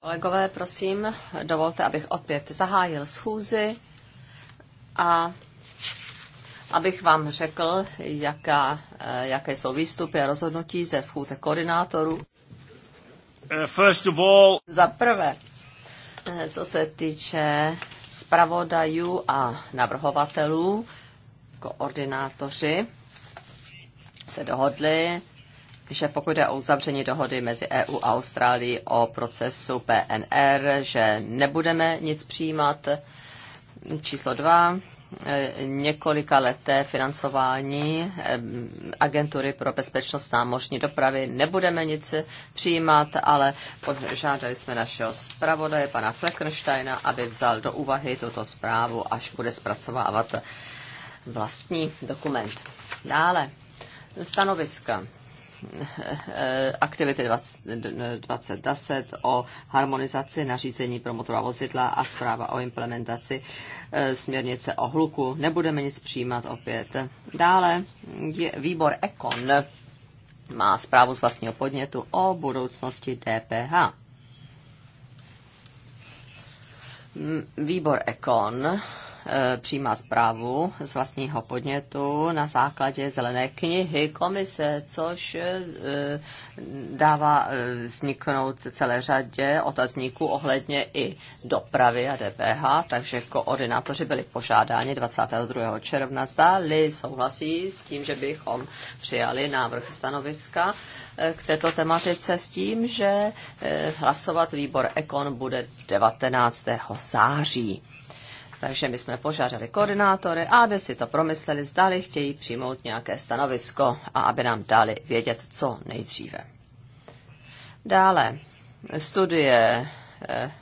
Kolegové, prosím, dovolte, abych opět zahájil schůzi a abych vám řekl, jaká, eh, jaké jsou výstupy a rozhodnutí ze schůze koordinátorů. Uh, first of all... Za prvé, eh, co se týče zpravodajů a navrhovatelů, koordinátoři se dohodli, že pokud jde o uzavření dohody mezi EU a Austrálií o procesu PNR, že nebudeme nic přijímat. Číslo dva, eh, několika leté financování eh, agentury pro bezpečnost námořní dopravy. Nebudeme nic přijímat, ale požádali jsme našeho zpravodaje, pana Fleckensteina, aby vzal do úvahy tuto zprávu, až bude zpracovávat vlastní dokument. Dále, stanoviska Eh, aktivity 2010 o harmonizaci nařízení pro motorová vozidla a zpráva o implementaci eh, směrnice o hluku. Nebudeme nic přijímat opět. Dále je výbor Ekon má zprávu z vlastního podnětu o budoucnosti DPH. Hmm, výbor Ekon Eh, přijímá zprávu z vlastního podnětu na základě zelené knihy komise, což eh, dává eh, vzniknout celé řadě otazníků ohledně i dopravy a DPH, takže koordinátoři byli požádáni 22. června, zdáli souhlasí s tím, že bychom přijali návrh stanoviska k této tematice s tím, že hlasovat výbor Ekon bude 19. září. Takže my jsme požádali koordinátory, aby si to promysleli, zdali chtějí přijmout nějaké stanovisko a aby nám dali vědět co nejdříve. Dále studie eh,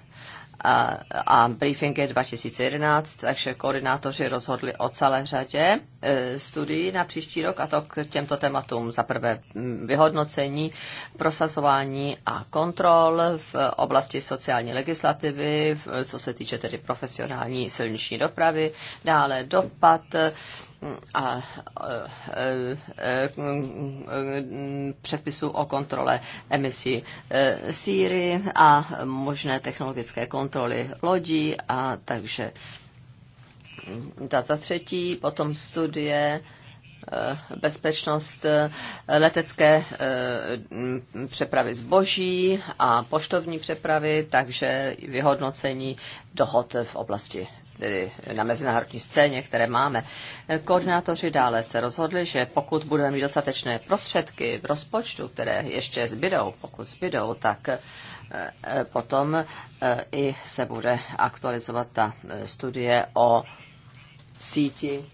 a, a briefing je 2011, takže koordinátoři rozhodli o celé řadě e, studií na příští rok a to k těmto tématům za prvé vyhodnocení, prosazování a kontrol v oblasti sociální legislativy, co se týče tedy profesionální silniční dopravy, dále dopad a, e, předpisu o kontrole emisí e, síry a možné technologické kontroly lodí a takže za třetí, potom studie e, bezpečnost letecké přepravy zboží a poštovní přepravy, takže vyhodnocení dohod v oblasti tedy na mezinárodní scéně, které máme. Koordinátoři dále se rozhodli, že pokud budeme mít dostatečné prostředky v rozpočtu, které ještě zbydou, pokud zbydou, tak eh, eh, potom eh, i se bude aktualizovat ta studie o síti,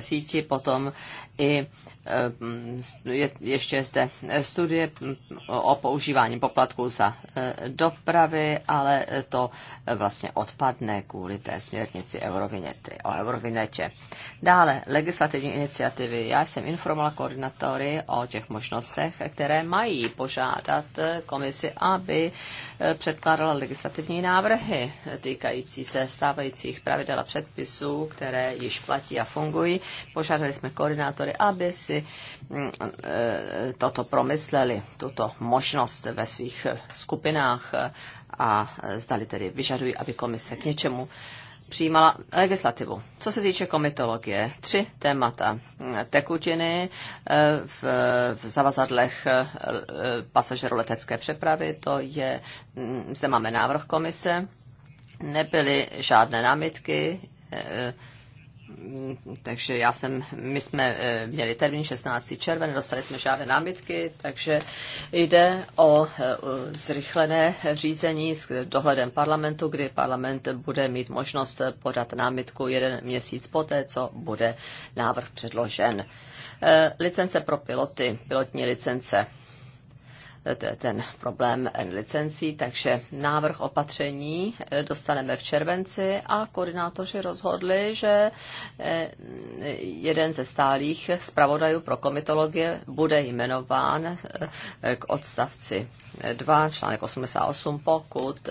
síti, potom i Eh, je, ještě zde studie o používání poplatků za eh, dopravy, ale to eh, vlastně odpadne kvůli té směrnici Eurovinety, o Eurovinetě. Dále legislativní iniciativy. Já jsem informoval koordinatory o těch možnostech, které mají požádat komisi, aby předkládala legislativní návrhy týkající se stávajících pravidel a předpisů, které již platí a fungují. Požádali jsme koordinátory, aby si si mm, eh, toto promysleli, tuto možnost ve svých eh, skupinách eh, a zdali tedy vyžadují, aby komise k něčemu přijímala legislativu. Co se týče komitologie, tři témata. Mm, tekutiny v, v zavazadlech pasažerů letecké přepravy, to je, mm, zde máme návrh komise, nebyly žádné námitky, takže já jsem, my jsme eh, měli termín 16. červen, Dostali jsme žádné námitky, takže jde eh, o zrychlené řízení s dohledem parlamentu, kdy parlament bude mít možnost podat námitku jeden měsíc poté, co bude návrh předložen. Eh, licence pro piloty, pilotní licence ten problém licencí, takže návrh opatření eh, dostaneme v červenci a koordinátoři rozhodli, že eh, jeden ze stálých zpravodajů pro komitologie bude jmenován eh, k odstavci 2, článek 88, pokud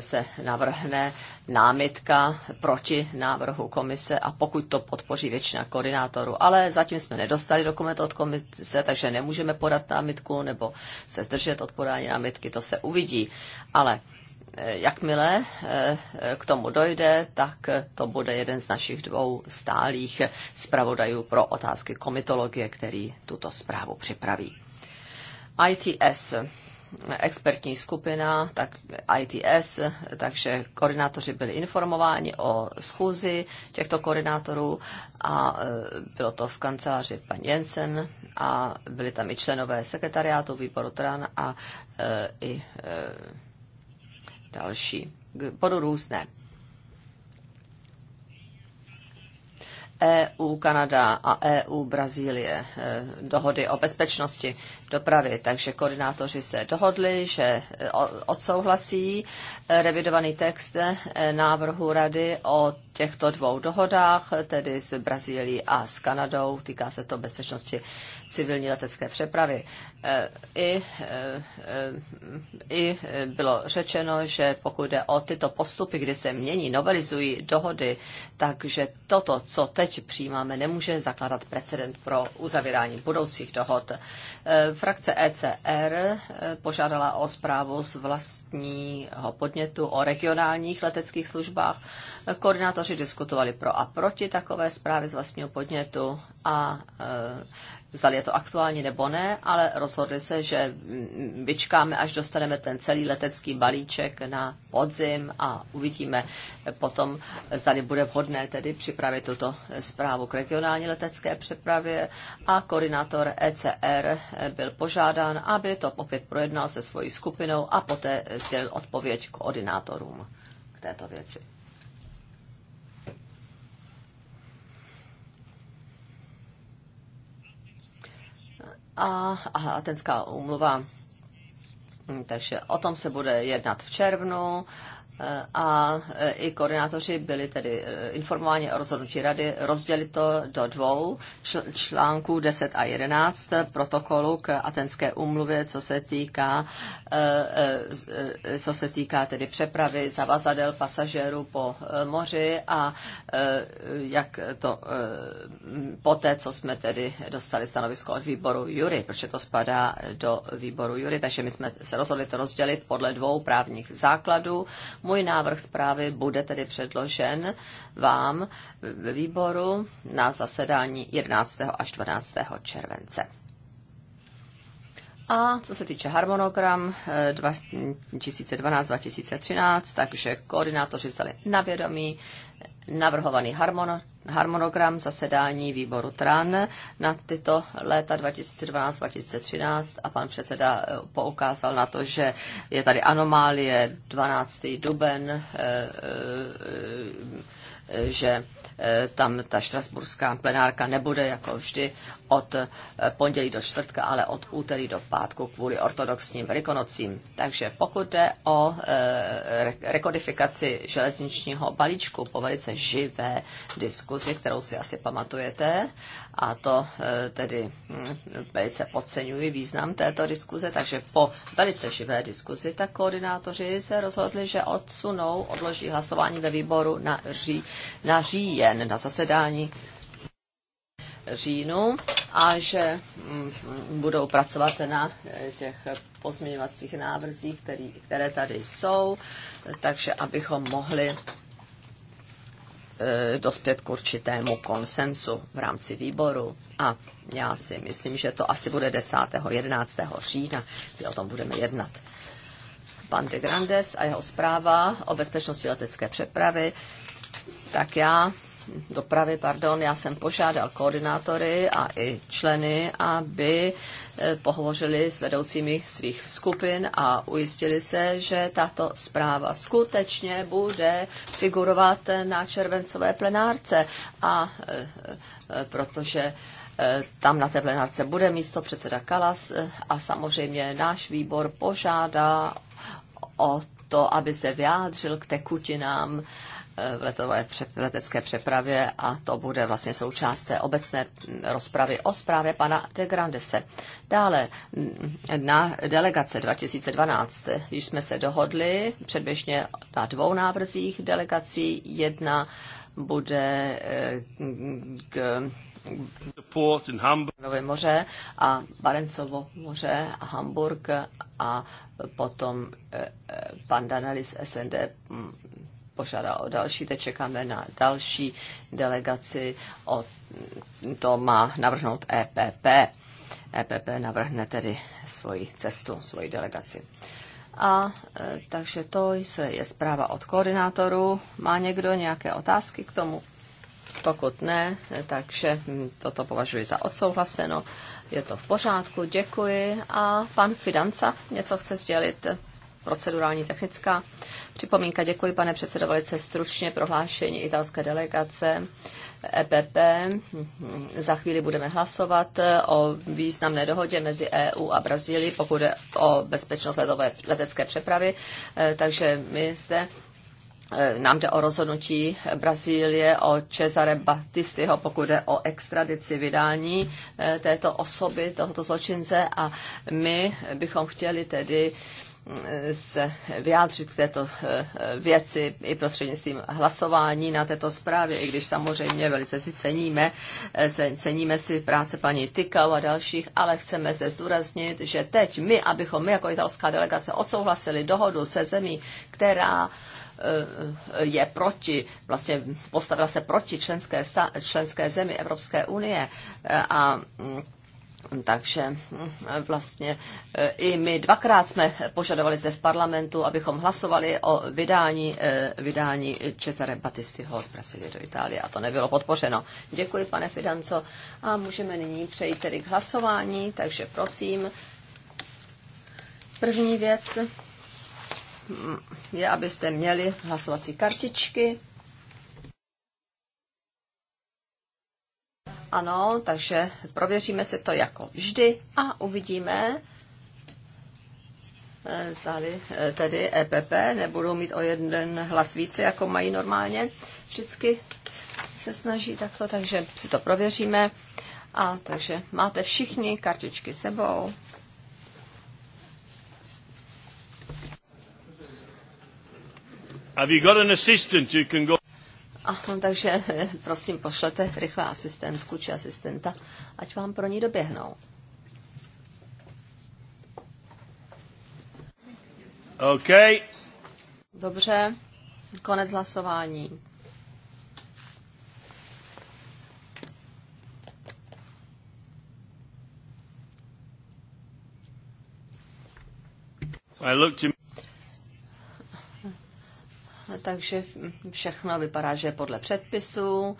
se navrhne námitka proti návrhu komise a pokud to podpoří většina koordinátorů. Ale zatím jsme nedostali dokument od komise, takže nemůžeme podat námitku nebo se zdržet od podání námitky, to se uvidí. Ale eh, jakmile eh, k tomu dojde, tak to bude jeden z našich dvou stálých zpravodajů pro otázky komitologie, který tuto zprávu připraví. ITS expertní skupina, tak ITS, takže koordinátoři byli informováni o schůzi těchto koordinátorů a e, bylo to v kanceláři pan Jensen a byli tam i členové sekretariátu výboru TRAN a e, i e, další. Bodu různé. EU, Kanada a EU, Brazílie, dohody o bezpečnosti dopravy. Takže koordinátoři se dohodli, že eh, odsouhlasí eh, revidovaný text eh, návrhu rady o těchto dvou dohodách, tedy s Brazílií a s Kanadou. Týká se to bezpečnosti civilní letecké přepravy. I, I bylo řečeno, že pokud jde o tyto postupy, kdy se mění, novelizují dohody, takže toto, co teď přijímáme, nemůže zakládat precedent pro uzavírání budoucích dohod. V Frakce ECR eh, požádala o zprávu z vlastního podnětu o regionálních leteckých službách. Koordinátoři diskutovali pro a proti takové zprávy z vlastního podnětu a eh, zda je to aktuální nebo ne, ale rozhodli se, že vyčkáme, až dostaneme ten celý letecký balíček na podzim a uvidíme potom, zda bude vhodné tedy připravit tuto zprávu k regionální letecké přepravě a koordinátor ECR byl požádán, aby to opět projednal se svojí skupinou a poté sdělil odpověď koordinátorům k této věci. a, a Atenská umluva. Hm, takže o tom se bude jednat v červnu a e, i koordinátoři byli tedy e, informováni o rozhodnutí rady rozdělit to do dvou článků 10 a 11 protokolu k Atenské úmluvě, co se týká, e, co se týká tedy přepravy zavazadel pasažérů po moři a jak to poté, co jsme tedy dostali stanovisko od výboru Jury, protože to spadá do výboru Jury, takže my jsme se rozhodli to rozdělit podle dvou právních základů můj návrh zprávy bude tedy předložen vám ve výboru na zasedání 11. až 12. července. A co se týče harmonogram 2012-2013, eh, takže koordinátoři vzali na vědomí navrhovaný harmonogram zasedání výboru TRAN na tyto léta 2012-2013 a pan předseda eh, poukázal na to, že je tady anomálie 12. duben, eh, eh, že tam ta štrasburská plenárka nebude jako vždy od eh, pondělí do čtvrtka, ale od úterý do pátku kvůli ortodoxním velikonocím. Takže pokud jde o eh, rekodifikaci železničního balíčku po velice živé diskuzi, kterou si asi pamatujete, a to eh, tedy hm, velice podceňuji význam této diskuze, takže po velice živé diskuzi, tak koordinátoři se rozhodli, že odsunou, odloží hlasování ve výboru na, ří, na říjen, na zasedání říjnu a že mm, budou pracovat na eh, těch pozměňovacích návrzích, který, které tady jsou, takže abychom mohli eh, dospět k určitému konsensu v rámci výboru a já si myslím, že to asi bude 10. 11. října, kdy o tom budeme jednat. Pan de Grandes a jeho zpráva o bezpečnosti letecké přepravy, tak já dopravy, pardon, já jsem požádal koordinátory a i členy, aby eh, pohovořili s vedoucími svých skupin a ujistili se, že tato zpráva skutečně bude figurovat na červencové plenárce a eh, eh, protože tam na té plenárce bude místo předseda Kalas a samozřejmě náš výbor požádá o to, aby se vyjádřil k tekutinám v, letové, letecké přepravě a to bude vlastně součást té obecné rozpravy o zprávě pana de Grandese. Dále mm, na delegace 2012 již jsme se dohodli předběžně na dvou návrzích delegací. Jedna bude eh, k Nové moře a Barencovo moře a Hamburg a potom eh, eh, pan Danelis SND mm, požádal o další, teď čekáme na další delegaci, o, to má navrhnout EPP. EPP navrhne tedy svoji cestu, svoji delegaci. A e, takže to je zpráva od koordinátorů. Má někdo nějaké otázky k tomu? Pokud ne, takže toto považuji za odsouhlaseno. Je to v pořádku, děkuji. A pan Fidanca něco chce sdělit? procedurální technická připomínka. Děkuji, pane předsedo, velice stručně prohlášení italské delegace EPP. Za chvíli budeme hlasovat o významné dohodě mezi EU a Brazílií, pokud je o bezpečnost letové, letecké přepravy. E, takže my zde e, nám jde o rozhodnutí Brazílie, o Cesare Battistiho, pokud jde o extradici vydání e, této osoby, tohoto zločince a my bychom chtěli tedy se vyjádřit k této eh, věci i prostřednictvím hlasování na této zprávě, i když samozřejmě velice si ceníme, eh, ceníme si práce paní Tykau a dalších, ale chceme zde zdůraznit, že teď my, abychom my jako italská delegace odsouhlasili dohodu se zemí, která eh, je proti, vlastně postavila se proti členské, členské zemi Evropské unie a mm, takže hm, vlastně eh, i my dvakrát jsme požadovali se v parlamentu, abychom hlasovali o vydání, eh, vydání Cesare Batistyho z Brazílie do Itálie a to nebylo podpořeno. Děkuji, pane Fidanco. A můžeme nyní přejít tedy k hlasování, takže prosím. První věc hm, je, abyste měli hlasovací kartičky. Ano, takže prověříme si to jako vždy a uvidíme, eh, zdali eh, tedy EPP nebudou mít o jeden hlas více, jako mají normálně. Vždycky se snaží takto, takže si to prověříme. A takže máte všichni kartičky sebou. Have you got an assistant who can go... A, no, takže prosím, pošlete rychle asistentku či asistenta, ať vám pro ní doběhnou. OK. Dobře, konec hlasování. I looked at takže všechno vypadá, že je podle předpisů.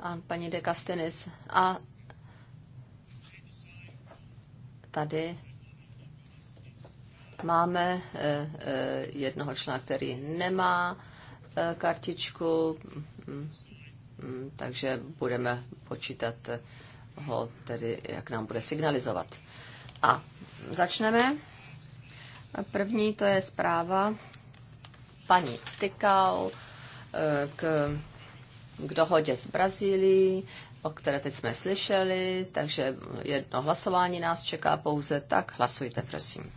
A paní de Castenis a tady máme eh, eh, jednoho člena, který nemá eh, kartičku, takže budeme počítat ho tedy, jak nám bude signalizovat. A začneme. První to je zpráva paní Tykal eh, k, k dohodě z Brazílií, o které teď jsme slyšeli, takže jedno hlasování nás čeká pouze, tak hlasujte, prosím.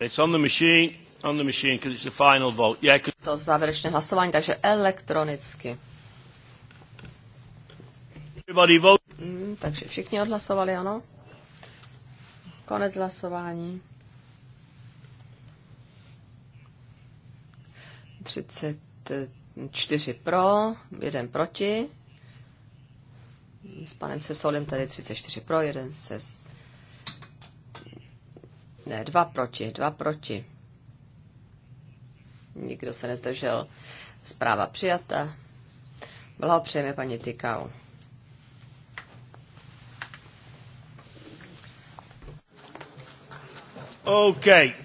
It's on the machine, on the machine, because it's the final vote. Yeah, could... To závěrečné hlasování, takže elektronicky. Everybody vote. Mm, takže všichni odhlasovali, ano. Konec hlasování. 34 pro, jeden proti. S panem Sesolem tady 34 pro, jeden se... Ne, dva proti, dva proti. Nikdo se nezdržel. Zpráva přijata. Blahopřejeme paní Tykau. Okay.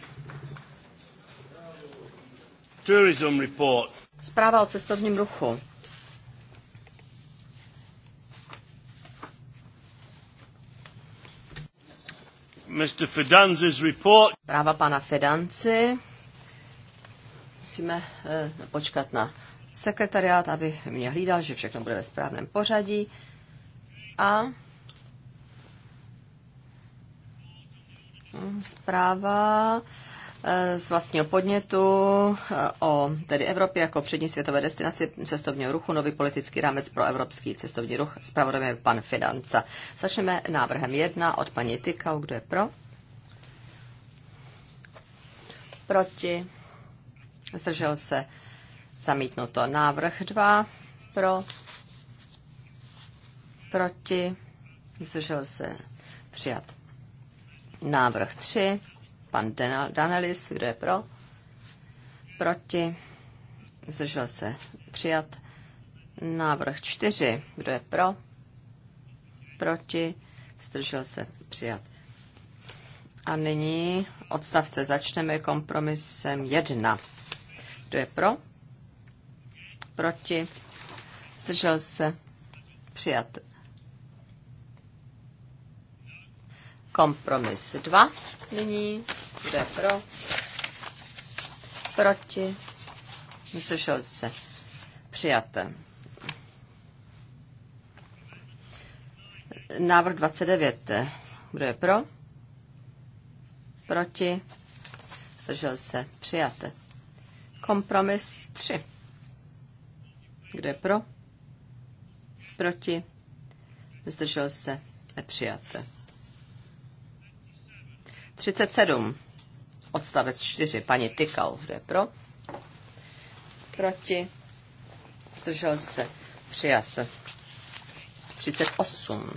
Tourism report. Zpráva o cestovním ruchu. Mr. Fidanzi's report. Práva pana Fidanzi. Musíme eh, počkat na sekretariát, aby mě hlídal, že všechno bude ve správném pořadí. A zpráva Eh, z vlastního podnětu eh, o tedy Evropě jako přední světové destinaci cestovního ruchu, nový politický rámec pro evropský cestovní ruch. Zpravodajem pan Financa. Začneme návrhem jedna od paní Tykau. Kdo je pro? Proti? Zdržel se zamítnuto. Návrh 2 pro? Proti? Zdržel se přijat. Návrh 3 Pan Danelis, kdo je pro? Proti? Zdržel se přijat. Návrh 4, kdo je pro? Proti? Zdržel se přijat. A nyní odstavce začneme kompromisem 1. Kdo je pro? Proti? Zdržel se přijat. Kompromis 2 nyní. Kdo pro? Proti? Vyslyšel se. Přijaté. Návrh 29. Kdo je pro? Proti? Zdržel se. Přijaté. Kompromis 3. Kdo je pro? Proti? Zdržel se. Nepřijaté. 37. Odstavec 4. Paní Tykal, kde je pro? Proti. Zdržel se. Přijat. 38.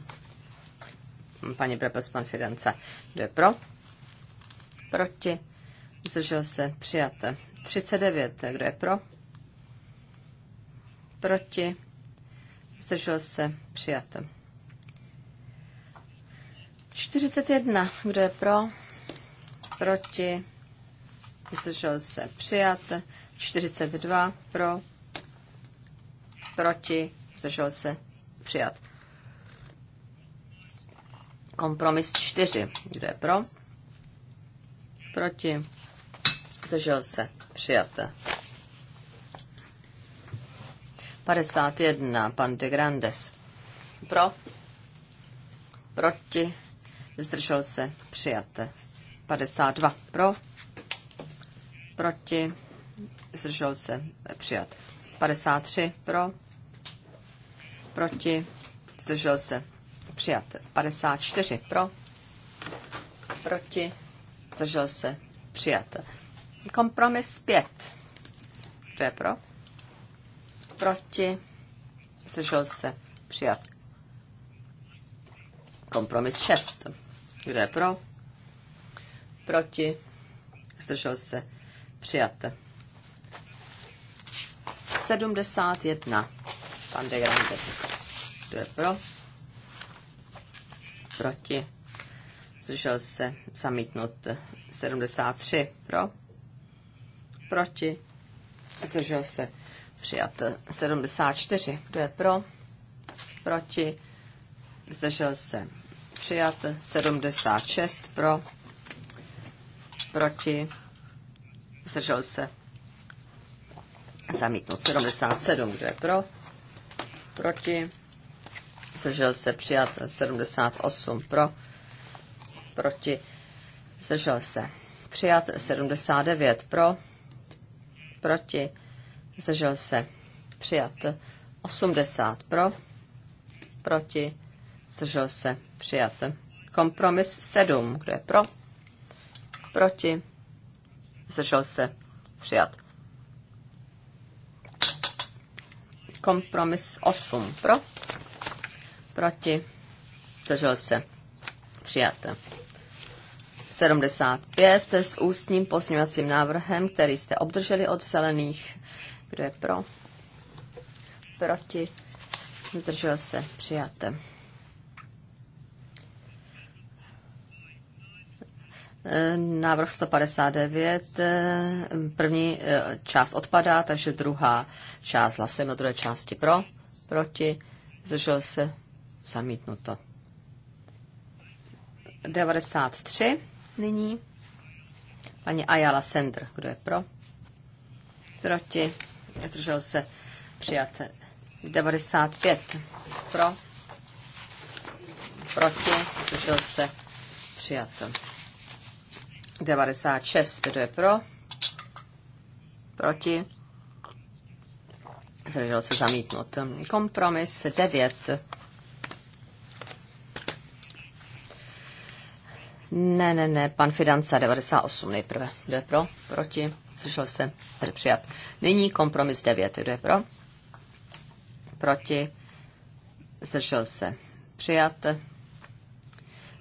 Paní Brepes, pan Fidence, kde je pro? Proti. Zdržel se. Přijat. 39. Kdo je pro? Proti. Zdržel se. Přijat. 41. Kdo je pro? proti, zdržel se přijat, 42 pro, proti, zdržel se přijat. Kompromis 4, kde je pro, proti, zdržel se přijat. 51, pan de Grandes. Pro, proti, zdržel se přijat. 52 pro, proti, zdržel se přijat. 53 pro, proti, zdržel se přijat. 54 pro, proti, zdržel se přijat. Kompromis 5. to je pro? Proti, zdržel se přijat. Kompromis 6. Kdo je pro? proti, zdržel se, přijat. 71, pan de Grandes, kdo je pro, proti, zdržel se, zamítnut. 73, pro, proti, zdržel se, přijat. 74, kdo je pro, proti, zdržel se, přijat. 76, pro, proti, zdržel se, zamítnout 77, kdo je pro, proti, zdržel se, přijat 78 pro, proti, zdržel se, přijat 79 pro, proti, zdržel se, přijat 80 pro, proti, zdržel se, přijat kompromis 7, kdo je pro, proti, zdržel se, přijat. Kompromis 8 pro, proti, zdržel se, přijat. 75 s ústním pozměňovacím návrhem, který jste obdrželi od zelených. Kdo je pro? Proti, zdržel se, Přijat. Návrh 159, první eh, část odpadá, takže druhá část. Hlasujeme o druhé části pro, proti, zdržel se, zamítnuto. 93 nyní. Paní Ayala Sender, kdo je pro? Proti, zdržel se, přijat 95 pro, proti, zdržel se, přijat 96, kdo je pro? Proti? Zdržel se zamítnut. Kompromis 9. Ne, ne, ne, pan Fidanca 98 nejprve. Kdo je pro? Proti? Zdržel se přijat. Nyní kompromis 9. Kdo je pro? Proti? Zdržel se přijat.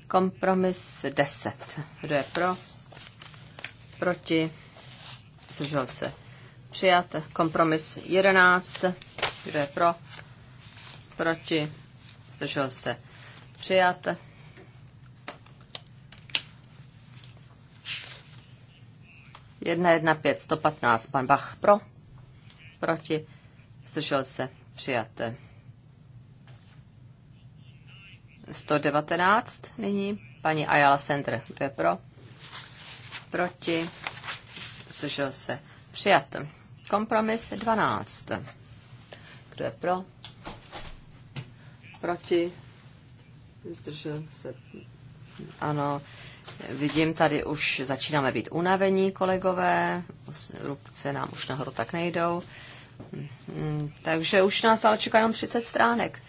Kompromis 10. Kdo je pro? proti, zdržel se přijat. Kompromis 11, kdo je pro, proti, zdržel se přijat. Jedna jedna pět, 115, pan Bach pro, proti, zdržel se přijat. 119 nyní, paní Ayala Center, kdo je pro? proti, zdržel se, přijat. Kompromis 12. Kdo je pro? Proti? Zdržel se. Ano, vidím, tady už začínáme být unavení, kolegové. Ruce nám už nahoru tak nejdou. Takže už nás ale čeká jenom 30 stránek.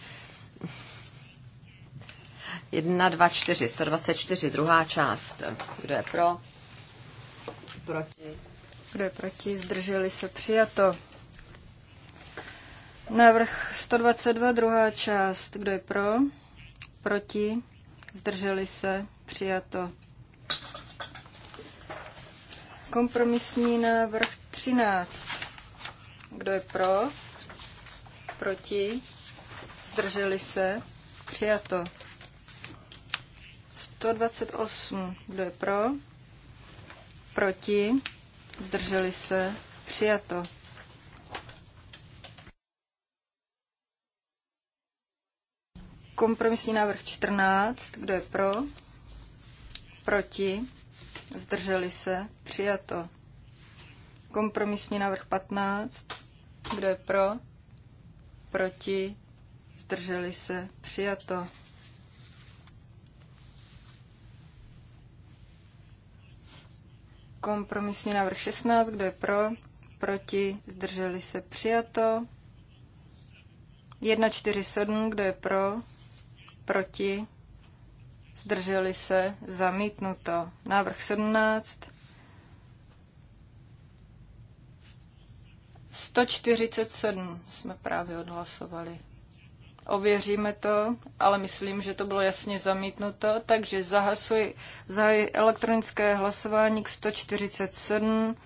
1, 2, 4, 124, druhá část. Kdo je pro? Proti. Kdo je proti? Zdrželi se. Přijato. Návrh 122, druhá část. Kdo je pro? Proti? Zdrželi se? Přijato. Kompromisní návrh 13. Kdo je pro? Proti? Zdrželi se? Přijato. 128. Kdo je pro? proti, zdrželi se, přijato. Kompromisní návrh 14, kdo je pro, proti, zdrželi se, přijato. Kompromisní návrh 15, kdo je pro, proti, zdrželi se, přijato. Kompromisní návrh 16, kdo je pro? Proti? Zdrželi se přijato. 147, kdo je pro? Proti? Zdrželi se zamítnuto. Návrh 17. 147 jsme právě odhlasovali. Ověříme to, ale myslím, že to bylo jasně zamítnuto, takže zahasuji, za elektronické hlasování k 147.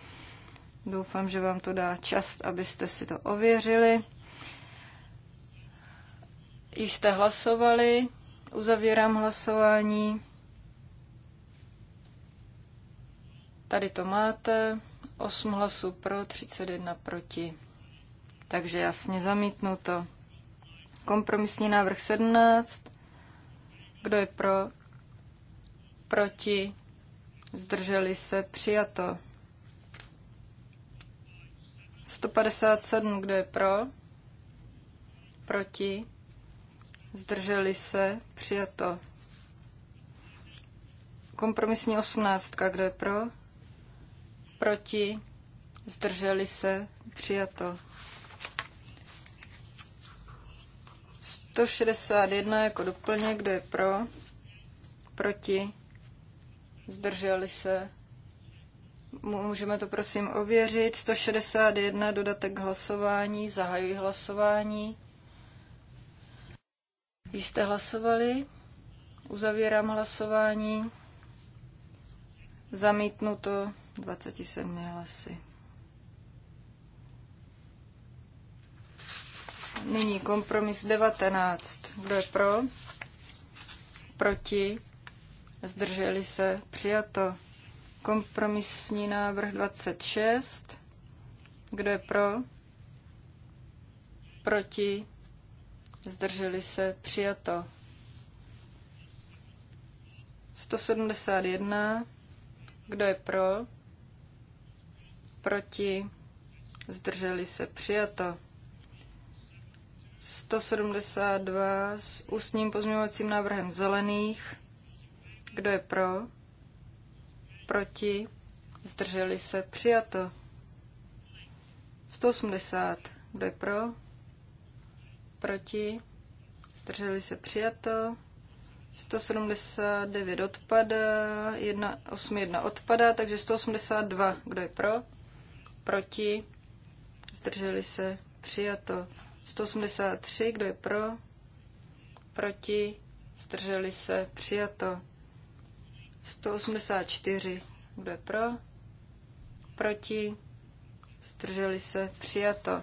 Doufám, že vám to dá čas, abyste si to ověřili. Již jste hlasovali, uzavírám hlasování. Tady to máte, 8 hlasů pro, 31 proti. Takže jasně zamítnuto. Kompromisní návrh 17. Kdo je pro? Proti? Zdrželi se? Přijato. 157. Kdo je pro? Proti? Zdrželi se? Přijato. Kompromisní 18. Kdo je pro? Proti? Zdrželi se? Přijato. 161 jako doplněk, kdo je pro, proti, zdrželi se. Můžeme to prosím ověřit. 161 dodatek hlasování, zahajuji hlasování. jste hlasovali? Uzavírám hlasování. Zamítnuto 27 hlasy. Nyní kompromis 19. Kdo je pro? Proti? Zdrželi se? Přijato. Kompromisní návrh 26. Kdo je pro? Proti? Zdrželi se? Přijato. 171. Kdo je pro? Proti? Zdrželi se? Přijato. 172 s ústním pozměňovacím návrhem zelených. Kdo je pro? Proti? Zdrželi se? Přijato. 180. Kdo je pro? Proti? Zdrželi se? Přijato. 179 odpadá, 181 odpadá, takže 182. Kdo je pro? Proti? Zdrželi se? Přijato. 183, kdo je pro, proti, zdrželi se, přijato. 184, kdo je pro, proti, zdrželi se, přijato.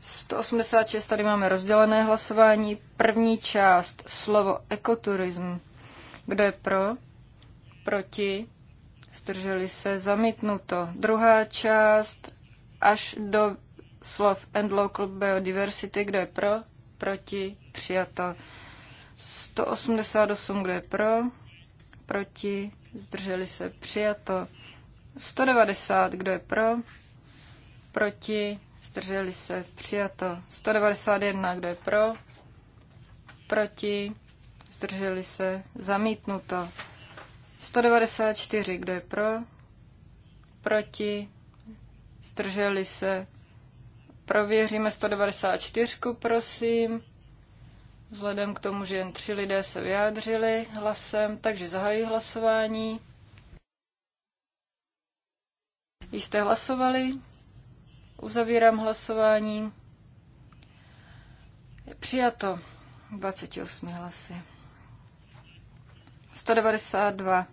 186, tady máme rozdělené hlasování. První část, slovo ekoturism. Kdo je pro? Proti? Zdrželi se, zamítnuto. Druhá část, až do slov and local biodiversity, kdo je pro, proti, přijato. 188, kdo je pro, proti, zdrželi se, přijato. 190, kdo je pro, proti, zdrželi se, přijato. 191, kdo je pro, proti, zdrželi se, zamítnuto. 194, kdo je pro, proti, zdrželi se, Prověříme 194, prosím. Vzhledem k tomu, že jen tři lidé se vyjádřili hlasem, takže zahajuji hlasování. Jste hlasovali? Uzavírám hlasování. Je přijato 28 hlasy. 192.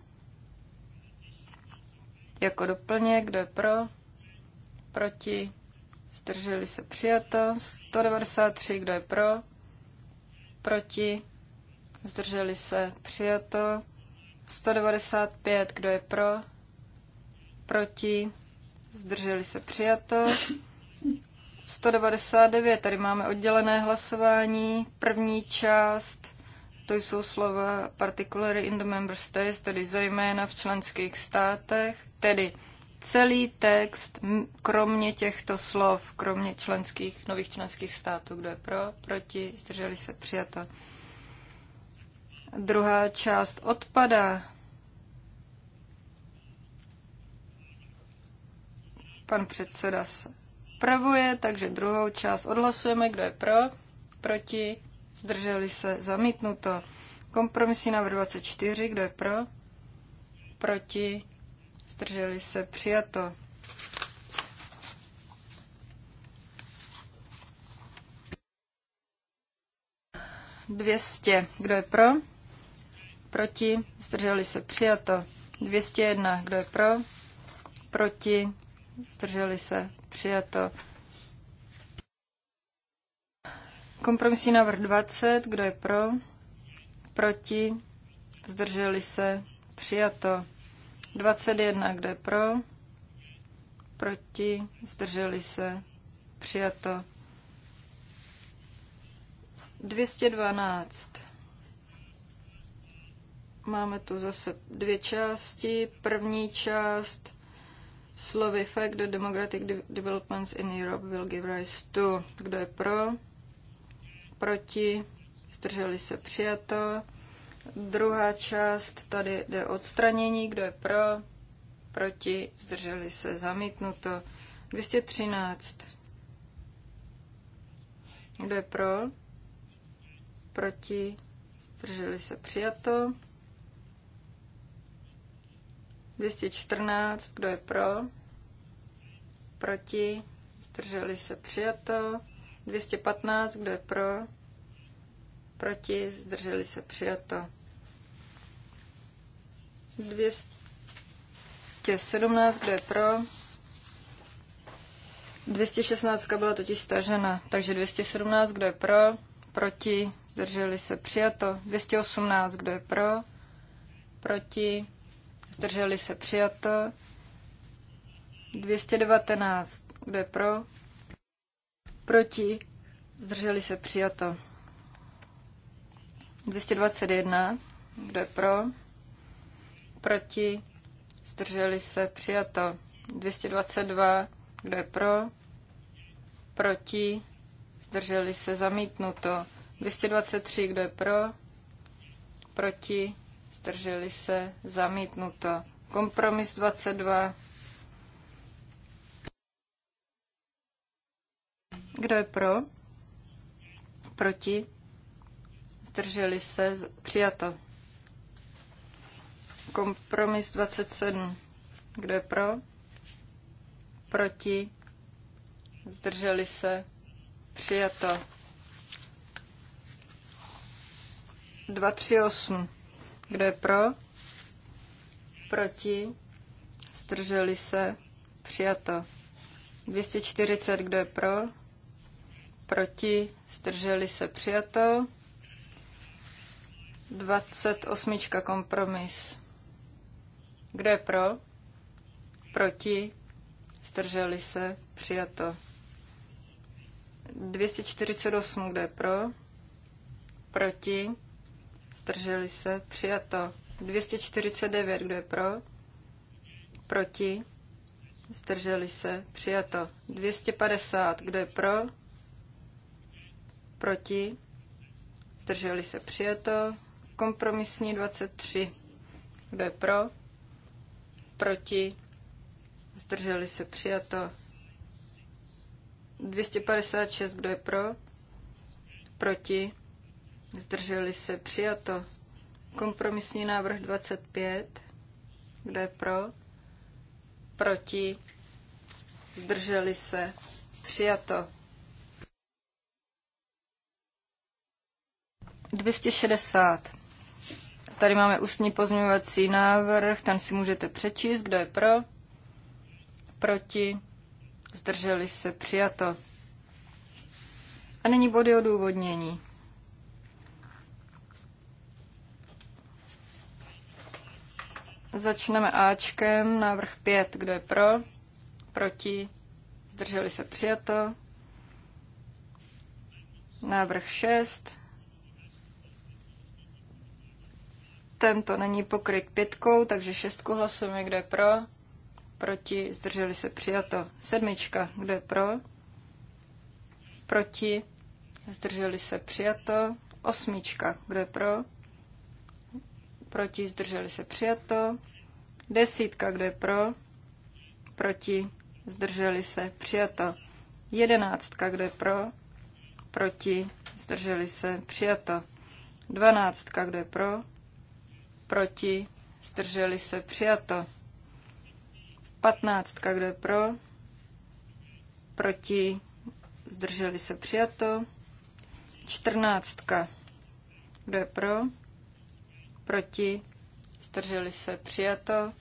Jako doplněk, kdo je pro? Proti? Zdrželi se přijato. 193, kdo je pro? Proti? Zdrželi se přijato. 195, kdo je pro? Proti? Zdrželi se přijato. 199, tady máme oddělené hlasování. První část, to jsou slova particularly in the member states, tedy zejména v členských státech, tedy celý text, kromě těchto slov, kromě členských, nových členských států. Kdo je pro, proti, zdrželi se, přijato. Druhá část odpada. Pan předseda se pravuje, takže druhou část odhlasujeme. Kdo je pro, proti, zdrželi se, zamítnuto. Kompromisní návrh 24, kdo je pro, proti, zdrželi se, přijato. Dvěstě, kdo je pro? Proti, zdrželi se, přijato. dvěstě jedna, kdo je pro? Proti, zdrželi se, přijato. Kompromisní návrh 20, kdo je pro? Proti, zdrželi se, přijato. 21, kdo je pro? Proti? Zdrželi se? Přijato. 212. Máme tu zase dvě části. První část slovy fact the democratic developments in Europe will give rise to. Kdo je pro? Proti? Zdrželi se? Přijato. Druhá část, tady jde odstranění, kdo je pro, proti, zdrželi se, zamítnuto. 213. Kdo je pro? Proti? Zdrželi se přijato. 214. Kdo je pro? Proti? Zdrželi se přijato. 215. Kdo je pro? proti, zdrželi se přijato. 217, kdo je pro? 216 byla totiž stažena, takže 217, kdo je pro? Proti, zdrželi se přijato. 218, kdo je pro? Proti, zdrželi se přijato. 219, kdo je pro? Proti, zdrželi se přijato. 221. Kdo je pro? Proti? Zdrželi se? Přijato. 222. Kdo je pro? Proti? Zdrželi se? Zamítnuto. 223. Kdo je pro? Proti? Zdrželi se? Zamítnuto. Kompromis 22. Kdo je pro? Proti? zdrželi se, přijato. Kompromis 27. Kdo je pro? Proti? Zdrželi se? Přijato. 238. Kdo je pro? Proti? Zdrželi se? Přijato. 240. Kdo je pro? Proti? Zdrželi se? Přijato. 28. kompromis. Kdo je pro? Proti? Zdrželi se? Přijato. 248. Kdo je pro? Proti? Zdrželi se? Přijato. 249. Kdo je pro? Proti? Zdrželi se? Přijato. 250. Kdo je pro? Proti? Zdrželi se? Přijato. Kompromisní 23. Kdo je pro? Proti? Zdrželi se přijato. 256. Kdo je pro? Proti? Zdrželi se přijato. Kompromisní návrh 25. Kdo je pro? Proti? Zdrželi se přijato. 260. Tady máme ústní pozměňovací návrh, ten si můžete přečíst, kdo je pro, proti, zdrželi se, přijato. A nyní body odůvodnění. Začneme Ačkem, návrh 5, kdo je pro, proti, zdrželi se, přijato. Návrh 6, tento není pokryt pětkou, takže šestku hlasujeme, kdo je pro. Proti, zdrželi se přijato. Sedmička, kdo je pro. Proti, zdrželi se přijato. Osmička, kdo je pro. Proti, zdrželi se přijato. Desítka, kdo je pro. Proti, zdrželi se přijato. Jedenáctka, kdo je pro. Proti, zdrželi se přijato. Dvanáctka, kdo je pro proti, zdrželi se, přijato. Patnáctka kdo je pro, proti, zdrželi se, přijato. Čtrnáctka kdo je pro, proti, zdrželi se, přijato.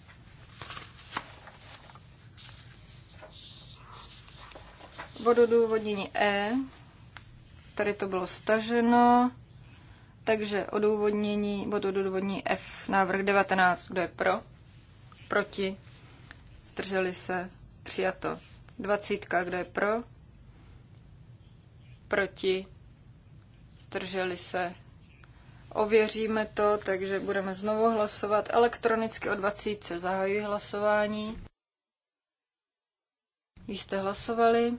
Vodu E, tady to bylo staženo. Takže odůvodnění, bod odůvodnění F, návrh 19, kdo je pro, proti, zdrželi se, přijato. 20, kdo je pro, proti, zdrželi se. Ověříme to, takže budeme znovu hlasovat elektronicky o 20. Zahajuji hlasování. Již jste hlasovali.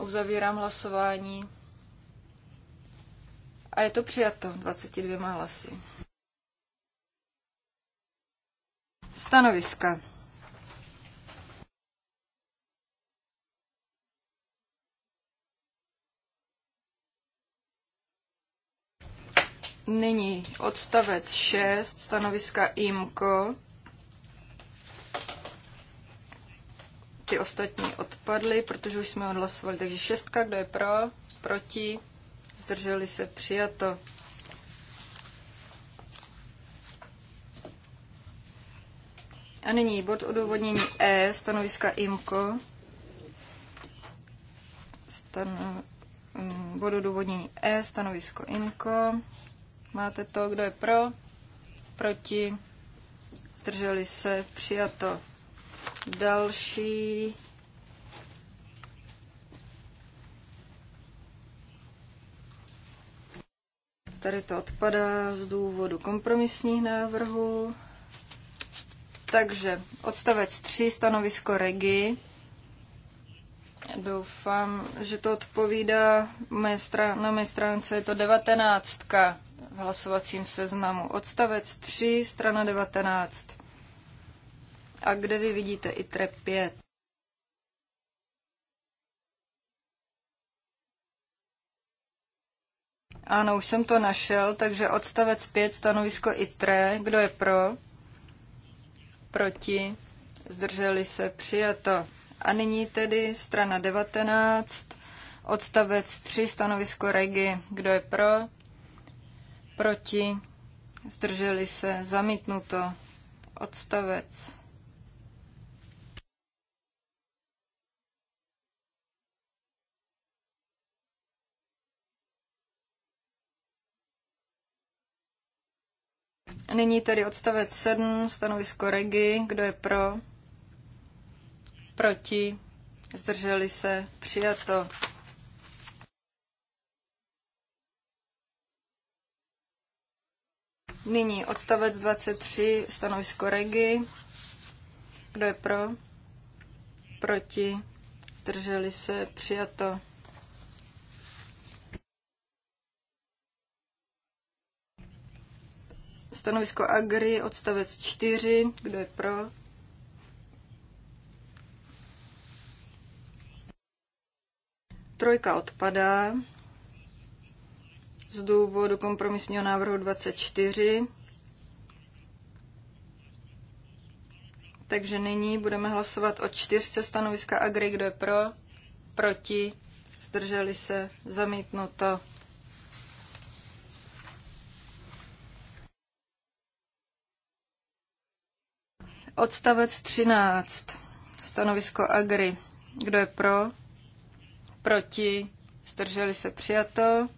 Uzavírám hlasování. A je to přijato 22 hlasy. Stanoviska. Nyní odstavec 6, stanoviska IMKO. Ty ostatní odpadly, protože už jsme odhlasovali. Takže šestka, kdo je pro, proti, zdrželi se přijato. A nyní bod odůvodnění E, stanoviska IMCO. Stano, mm, bod odůvodnění E, stanovisko IMCO. Máte to, kdo je pro, proti, zdrželi se, přijato. Další Tady to odpadá z důvodu kompromisních návrhů. Takže odstavec 3, stanovisko Regi. Doufám, že to odpovídá mé na mé stránce. Je to 19 v hlasovacím seznamu. Odstavec 3, strana 19. A kde vy vidíte i TREP 5? Ano, už jsem to našel, takže odstavec 5, stanovisko ITRE. Kdo je pro? Proti? Zdrželi se? Přijato. A nyní tedy strana 19, odstavec 3, stanovisko REGI. Kdo je pro? Proti? Zdrželi se? Zamítnuto. Odstavec Nyní tedy odstavec 7, stanovisko Regi, kdo je pro, proti, zdrželi se, přijato. Nyní odstavec 23, stanovisko Regi, kdo je pro, proti, zdrželi se, přijato. Stanovisko Agri, odstavec 4. Kdo je pro? Trojka odpadá z důvodu kompromisního návrhu 24. Takže nyní budeme hlasovat o čtyřce stanoviska Agri, kdo je pro, proti, zdrželi se, zamítnuto. Odstavec 13. Stanovisko Agri. Kdo je pro? Proti? Zdrželi se přijato.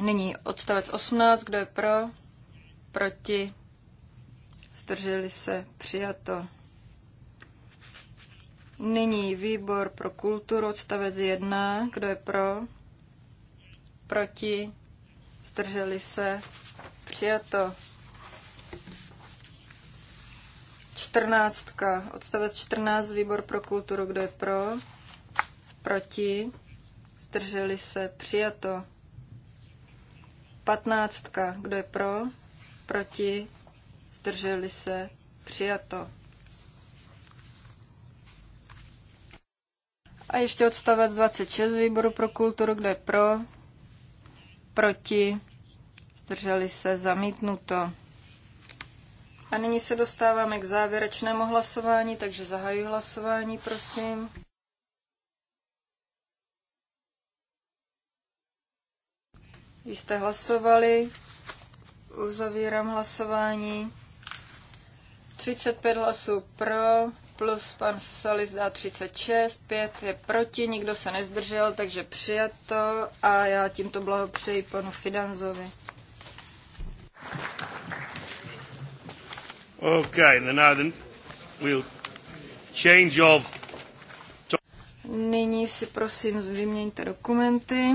Nyní odstavec 18. Kdo je pro? Proti? Zdrželi se přijato. Nyní výbor pro kulturu, odstavec 1. Kdo je pro? Proti? Zdrželi se? Přijato. 14. Odstavec 14. Výbor pro kulturu. Kdo je pro? Proti? Zdrželi se? Přijato. 15. Kdo je pro? Proti? Zdrželi se? Přijato. A ještě odstavec 26 výboru pro kulturu, kde je pro, proti, zdrželi se, zamítnuto. A nyní se dostáváme k závěrečnému hlasování, takže zahajuji hlasování, prosím. Vy jste hlasovali, uzavírám hlasování. 35 hlasů pro, plus pan Salis dá 36, 5 je proti, nikdo se nezdržel, takže přijato a já tímto blahopřeji panu Fidanzovi. Nyní si prosím vyměňte dokumenty.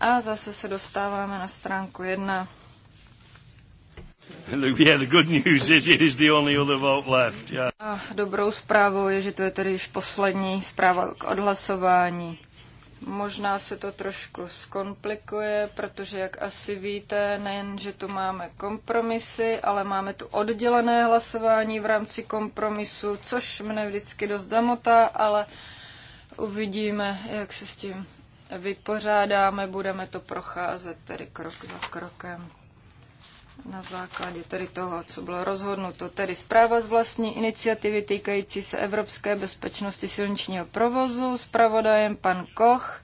A zase se dostáváme na stránku 1. Look, yeah, the good news is it is the only other vote left. Yeah. A dobrou zprávou je, že to je tedy již poslední zpráva k odhlasování. Možná se to trošku zkomplikuje, protože, jak asi víte, nejen, že tu máme kompromisy, ale máme tu oddělené hlasování v rámci kompromisu, což mne vždycky dost zamotá, ale uvidíme, jak se s tím vypořádáme, budeme to procházet tedy krok za krokem na základě tedy toho, co bylo rozhodnuto, tedy zpráva z vlastní iniciativy týkající se Evropské bezpečnosti silničního provozu, zpravodajem pan Koch.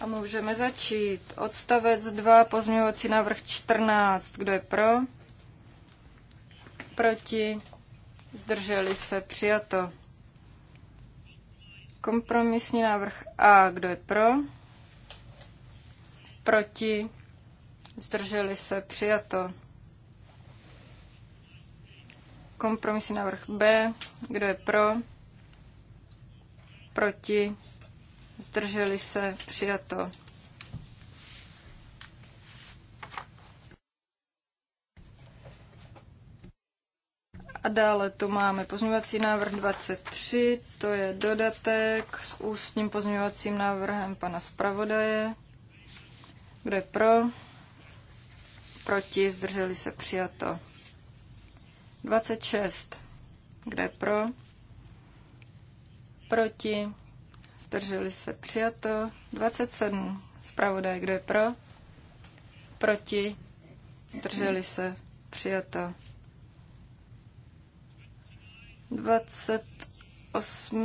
A můžeme začít. Odstavec 2, pozměňovací návrh 14. Kdo je pro? Proti? Zdrželi se? Přijato. Kompromisní návrh A. Kdo je pro? Proti? zdrželi se, přijato. Kompromisní návrh B, kdo je pro, proti, zdrželi se, přijato. A dále tu máme pozměňovací návrh 23, to je dodatek s ústním pozměňovacím návrhem pana zpravodaje. Kdo je pro? proti, zdrželi se přijato. 26, kde pro, proti, zdrželi se přijato. 27, zpravodaj, je pro, proti, zdrželi se přijato. 28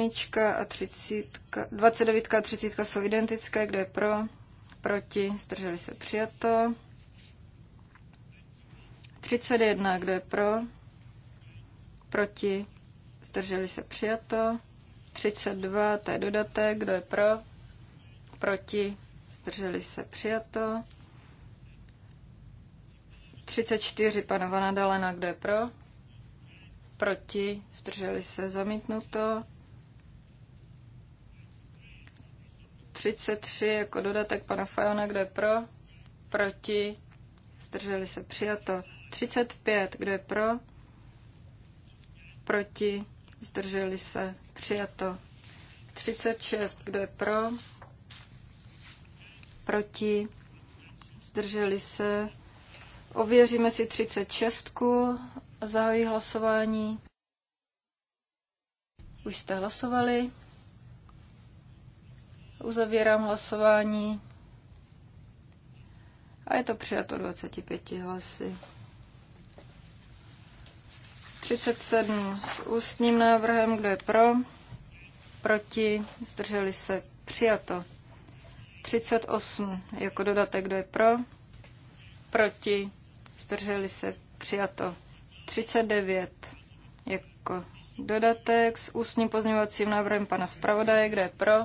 a 30, 29 a 30 jsou identické, je pro, proti, zdrželi se přijato. 31, kdo je pro? Proti? Zdrželi se přijato. 32, to je dodatek, kdo je pro? Proti? Zdrželi se přijato. 34, pana Vanadalena, kdo je pro? Proti? Zdrželi se zamítnuto. 33 jako dodatek pana Fajona, kdo je pro? Proti? Zdrželi se přijato. 35. Kdo je pro? Proti? Zdrželi se? Přijato. 36. Kdo je pro? Proti? Zdrželi se? Ověříme si 36. Zahají hlasování. Už jste hlasovali. Uzavírám hlasování. A je to přijato 25 hlasy. 37 s ústním návrhem, kdo je pro, proti, zdrželi se, přijato. 38 jako dodatek, kdo je pro, proti, zdrželi se, přijato. 39 jako dodatek s ústním pozměňovacím návrhem pana zpravodaje, kde je pro,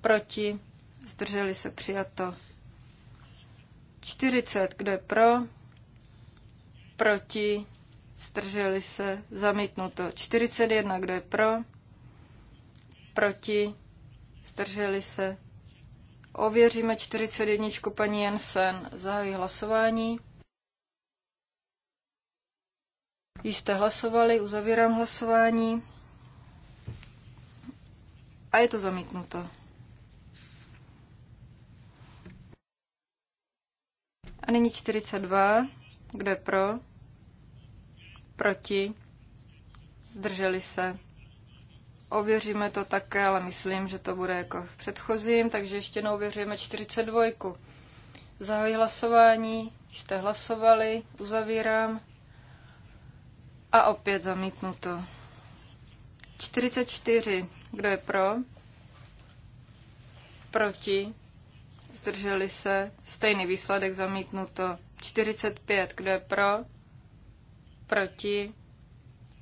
proti, zdrželi se, přijato. 40, kdo je pro, proti, Zdrželi se. Zamítnuto. 41. Kdo je pro? Proti? Zdrželi se. Ověříme 41. paní Jensen. Zahají hlasování. Jste hlasovali, uzavírám hlasování. A je to zamítnuto. A nyní 42. Kdo je pro? proti, zdrželi se. Ověříme to také, ale myslím, že to bude jako v předchozím, takže ještě jednou ověříme 42. Zahajuji hlasování, jste hlasovali, uzavírám a opět zamítnuto. 44. Kdo je pro? Proti? Zdrželi se? Stejný výsledek zamítnuto. 45. Kdo je pro? proti,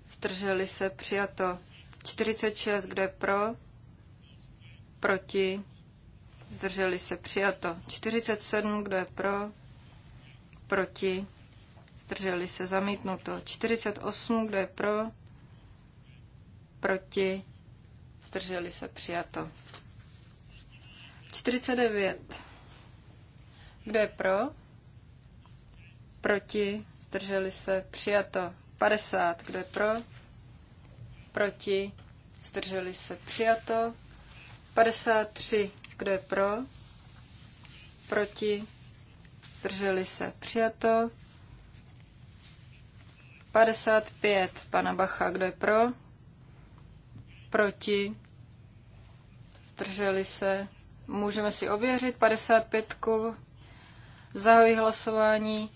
zdrželi se, přijato. 46, kdo je pro, proti, zdrželi se, přijato. 47, kdo je pro, proti, zdrželi se, zamítnuto. 48, kdo je pro, proti, zdrželi se, přijato. 49. Kdo je pro? Proti? zdrželi se, přijato. 50, kdo je pro, proti, zdrželi se, přijato. 53, kdo je pro, proti, zdrželi se, přijato. 55, pana Bacha, kdo je pro, proti, zdrželi se. Můžeme si ověřit 55. zahojí hlasování.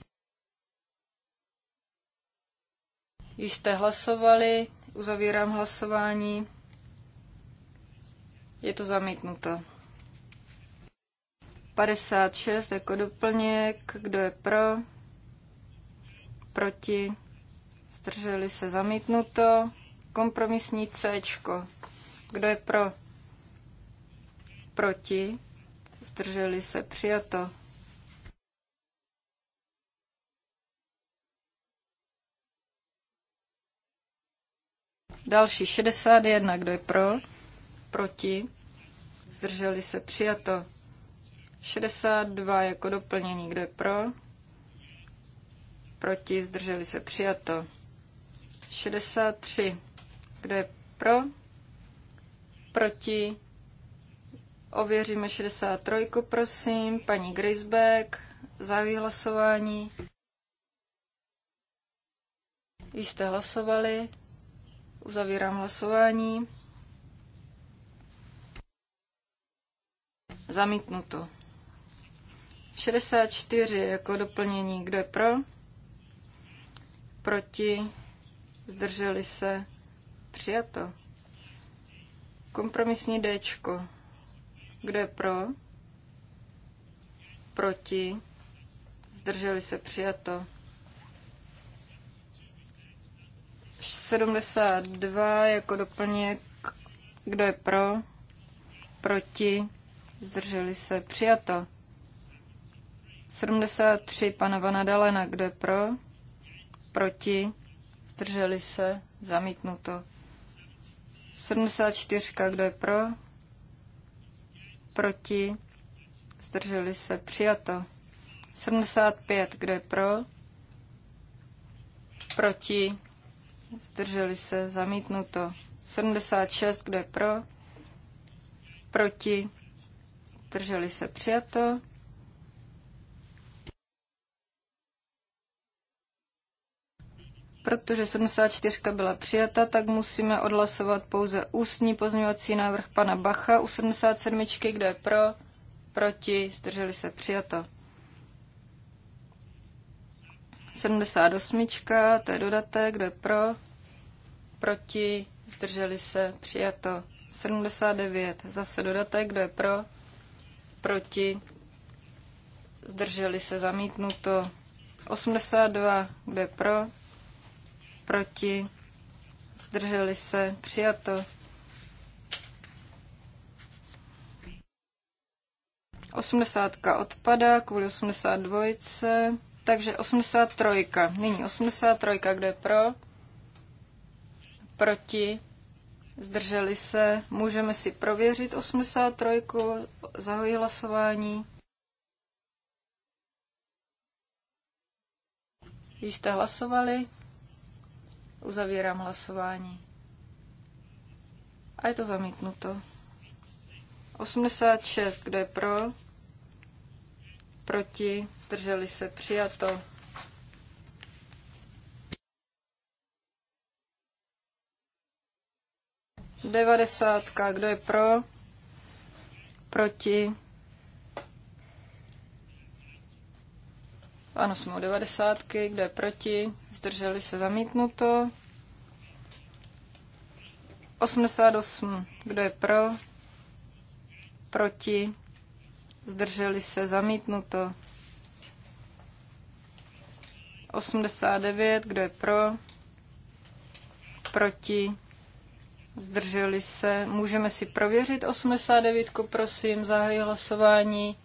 jste hlasovali, uzavírám hlasování. Je to zamítnuto. 56 jako doplněk. Kdo je pro? Proti? Zdrželi se zamítnuto. Kompromisní C. Kdo je pro? Proti? Zdrželi se přijato. Další 61, kdo je pro, proti, zdrželi se přijato. 62 jako doplnění, kdo je pro, proti, zdrželi se přijato. 63, kdo je pro, proti, ověříme 63, prosím, paní Grisbeck, závěr hlasování. jste hlasovali. Uzavírám hlasování. Zamítnuto. 64 jako doplnění. Kdo je pro? Proti? Zdrželi se? Přijato. Kompromisní D. Kdo je pro? Proti? Zdrželi se? Přijato. 72 jako doplněk. Kdo je pro? Proti? Zdrželi se. Přijato. 73 pana Vana Dalena. Kdo je pro? Proti? Zdrželi se. Zamítnuto. 74. Kdo je pro? Proti? Zdrželi se. Přijato. 75. Kdo je pro? Proti? zdrželi se, zamítnuto. 76, kdo je pro, proti, zdrželi se, přijato. Protože 74 byla přijata, tak musíme odhlasovat pouze ústní pozměňovací návrh pana Bacha u 77, kdo je pro, proti, zdrželi se, přijato. 78, to je dodatek, kdo je pro, proti, zdrželi se, přijato. 79, zase dodatek, kdo je pro, proti, zdrželi se, zamítnuto. 82, kdo je pro, proti, zdrželi se, přijato. 80 odpada kvůli 82. Takže 83. Nyní 83. Kdo je pro? Proti? Zdrželi se? Můžeme si prověřit 83. Zahojí hlasování. Již jste hlasovali? Uzavírám hlasování. A je to zamítnuto. 86, kdo je pro? proti, zdrželi se přijato. Devadesátka, kdo je pro, proti, ano, jsme u devadesátky, kdo je proti, zdrželi se zamítnuto. 88, kdo je pro, proti, zdrželi se, zamítnuto. 89, kdo je pro, proti, zdrželi se. Můžeme si prověřit 89, prosím, zahají hlasování.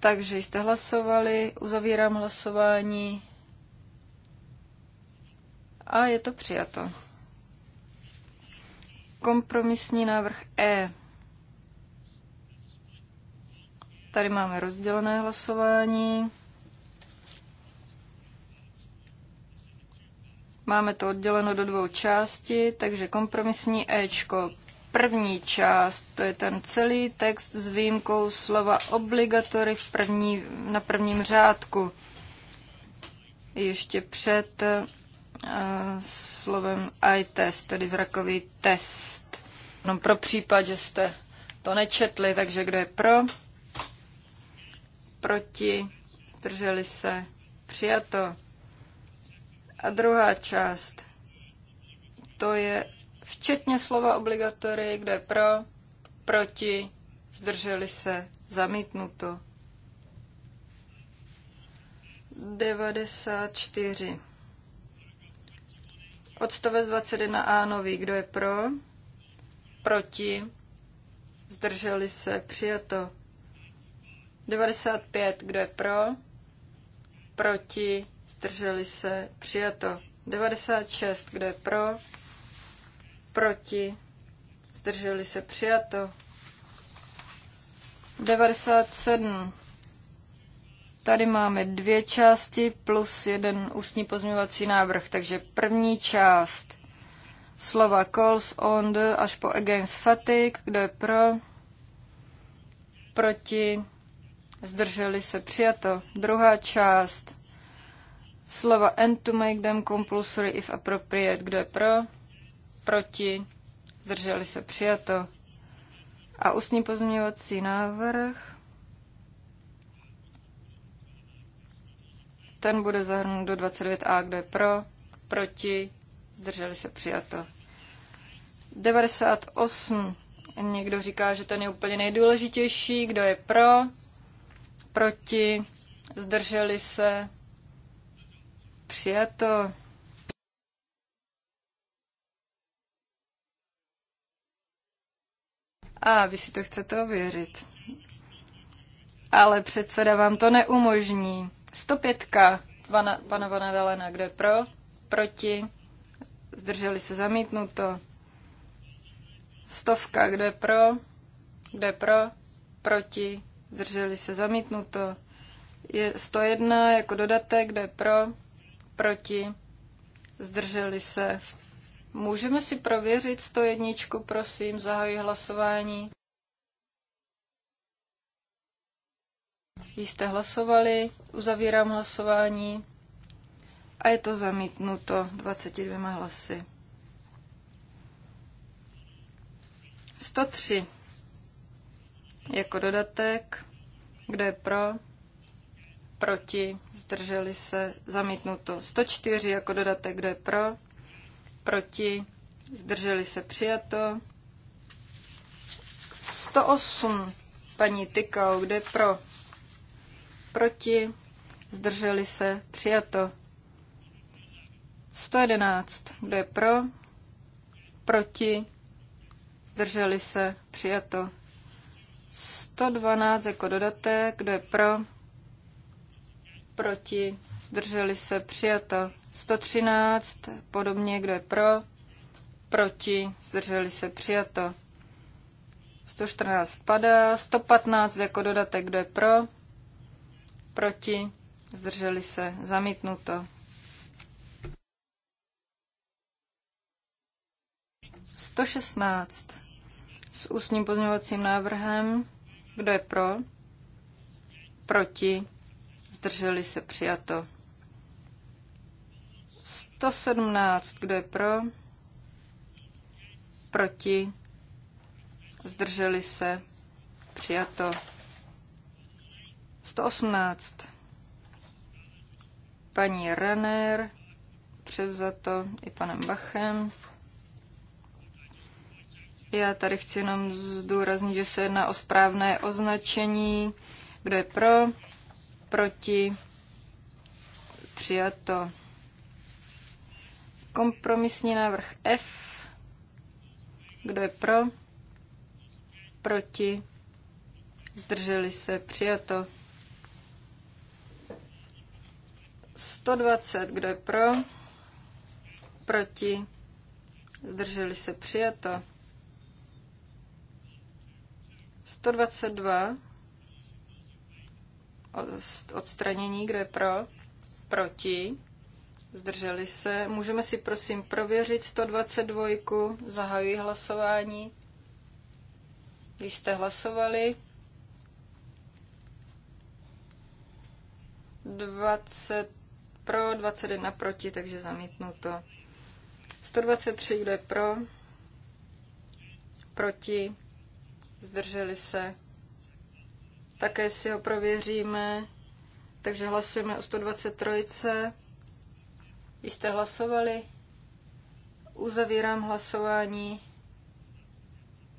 Takže jste hlasovali, uzavírám hlasování a je to přijato. Kompromisní návrh E. Tady máme rozdělené hlasování. Máme to odděleno do dvou části, takže kompromisní Ečko. První část, to je ten celý text s výjimkou slova obligatory v první, na prvním řádku. Ještě před uh, slovem i test, tedy zrakový test. Jenom pro případ, že jste to nečetli, takže kdo je pro? Proti? Zdrželi se? Přijato. A druhá část, to je včetně slova obligatory, kde pro, proti, zdrželi se, zamítnuto. 94. Odstavec 21a nový, kdo je pro, proti, zdrželi se, přijato. 95, kdo je pro, proti, zdrželi se, přijato. 96, kdo je pro, proti, zdrželi se, přijato. 97. Tady máme dvě části plus jeden ústní pozměňovací návrh, takže první část slova calls on the až po against fatigue, kdo je pro, proti, zdrželi se přijato. Druhá část slova and to make them compulsory if appropriate, kdo je pro, proti, zdrželi se přijato. A ústní pozměňovací návrh. Ten bude zahrnut do 29a, kdo je pro, proti, zdrželi se přijato. 98. Někdo říká, že ten je úplně nejdůležitější. Kdo je pro? Proti? Zdrželi se? Přijato. A vy si to chcete ověřit. Ale předseda vám to neumožní. 105. Pana, pana Vanadalena, je pro? Proti? zdrželi se zamítnuto. Stovka, kde pro, kde pro, proti, zdrželi se zamítnuto. Je 101 jako dodatek, kde pro, proti, zdrželi se. Můžeme si prověřit 101, prosím, zahajuji hlasování. jste hlasovali, uzavírám hlasování a je to zamítnuto 22 hlasy. 103 jako dodatek, kde je pro, proti, zdrželi se, zamítnuto. 104 jako dodatek, kde je pro, proti, zdrželi se, přijato. 108 paní Tykau, kde je pro, proti, zdrželi se, přijato. 111. Kdo je pro? Proti? Zdrželi se? Přijato. 112 jako dodatek. Kdo je pro? Proti? Zdrželi se? Přijato. 113. Podobně. Kdo je pro? Proti? Zdrželi se? Přijato. 114 padá. 115 jako dodatek. Kdo je pro? Proti? Zdrželi se? Zamítnuto. 116 s ústním pozměňovacím návrhem. Kdo je pro? Proti? Zdrželi se přijato. 117. Kdo je pro? Proti? Zdrželi se? Přijato. 118. Paní Renner, převzato i panem Bachem. Já tady chci jenom zdůraznit, že se jedná o správné označení. Kdo je pro? Proti? Přijato. Kompromisní návrh F. Kdo je pro? Proti? Zdrželi se? Přijato. 120. Kdo je pro? Proti? Zdrželi se? Přijato. 122 odstranění, kdo je pro, proti, zdrželi se. Můžeme si prosím prověřit 122, zahajuji hlasování. Když jste hlasovali, 20 pro, 21 proti, takže zamítnu to. 123, kdo je pro, proti, zdrželi se. Také si ho prověříme, takže hlasujeme o 123. Jste hlasovali? Uzavírám hlasování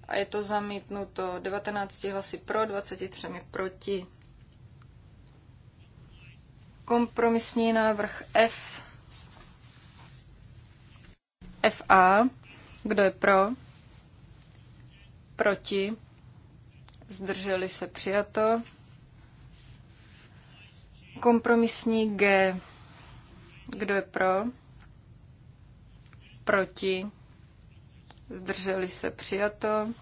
a je to zamítnuto 19 hlasy pro, 23 proti. Kompromisní návrh F. FA. Kdo je pro? Proti? zdrželi se přijato. Kompromisní G. Kdo je pro? Proti? Zdrželi se přijato.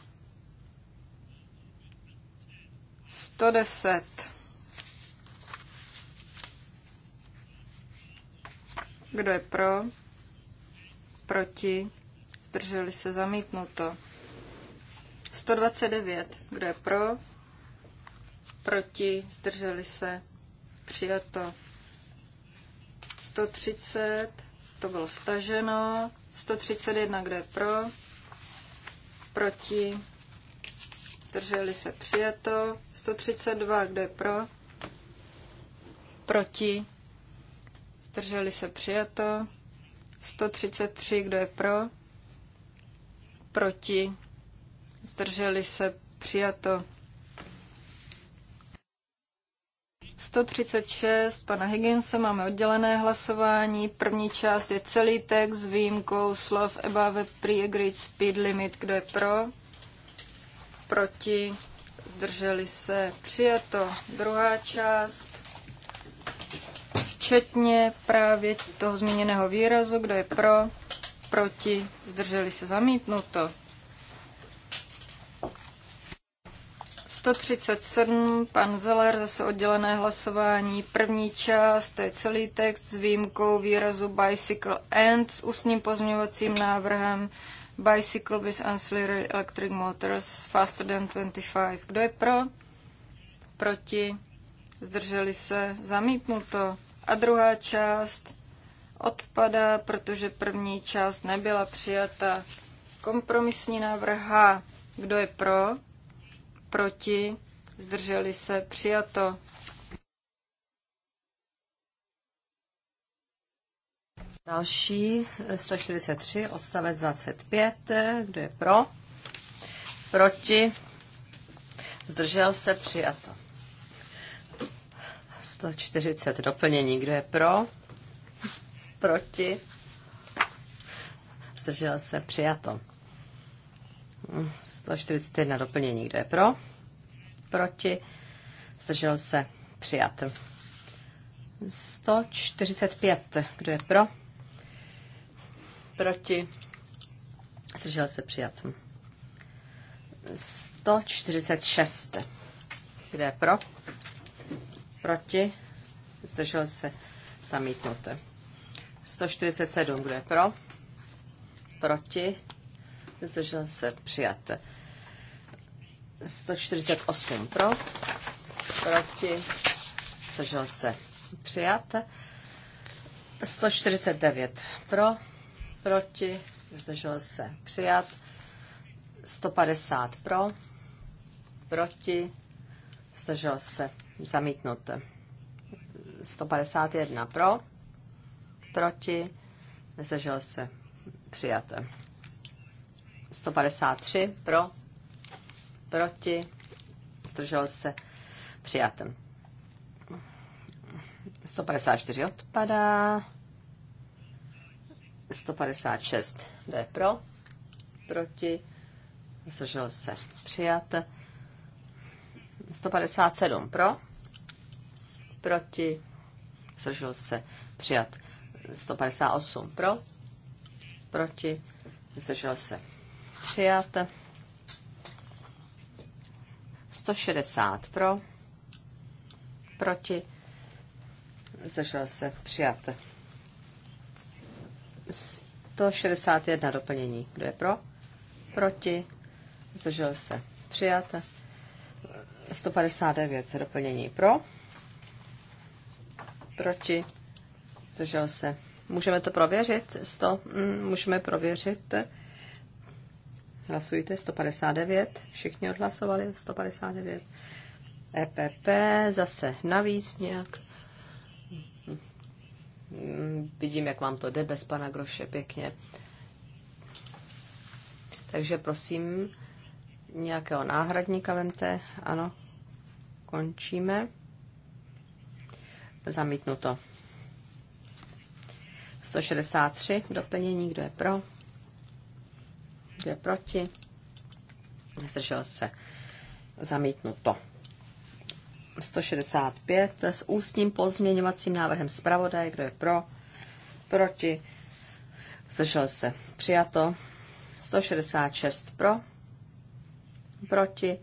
110. Kdo je pro? Proti? Zdrželi se zamítnuto. 129. Kdo je pro? Proti? Zdrželi se? Přijato. 130. To bylo staženo. 131. Kdo je pro? Proti? Zdrželi se? Přijato. 132. Kdo je pro? Proti? Zdrželi se? Přijato. 133. Kdo je pro? Proti? zdrželi se, přijato. 136 pana Higginsa máme oddělené hlasování. První část je celý text s výjimkou slov above pre-agreed speed limit. Kdo je pro? Proti? Zdrželi se? Přijato. Druhá část včetně právě toho zmíněného výrazu, kdo je pro, proti, zdrželi se zamítnuto. 137, pan Zeller, zase oddělené hlasování. První část, to je celý text s výjimkou výrazu bicycle and s ústním pozměňovacím návrhem bicycle with ancillary electric motors faster than 25. Kdo je pro? Proti? Zdrželi se? Zamítnuto. A druhá část odpadá, protože první část nebyla přijata. Kompromisní návrh H. Kdo je pro? proti, zdrželi se, přijato. Další 143, odstavec 25, kdo je pro, proti, zdržel se, přijato. 140 doplnění, kdo je pro, proti, zdržel se, přijato. 141 doplnění, kdo je pro? Proti? Zdržel se? Přijat. 145, kdo je pro? Proti? Zdržel se? Přijat. 146, kdo je pro? Proti? Zdržel se? Zamítnut. 147, kdo je pro? Proti? zdržel se přijat. 148 pro, proti, zdržel se přijat. 149 pro, proti, zdržel se přijat. 150 pro, proti, zdržel se zamítnut. 151 pro, proti, zdržel se přijat. 153 pro, proti, zdržel se přijatem. 154 odpadá. 156 jde pro, proti, zdržel se přijat. 157 pro, proti, zdržel se přijat. 158 pro, proti, zdržel se přijat. 160 pro, proti, zdržel se, přijat. 161 doplnění, kdo je pro, proti, zdržel se, přijat. 159 doplnění pro, proti, zdržel se. Můžeme to prověřit? 100, mm, můžeme prověřit Hlasujte 159. Všichni odhlasovali 159. EPP zase navíc nějak. Vidím, jak vám to jde bez pana Groše pěkně. Takže prosím, nějakého náhradníka vemte. Ano, končíme. Zamítnuto. 163 doplnění, kdo je pro? kdo je proti, zdržel se zamítnuto. 165 s ústním pozměňovacím návrhem zpravodaje, kdo je pro, proti, zdržel se přijato. 166 pro, proti,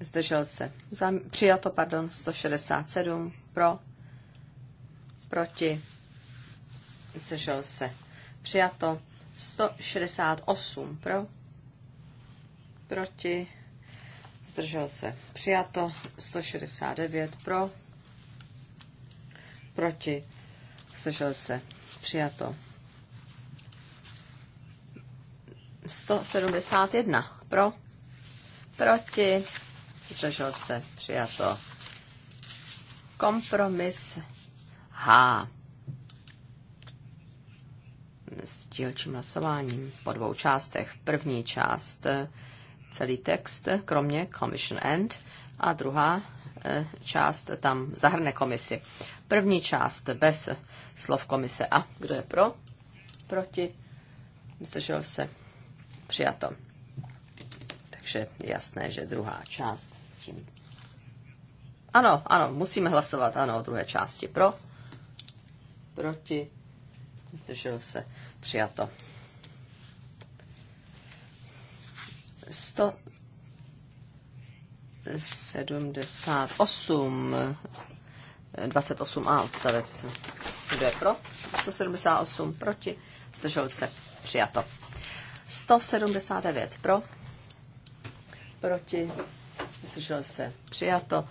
zdržel se zam, přijato, pardon, 167 pro, proti, zdržel se přijato. 168 pro, proti, zdržel se, přijato, 169 pro, proti, zdržel se, přijato, 171 pro, proti, zdržel se, přijato, kompromis H s dílčím hlasováním po dvou částech. První část eh, celý text, kromě Commission End, a druhá eh, část tam zahrne komisi. První část bez slov komise. A kdo je pro? Proti? Zdržel se? Přijato. Takže jasné, že druhá část tím. Ano, ano, musíme hlasovat, ano, o druhé části. Pro? Proti? zdržel se, přijato. 178, 28a odstavec. Kdo je pro? 178 proti, zdržel se, přijato. 179 pro, proti, zdržel se, přijato.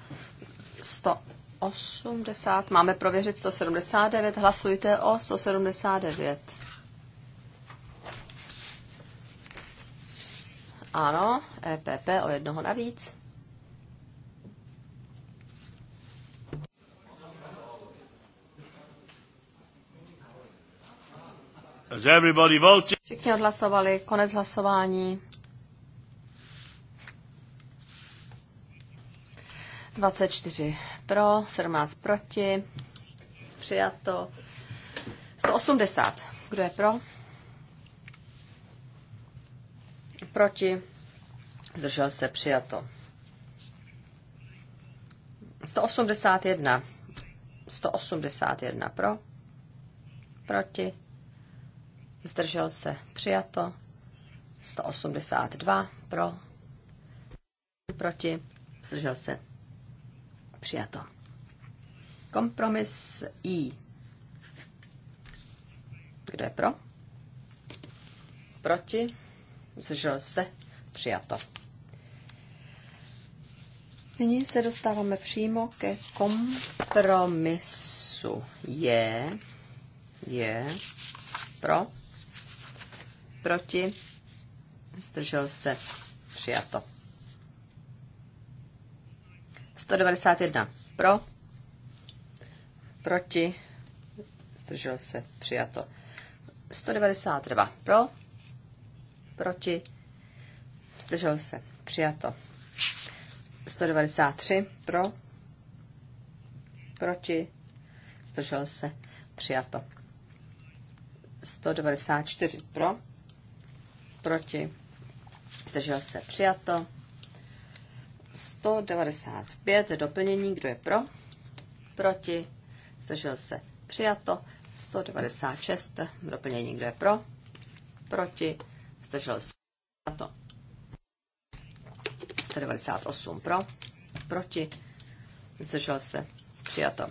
100 80 máme prověřit 179, hlasujte o 179. Ano, EPP o jednoho navíc. As everybody votes. Všichni odhlasovali, konec hlasování. 24 pro, 17 proti, přijato. 180. Kdo je pro? Proti. Zdržel se přijato. 181. 181 pro. Proti. Zdržel se přijato. 182 pro. Proti. Zdržel se Přijato. Kompromis I. Kdo je pro? Proti? Zdržel se? Přijato. Nyní se dostáváme přímo ke kompromisu. Je, je, pro, proti, zdržel se, přijato. 191 pro, proti, zdržel se, přijato. 192 pro, proti, zdržel se, přijato. 193 pro, proti, zdržel se, přijato. 194 pro, proti, zdržel se, přijato. 195, doplnění, kdo je pro, proti, zdržel se, přijato. 196, doplnění, kdo je pro, proti, zdržel se, přijato. 198 pro, proti, zdržel se, přijato.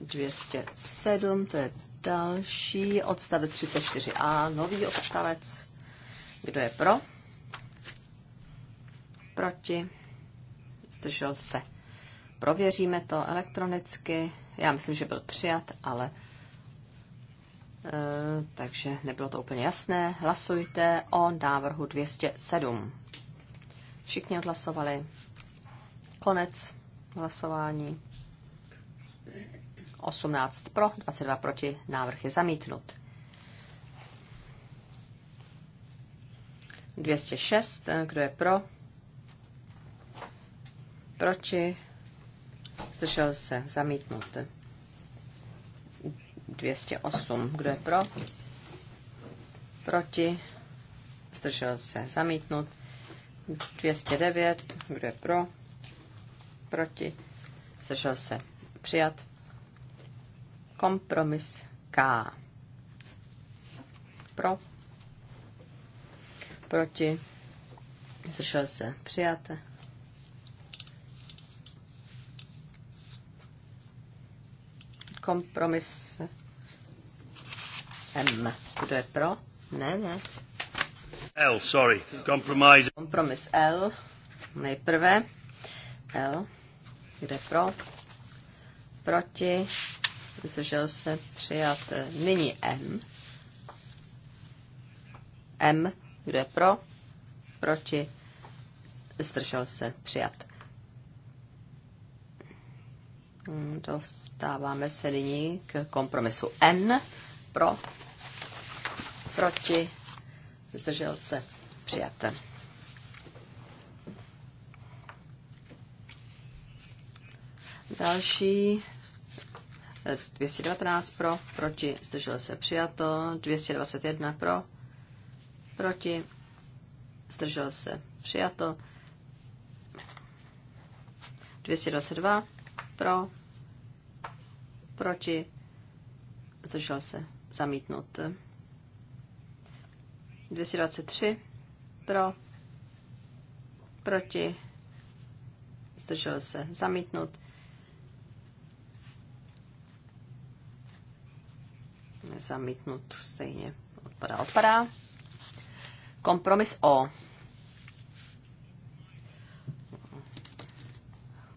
207, to je další odstavec 34a, nový odstavec. Kdo je pro? Proti? Zdržel se. Prověříme to elektronicky. Já myslím, že byl přijat, ale eh, takže nebylo to úplně jasné. Hlasujte o návrhu 207. Všichni odhlasovali. Konec hlasování. 18 pro, 22 proti. Návrh je zamítnut. 206. Eh, kdo je pro? Proti? Zdržel se. Zamítnut. 208. Kdo je pro? Proti? Zdržel se. Zamítnut. 209. Kdo je pro? Proti? Zdržel se. Přijat. Kompromis K. Pro? proti, zdržel se, Přijáte? Kompromis M. Kdo je pro? Ne, ne. L, sorry. Compromise. Kompromis L. Nejprve. L. Je pro? Proti. Zdržel se přijat. Nyní M. M kdo je pro? Proti? Zdržel se? Přijat. Hmm, dostáváme se nyní k kompromisu N. Pro? Proti? Zdržel se? Přijat. Další 219 eh, pro, proti, zdrželo se přijato, 221 pro, proti, zdržel se, přijato. 222 pro, proti, zdržel se, zamítnut. 223 pro, proti, zdržel se, zamítnut. Zamítnut stejně, odpadá, odpadá. Kompromis O.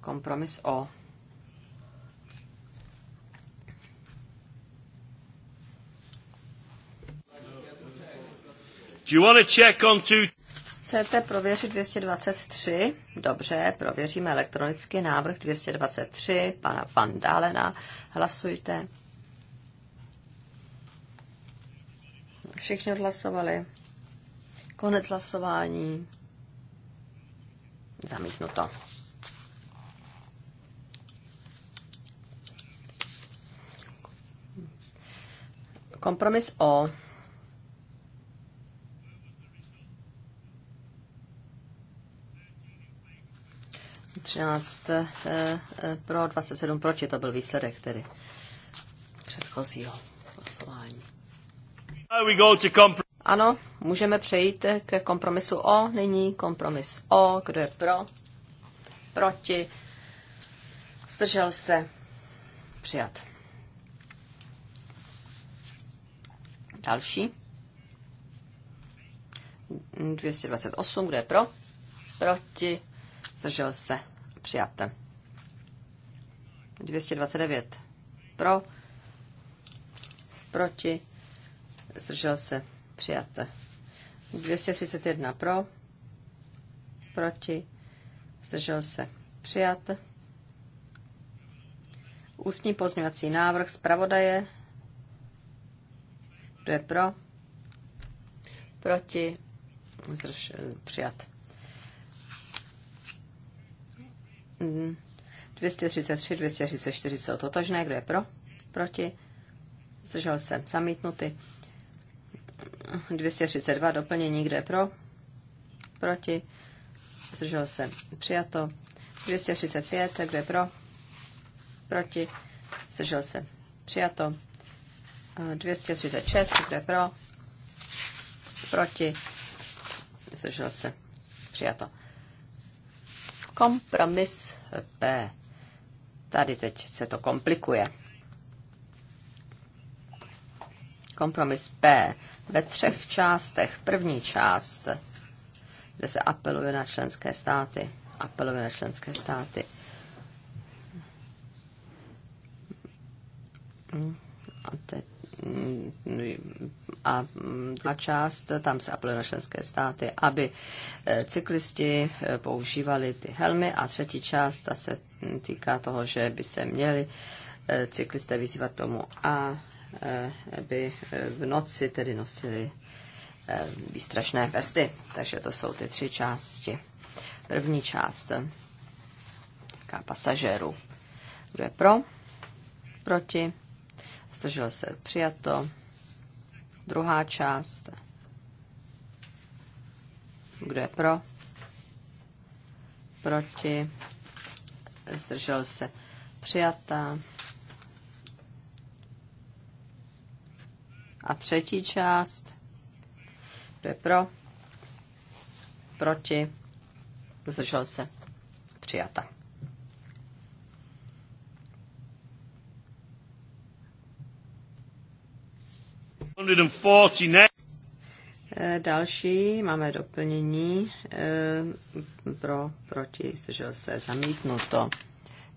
Kompromis O. Do you want to check on two... Chcete prověřit 223? Dobře, prověříme elektronicky návrh 223 pana Van Dalena. Hlasujte. Všichni odhlasovali. Konec hlasování. Zamítnuto. Kompromis O. Třináct eh, eh, pro, 27 proti, to byl výsledek tedy předchozího hlasování. We go to ano, můžeme přejít ke kompromisu O. Nyní kompromis O. Kdo je pro? Proti? Zdržel se? Přijat. Další. 228. Kdo je pro? Proti? Zdržel se? Přijat. 229. Pro? Proti? Zdržel se? Přijat. 231 pro, proti, zdržel se. Přijat. Ústní pozměňovací návrh zpravodaje. Kdo je pro? Proti? Zdrž, přijat. 233, 234 jsou totožné. Kdo je pro? Proti? Zdržel se. Zamítnuty. 232 doplnění, kde je pro, proti, zdržel se, přijato. 235, kde je pro, proti, zdržel se, přijato. 236, kde je pro, proti, zdržel se, přijato. Kompromis P. Tady teď se to komplikuje. Kompromis P ve třech částech. První část, kde se apeluje na členské státy. Apeluje na členské státy. A, te, a druhá část, tam se apeluje na členské státy, aby eh, cyklisti eh, používali ty helmy. A třetí část, ta se týká toho, že by se měli eh, cyklisté vyzývat tomu, a Eh, by eh, v noci tedy nosili eh, výstrašné vesty. Takže to jsou ty tři části. První část týká pasažérů. Kdo je pro? Proti? Zdržel se přijato. Druhá část. Kdo je pro? Proti? Zdržel se přijata. A třetí část, kdo je pro, proti, zdržel se, přijata. Eh, další máme doplnění eh, pro, proti, zdržel se, zamítnuto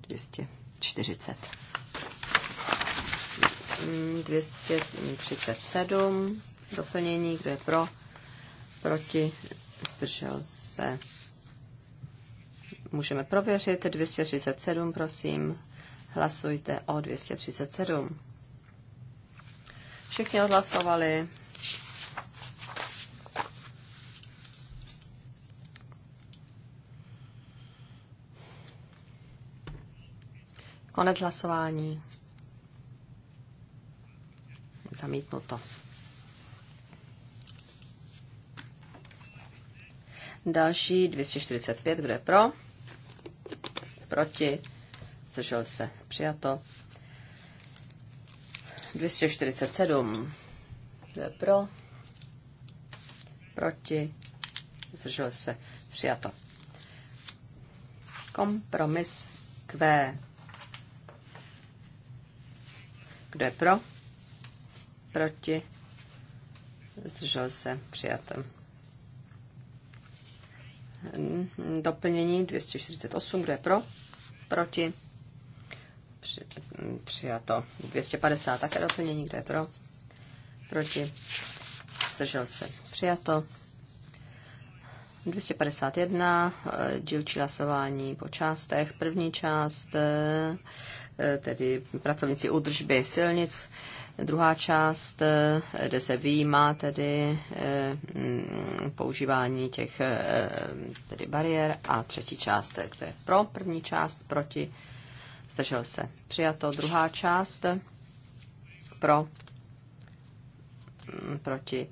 240. 237, mm, doplnění, kdo je pro, proti, zdržel se. Můžeme prověřit, 237, prosím, hlasujte o 237. Všichni odhlasovali. Konec hlasování zamítnuto. Další 245, kdo je pro? Proti? Zdržel se. Přijato. 247, kdo je pro? Proti? Zdržel se. Přijato. Kompromis Q. Kdo je pro? proti, zdržel se, přijat. Doplnění 248, kdo je pro, proti, přijato. 250, také doplnění, kdo je pro, proti, zdržel se, přijato. 251, dílčí hlasování po částech. První část, tedy pracovníci údržby silnic, Druhá část, eh, kde se výjímá tedy eh, mm, používání těch eh, tedy bariér a třetí část, kde je pro, první část proti, zdržel se přijato, druhá část pro, mm, proti,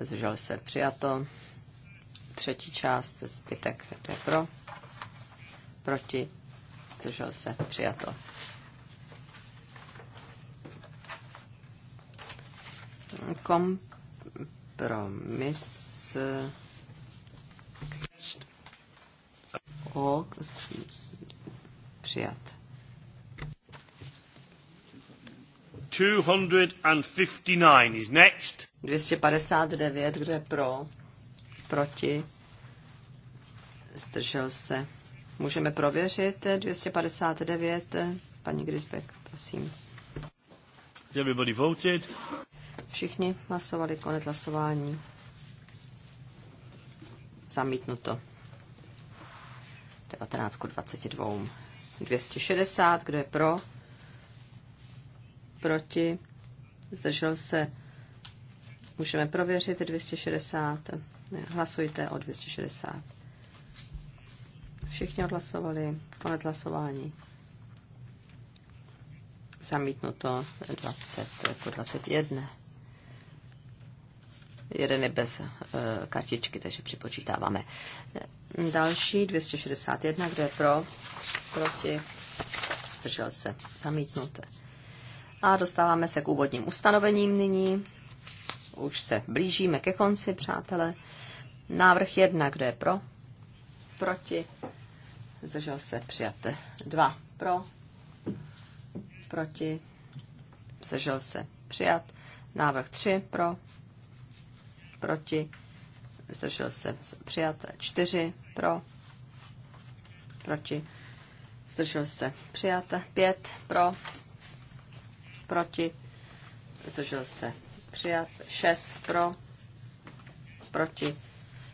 zdržel se přijato, třetí část, zbytek jde pro, proti, zdržel se přijato. Kompromis eh, o přijat. 259 is next. 259, kdo je pro, proti, zdržel se. Můžeme prověřit 259, eh, paní Grisbeck, prosím. Everybody voted. Všichni hlasovali konec hlasování. Zamítnuto. 19 k 22. 260, kdo je pro? Proti? Zdržel se? Můžeme prověřit 260. Hlasujte o 260. Všichni odhlasovali. Konec hlasování. Zamítnuto 20 k 21 jeden je bez eh, kartičky, takže připočítáváme. Další 261, kdo je pro, proti, zdržel se, zamítnuté. A dostáváme se k úvodním ustanovením nyní. Už se blížíme ke konci, přátelé. Návrh jedna, kdo je pro, proti, zdržel se, přijaté. dva pro, proti, zdržel se, přijat. Návrh 3, pro, proti, zdržel se přijat, čtyři pro, proti, zdržel se přijat, pět pro, proti, zdržel se přijat, šest pro, proti,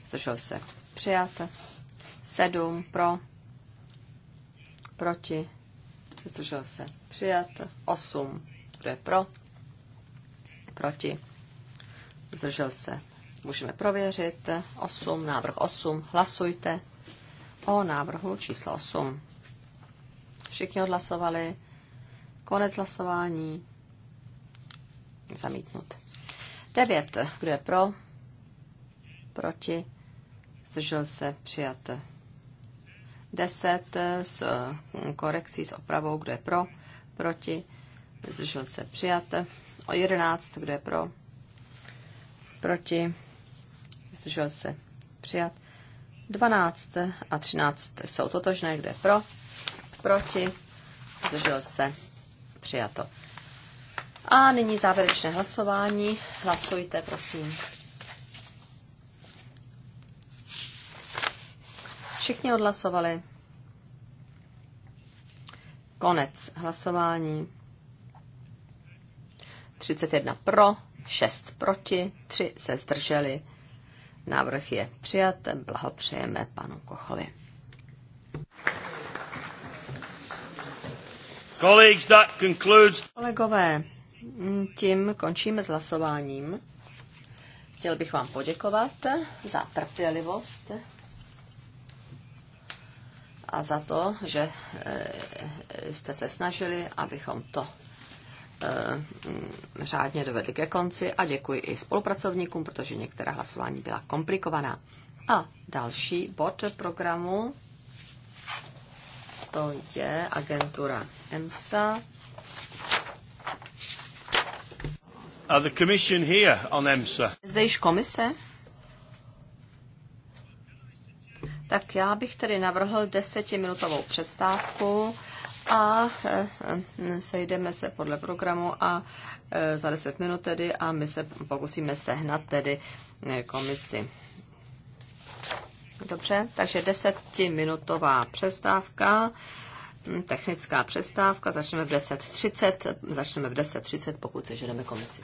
zdržel se přijat, sedm pro, proti, zdržel se přijat, osm kdo je pro, proti, zdržel se můžeme prověřit. 8, návrh 8, hlasujte o návrhu číslo 8. Všichni odhlasovali. Konec hlasování. Zamítnut. 9. Kdo je pro? Proti? Zdržel se přijat. 10 s mm, korekcí, s opravou, kdo je pro? Proti? Zdržel se přijat. O 11, kdo je pro? Proti? zdržel se přijat. 12 a 13 jsou totožné, kde pro, proti, zdržel se přijato. A nyní závěrečné hlasování. Hlasujte, prosím. Všichni odhlasovali. Konec hlasování. 31 pro, 6 proti, 3 se zdrželi. Návrh je přijat. Blahopřejeme panu Kochovi. that concludes... Kolegové, tím končíme s hlasováním. Chtěl bych vám poděkovat za trpělivost a za to, že eh, jste se snažili, abychom to Eh, řádně dovedli ke konci a děkuji i spolupracovníkům, protože některá hlasování byla komplikovaná. A další bod programu, to je agentura EMSA. Are the commission here on EMSA. Zde již komise. Tak já bych tedy navrhl desetiminutovou přestávku a eh, eh, sejdeme se podle programu a eh, za 10 minut tedy a my se pokusíme sehnat tedy komisi. Dobře, takže desetiminutová přestávka, hm, technická přestávka, začneme v 10.30, začneme v 10.30, pokud seženeme komisi.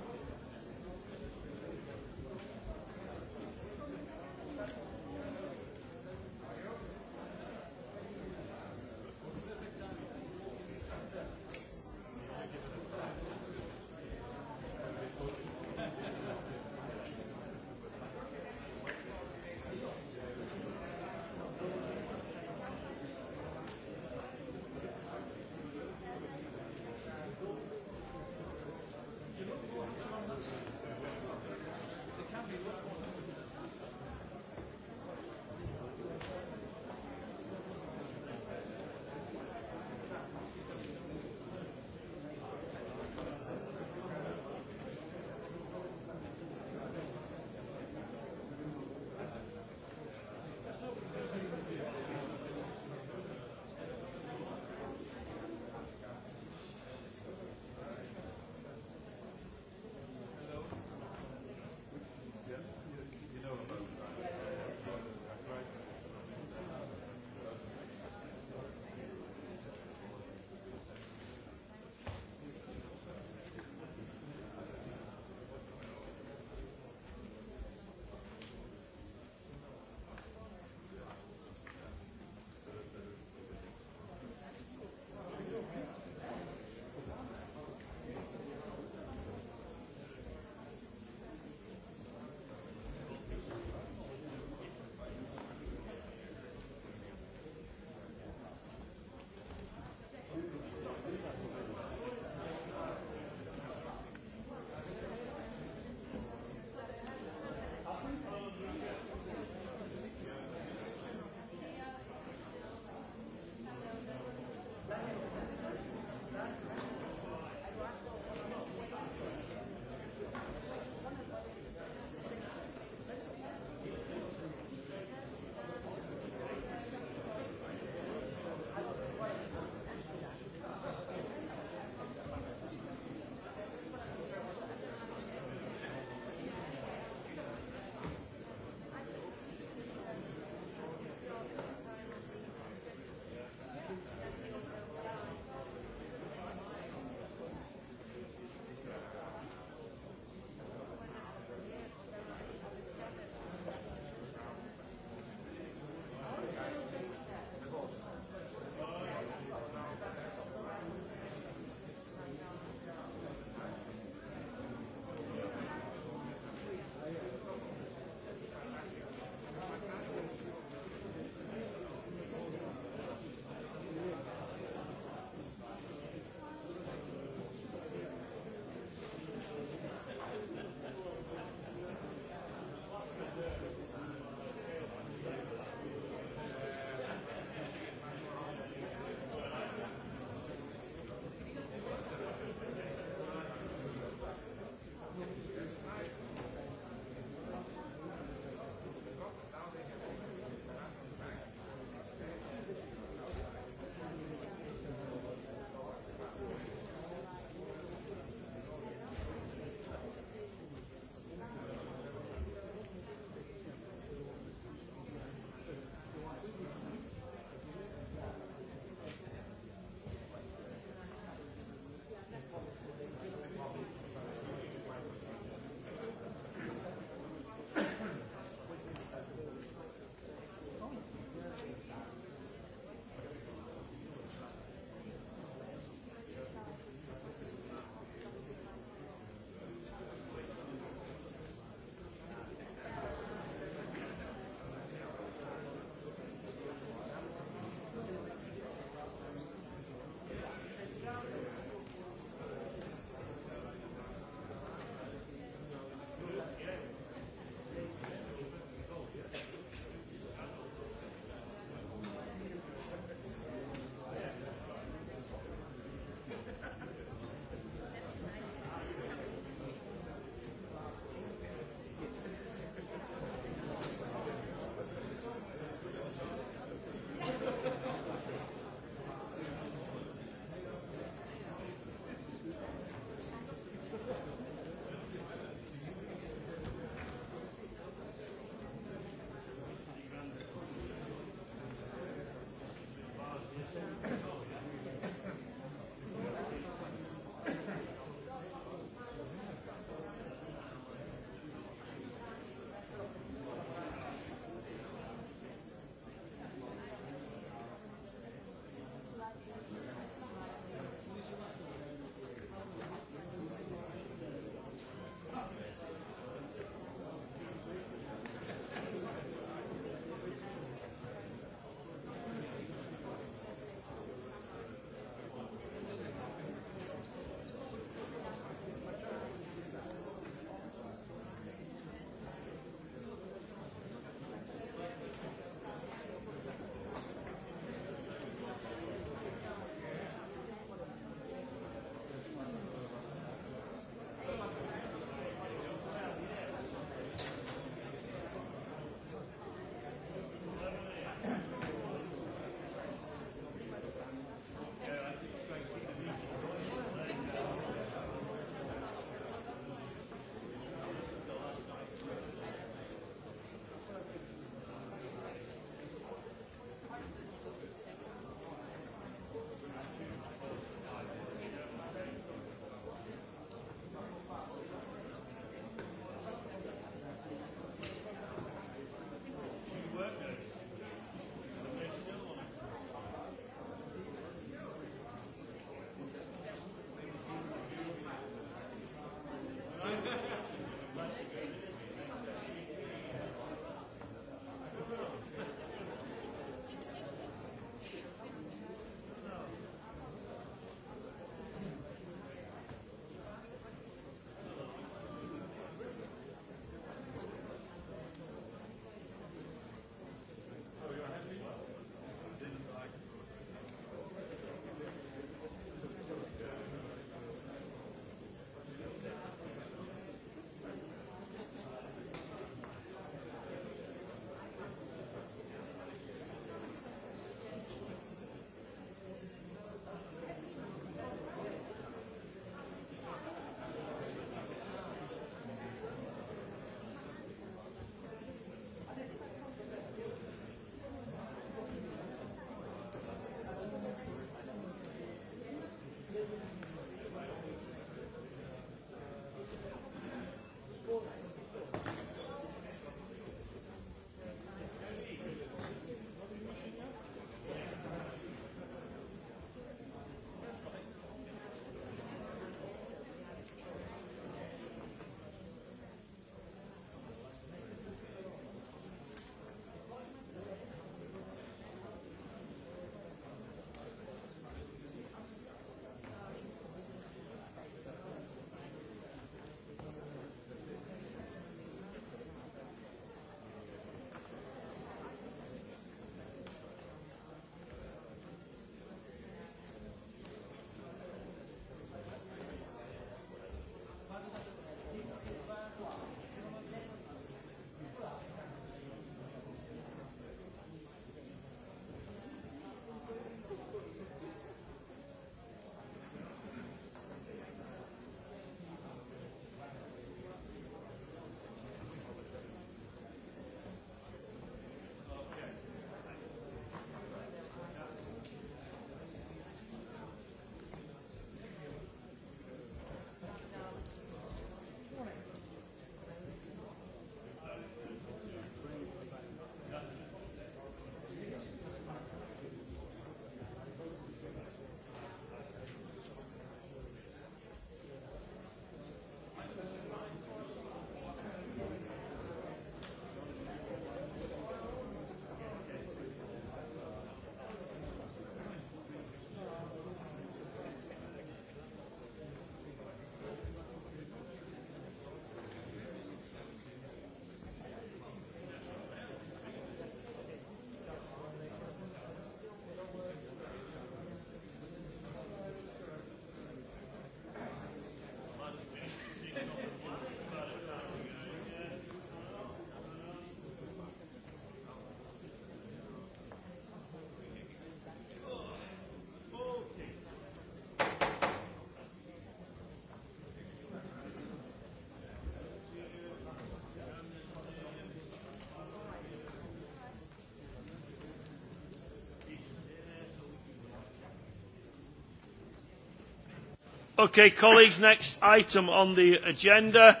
Okay, colleagues, next item on the agenda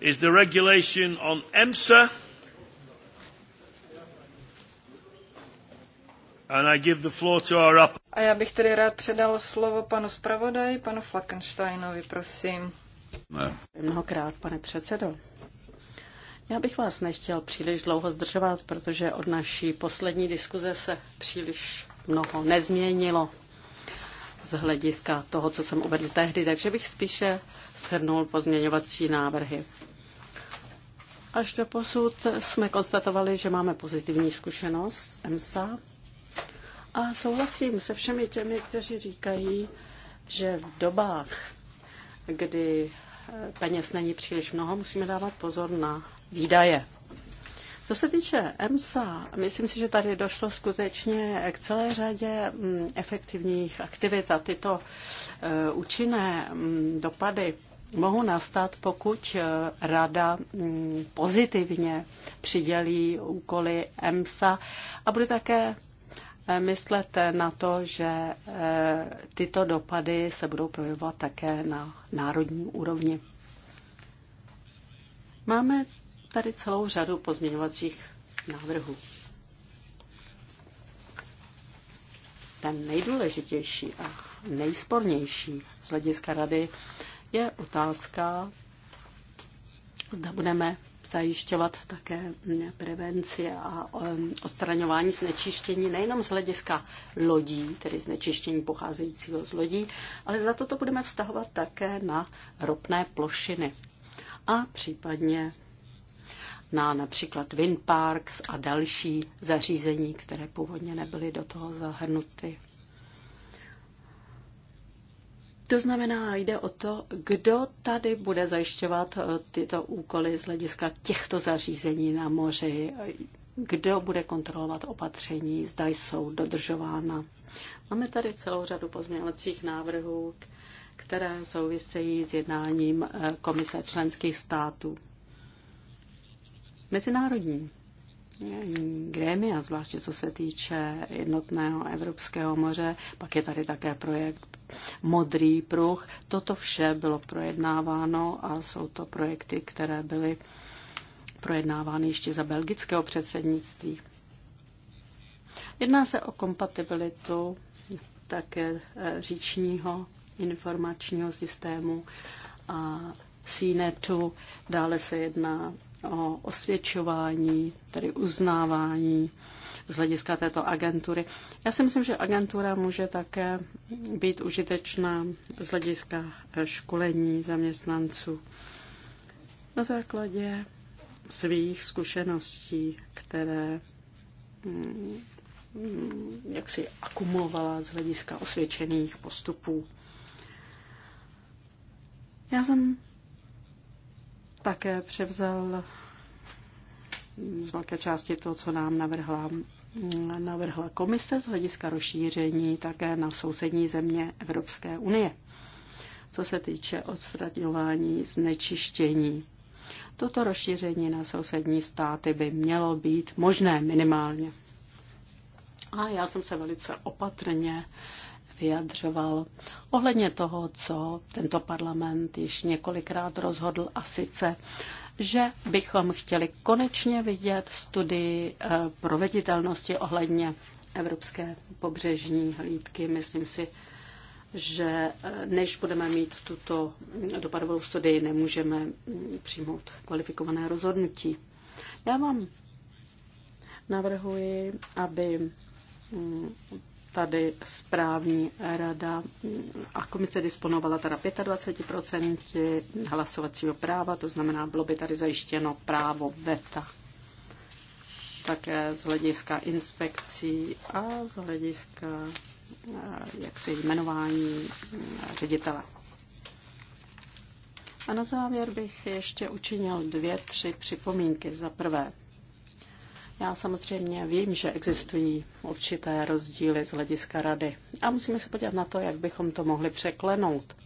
is the regulation on EMSA. And I give the floor to our up. A já bych tedy rád předal slovo panu zpravodaji, panu Flakensteinovi, prosím. Ne. Mnohokrát, pane předsedo. Já bych vás nechtěl příliš dlouho zdržovat, protože od naší poslední diskuze se příliš mnoho nezměnilo hlediska toho, co jsem uvedl tehdy, takže bych spíše shrnul pozměňovací návrhy. Až do posud jsme konstatovali, že máme pozitivní zkušenost s EMSA a souhlasím se všemi těmi, kteří říkají, že v dobách, kdy peněz není příliš mnoho, musíme dávat pozor na výdaje. Co se týče EMSA, myslím si, že tady došlo skutečně k celé řadě mm, efektivních aktivit a tyto e, účinné mm, dopady mohou nastat, pokud e, rada mm, pozitivně přidělí úkoly EMSA a bude také e, myslet na to, že tyto dopady se budou projevovat také na národní úrovni. Máme tady celou řadu pozměňovacích návrhů. Ten nejdůležitější a nejspornější z hlediska rady je otázka, zda budeme zajišťovat také prevenci a um, odstraňování znečištění nejenom z hlediska lodí, tedy znečištění pocházejícího z lodí, ale za toto budeme vztahovat také na ropné plošiny a případně na například windparks a další zařízení, které původně nebyly do toho zahrnuty. To znamená, jde o to, kdo tady bude zajišťovat eh, tyto úkoly z hlediska těchto zařízení na moři, kdo bude kontrolovat opatření, zda jsou dodržována. Máme tady celou řadu pozměňovacích návrhů, které souvisejí s jednáním eh, Komise členských států. Mezinárodní grémia, zvláště co se týče jednotného Evropského moře, pak je tady také projekt Modrý pruh. Toto vše bylo projednáváno a jsou to projekty, které byly projednávány ještě za belgického předsednictví. Jedná se o kompatibilitu také eh, říčního informačního systému a CNETu. Dále se jedná o osvědčování, tedy uznávání z hlediska této agentury. Já si myslím, že agentura může také být užitečná z hlediska školení zaměstnanců na základě svých zkušeností, které mm, jak si akumulovala z hlediska osvědčených postupů. Já jsem také převzal z velké části to, co nám navrhla, navrhla komise z hlediska rozšíření také na sousední země Evropské unie, co se týče odstraňování znečištění. Toto rozšíření na sousední státy by mělo být možné minimálně. A já jsem se velice opatrně vyjadřoval ohledně toho, co tento parlament již několikrát rozhodl a sice, že bychom chtěli konečně vidět studii eh, proveditelnosti ohledně evropské pobřežní hlídky. Myslím si, že eh, než budeme mít tuto dopadovou studii, nemůžeme mm, přijmout kvalifikované rozhodnutí. Já vám navrhuji, aby mm, tady správní rada a komise disponovala teda 25% hlasovacího práva, to znamená, bylo by tady zajištěno právo veta. Také z hlediska inspekcí a z hlediska eh, jaksi jmenování eh, ředitele. A na závěr bych ještě učinil dvě, tři připomínky. Za prvé, já samozřejmě vím, že existují určité rozdíly z hlediska rady a musíme se podívat na to, jak bychom to mohli překlenout.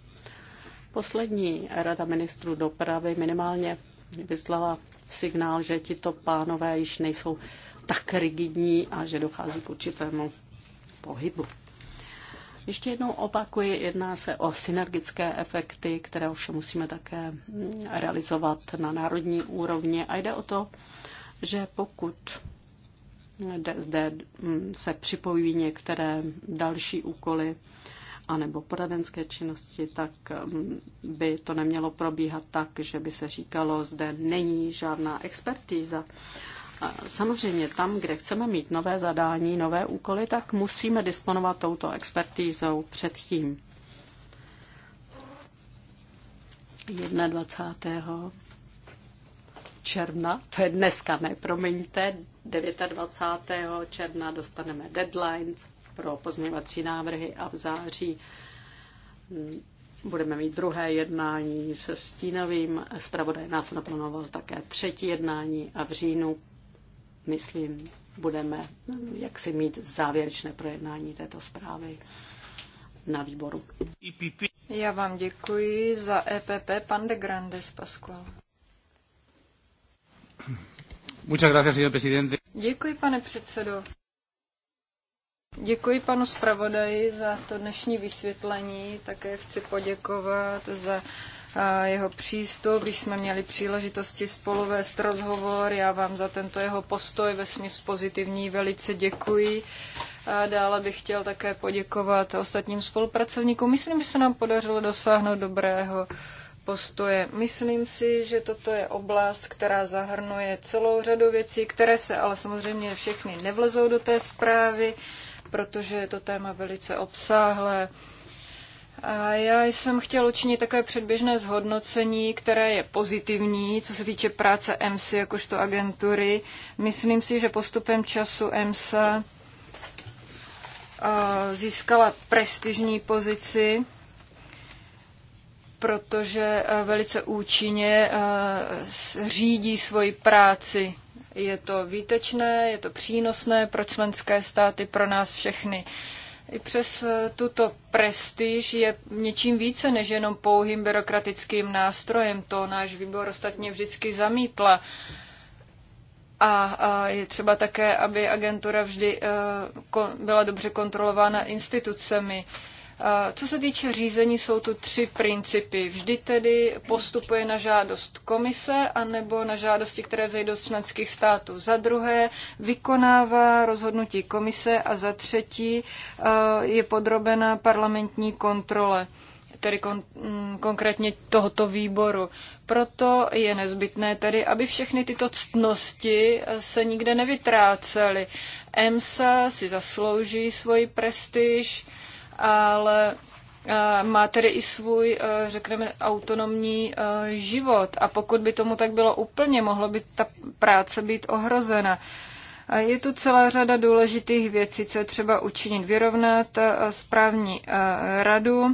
Poslední rada ministrů dopravy minimálně vyslala signál, že tito pánové již nejsou tak rigidní a že dochází k určitému pohybu. Ještě jednou opakuji, jedná se o synergické efekty, které ovšem musíme také realizovat na národní úrovni a jde o to, že pokud zde mm, se připojí některé další úkoly anebo poradenské činnosti, tak mm, by to nemělo probíhat tak, že by se říkalo, zde není žádná expertíza. Samozřejmě tam, kde chceme mít nové zadání, nové úkoly, tak musíme disponovat touto expertízou předtím. 21 června, to je dneska, ne, promiňte, 29. června dostaneme deadline pro pozměňovací návrhy a v září budeme mít druhé jednání se Stínovým. Spravodaj nás naplánoval také třetí jednání a v říjnu, myslím, budeme eh, jaksi mít závěrečné projednání této zprávy na výboru. Já vám děkuji za EPP, pan de Grandes Pascual. Muchas gracias, señor presidente. Děkuji, pane předsedo. Děkuji panu zpravodaji za to dnešní vysvětlení. Také chci poděkovat za jeho přístup, když jsme měli příležitosti spolu vést rozhovor. Já vám za tento jeho postoj ve smyslu pozitivní velice děkuji. A dále bych chtěl také poděkovat ostatním spolupracovníkům. Myslím, že se nám podařilo dosáhnout dobrého postoje. Myslím si, že toto je oblast, která zahrnuje celou řadu věcí, které se ale samozřejmě všechny nevlezou do té zprávy, protože je to téma velice obsáhlé. A já jsem chtěl učinit takové předběžné zhodnocení, které je pozitivní, co se týče práce EMSA jakožto agentury. Myslím si, že postupem času EMSA získala prestižní pozici protože eh, velice účinně eh, řídí svoji práci. Je to výtečné, je to přínosné pro členské státy, pro nás všechny. I přes eh, tuto prestiž je něčím více než jenom pouhým byrokratickým nástrojem. To náš výbor ostatně vždycky zamítla. A, je třeba také, aby agentura vždy byla dobře kontrolována institucemi. Eh, co se týče řízení, jsou tu tři principy. Vždy tedy postupuje na žádost komise anebo na žádosti, které vzejdou z členských států. Za druhé vykonává rozhodnutí komise a za třetí eh, je podrobena parlamentní kontrole tedy kon, mm, konkrétně tohoto výboru. Proto je nezbytné tedy, aby všechny tyto ctnosti eh, se nikde nevytrácely. EMSA si zaslouží svoji prestiž, ale eh, má tedy i svůj, eh, řekneme, autonomní eh, život. A pokud by tomu tak bylo úplně, mohlo by ta práce být ohrozena. Je tu celá řada důležitých věcí, co je třeba učinit. Vyrovnat správní radu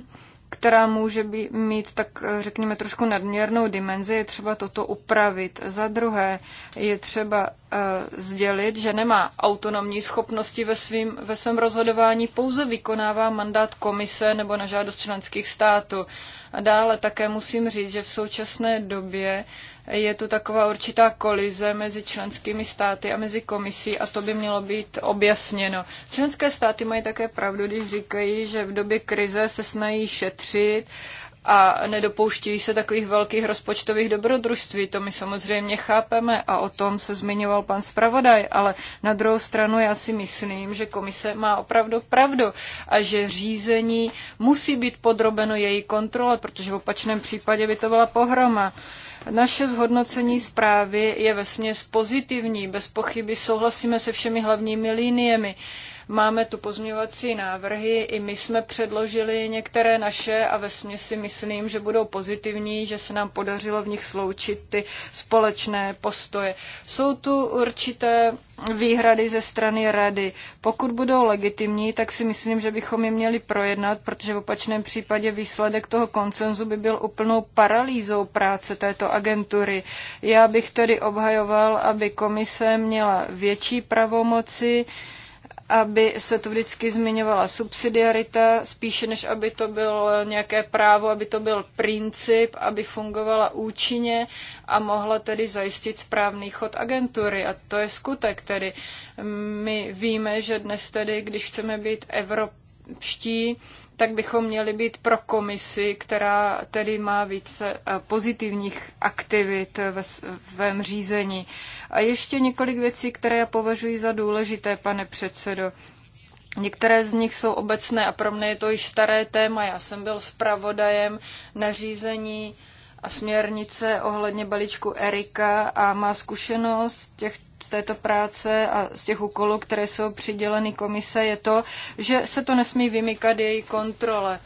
která může být, mít tak eh, řekněme trošku nadměrnou dimenzi, je třeba toto upravit. Za druhé je třeba uh, sdělit, že nemá autonomní schopnosti ve, svým, ve svém rozhodování, pouze vykonává mandát komise nebo na žádost členských států. A dále také musím říct, že v současné době uh, je tu taková určitá kolize mezi členskými státy a mezi komisí a to by mělo být objasněno. Členské státy mají také pravdu, když říkají, že v době krize se snaží šetřit a nedopouštějí se takových velkých rozpočtových dobrodružství. To my samozřejmě chápeme a o tom se zmiňoval pan zpravodaj, ale na druhou stranu já si myslím, že komise má opravdu pravdu a že řízení musí být podrobeno její kontrole, protože v opačném případě by to byla pohroma. Naše zhodnocení zprávy je vesměs pozitivní. Bez pochyby souhlasíme se všemi hlavními liniemi. Máme tu pozměňovací návrhy, i my jsme předložili některé naše a ve si myslím, že budou pozitivní, že se nám podařilo v nich sloučit ty společné postoje. Jsou tu určité výhrady ze strany rady. Pokud budou legitimní, tak si myslím, že bychom je měli projednat, protože v opačném případě výsledek toho koncenzu by byl úplnou paralýzou práce této agentury. Já bych tedy obhajoval, aby komise měla větší pravomoci, aby se to vždycky zmiňovala subsidiarita, spíše než aby to bylo nějaké právo, aby to byl princip, aby fungovala účinně a mohla tedy zajistit správný chod agentury. A to je skutek tedy. My víme, že dnes tedy, když chceme být evropští, tak bychom měli být pro komisi, která tedy má více eh, pozitivních aktivit ve svém řízení. A ještě několik věcí, které já považuji za důležité, pane předsedo. Některé z nich jsou obecné a pro mě je to již staré téma. Já jsem byl zpravodajem řízení a směrnice ohledně balíčku Erika a má zkušenost těch z této práce a z těch úkolů, které jsou přiděleny komise, je to, že se to nesmí vymykat její kontrole.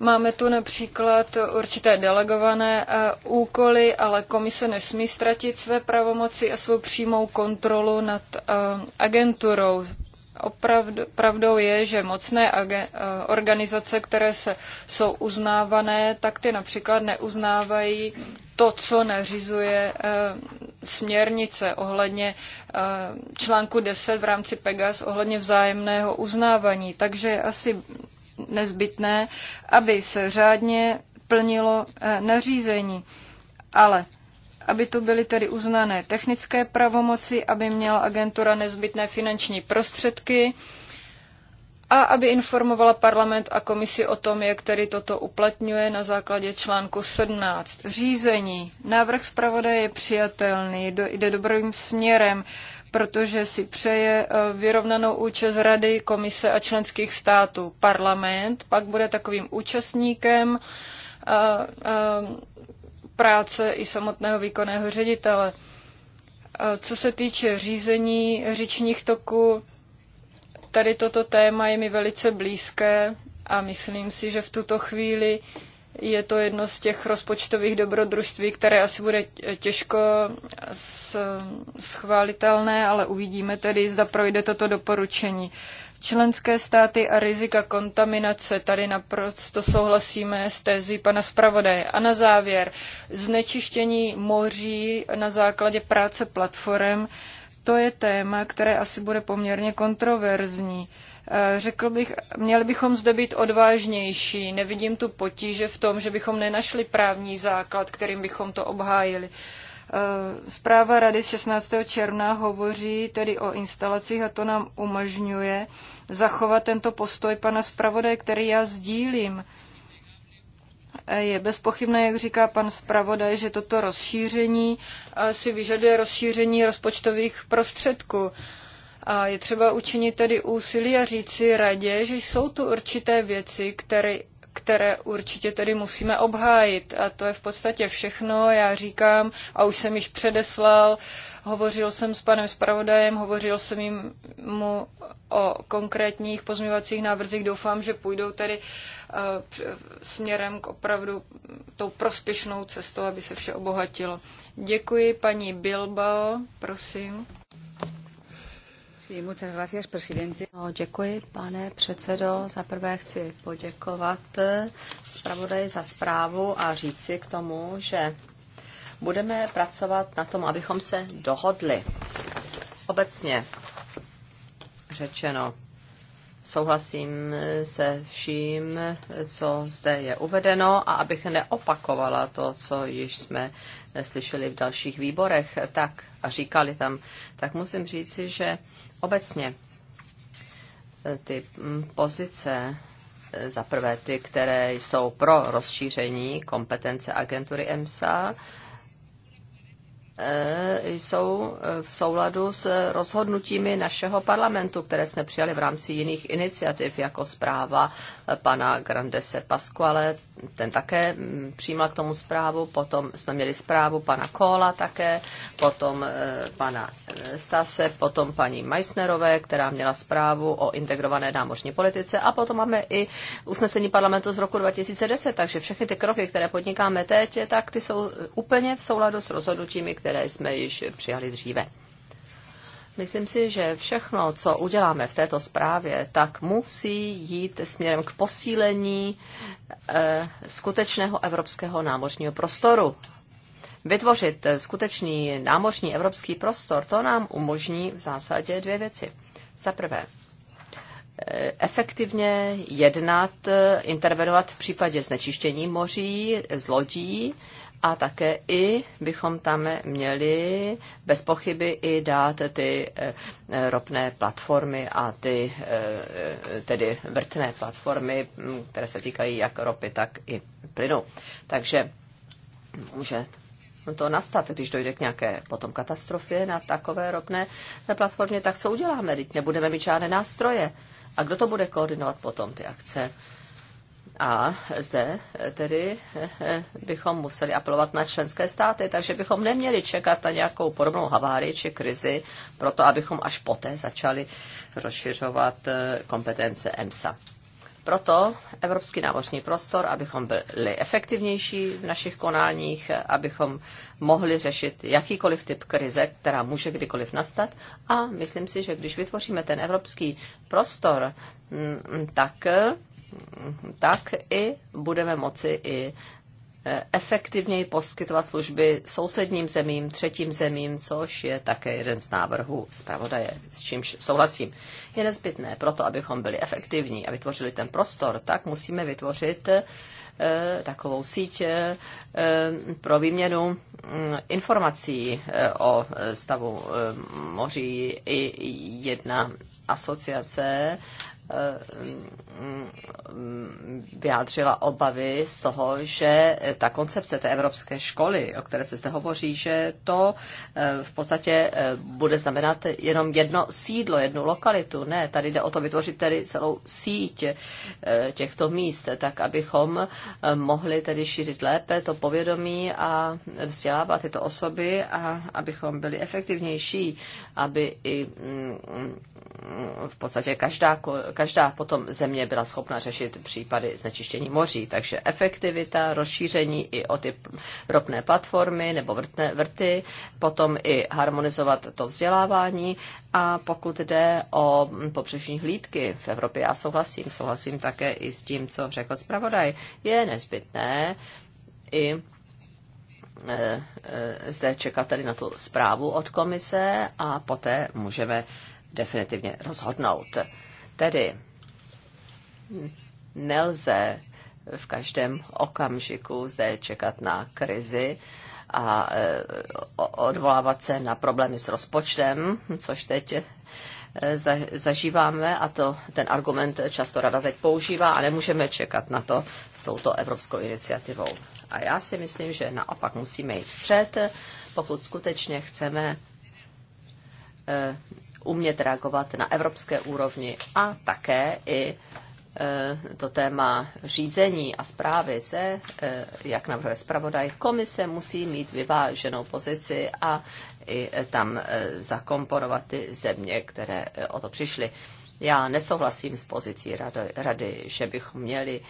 Máme tu například určité delegované eh, úkoly, ale komise nesmí ztratit své pravomoci a svou přímou kontrolu nad eh, agenturou. Opravdu, pravdou je, že mocné eh, organizace, které se, jsou uznávané, tak ty například neuznávají to, co nařizuje směrnice ohledně eh, článku 10 v rámci Pegas ohledně vzájemného uznávání. Takže je asi nezbytné, aby se řádně plnilo eh, nařízení. Ale aby to byly tedy uznané technické pravomoci, aby měla agentura nezbytné finanční prostředky, a aby informovala parlament a komisi o tom, jak tedy toto uplatňuje na základě článku 17. Řízení. Návrh zpravodaje je přijatelný, jde dobrým směrem, protože si přeje eh, vyrovnanou účast Rady, Komise a členských států. Parlament pak bude takovým účastníkem a, eh, a, eh, práce i samotného výkonného ředitele. co se týče řízení říčních toků, Tady toto téma je mi velice blízké a myslím si, že v tuto chvíli je to jedno z těch rozpočtových dobrodružství, které asi bude těžko schválitelné, ale uvidíme tedy, zda projde toto doporučení. Členské státy a rizika kontaminace, tady naprosto souhlasíme s tézí pana zpravodaje. A na závěr, znečištění moří na základě práce platform to je téma, které asi bude poměrně kontroverzní. Eh, řekl bych, měli bychom zde být odvážnější. Nevidím tu potíže v tom, že bychom nenašli právní základ, kterým bychom to obhájili. Eh, zpráva Rady z 16. června hovoří tedy o instalacích a to nám umožňuje zachovat tento postoj pana zpravodaje, který já sdílím je bezpochybné, jak říká pan zpravodaj, že toto rozšíření eh, si vyžaduje rozšíření rozpočtových prostředků. A je třeba učinit tedy úsilí a říci radě, že jsou tu určité věci, které které určitě tedy musíme obhájit. A to je v podstatě všechno. Já říkám, a už jsem již předeslal, hovořil jsem s panem zpravodajem, hovořil jsem jim mu o konkrétních pozměňovacích návrzích. Doufám, že půjdou tedy eh, směrem k opravdu tou prospěšnou cestou, aby se vše obohatilo. Děkuji paní Bilbao, prosím. No, děkuji, pane předsedo. Za prvé chci poděkovat zpravodaji za zprávu a říci k tomu, že budeme pracovat na tom, abychom se dohodli. Obecně řečeno, souhlasím se vším, co zde je uvedeno a abych neopakovala to, co již jsme slyšeli v dalších výborech, tak a říkali tam, tak musím říci, že obecně eh, ty mm, pozice, eh, za prvé ty, které jsou pro rozšíření kompetence agentury EMSA, Eh, jsou eh, v souladu s rozhodnutími našeho parlamentu, které jsme přijali v rámci jiných iniciativ, jako zpráva eh, pana Grandese Pasquale, ten také mm, přijímal k tomu zprávu, potom jsme měli zprávu pana Kola také, potom pana Stase, potom paní Meissnerové, která měla zprávu o integrované námořní politice a potom máme i usnesení parlamentu z roku 2010, takže všechny ty kroky, které podnikáme teď, tak ty jsou úplně v souladu s rozhodnutími, které které jsme již přijali dříve. Myslím si, že všechno, co uděláme v této zprávě, tak musí jít směrem k posílení eh, skutečného evropského námořního prostoru. Vytvořit skutečný námořní evropský prostor, to nám umožní v zásadě dvě věci. Za prvé, eh, efektivně jednat, eh, intervenovat v případě znečištění moří z lodí, a také i bychom tam měli bez pochyby i dát ty eh, eh, ropné platformy a ty eh, tedy vrtné platformy, mm, které se týkají jak ropy, tak i plynu. Takže může to nastat, když dojde k nějaké potom katastrofě na takové ropné platformě, tak co uděláme? Teď nebudeme mít žádné nástroje. A kdo to bude koordinovat potom ty akce? A zde tedy bychom museli apelovat na členské státy, takže bychom neměli čekat na nějakou podobnou havárii či krizi, proto abychom až poté začali rozšiřovat eh, kompetence EMSA. Proto Evropský námořní prostor, abychom byli efektivnější v našich konáních, abychom mohli řešit jakýkoliv typ krize, která může kdykoliv nastat. A myslím si, že když vytvoříme ten evropský prostor, mm, tak tak i budeme moci i eh, efektivněji poskytovat služby sousedním zemím, třetím zemím, což je také jeden z návrhů zpravodaje, s čímž souhlasím. Je nezbytné proto, abychom byli efektivní a vytvořili ten prostor, tak musíme vytvořit eh, takovou síť eh, pro výměnu mm, informací o stavu moří i jedna asociace Eh, vyjádřila obavy z toho, že ta koncepce té evropské školy, o které se zde hovoří, že to eh, v podstatě eh, bude znamenat jenom jedno sídlo, jednu lokalitu. Ne, tady jde o to vytvořit tedy celou síť těchto míst, tak abychom mohli tedy šířit lépe to povědomí a vzdělávat tyto osoby a abychom byli efektivnější, aby i mm, mm, v podstatě každá, každá potom země byla schopna řešit případy znečištění moří. Takže efektivita, rozšíření i o ty ropné platformy nebo vrtné vrty, potom i harmonizovat to vzdělávání a pokud jde o pobřežní hlídky v Evropě, já souhlasím, souhlasím také i s tím, co řekl zpravodaj, je nezbytné i e, e, zde čekat tedy na tu zprávu od komise a poté můžeme definitivně rozhodnout. Tedy nelze v každém okamžiku zde čekat na krizi a e, odvolávat se na problémy s rozpočtem, což teď e, zažíváme a to ten argument často rada teď používá a nemůžeme čekat na to s touto evropskou iniciativou. A já si myslím, že naopak musíme jít vpřed, pokud skutečně chceme e, umět reagovat na evropské úrovni a také i e, to téma řízení a zprávy se, e, jak navrhuje zpravodaj, komise musí mít vyváženou pozici a i tam e, zakomponovat ty země, které o to přišly. Já nesouhlasím s pozicí rady, rady že bychom měli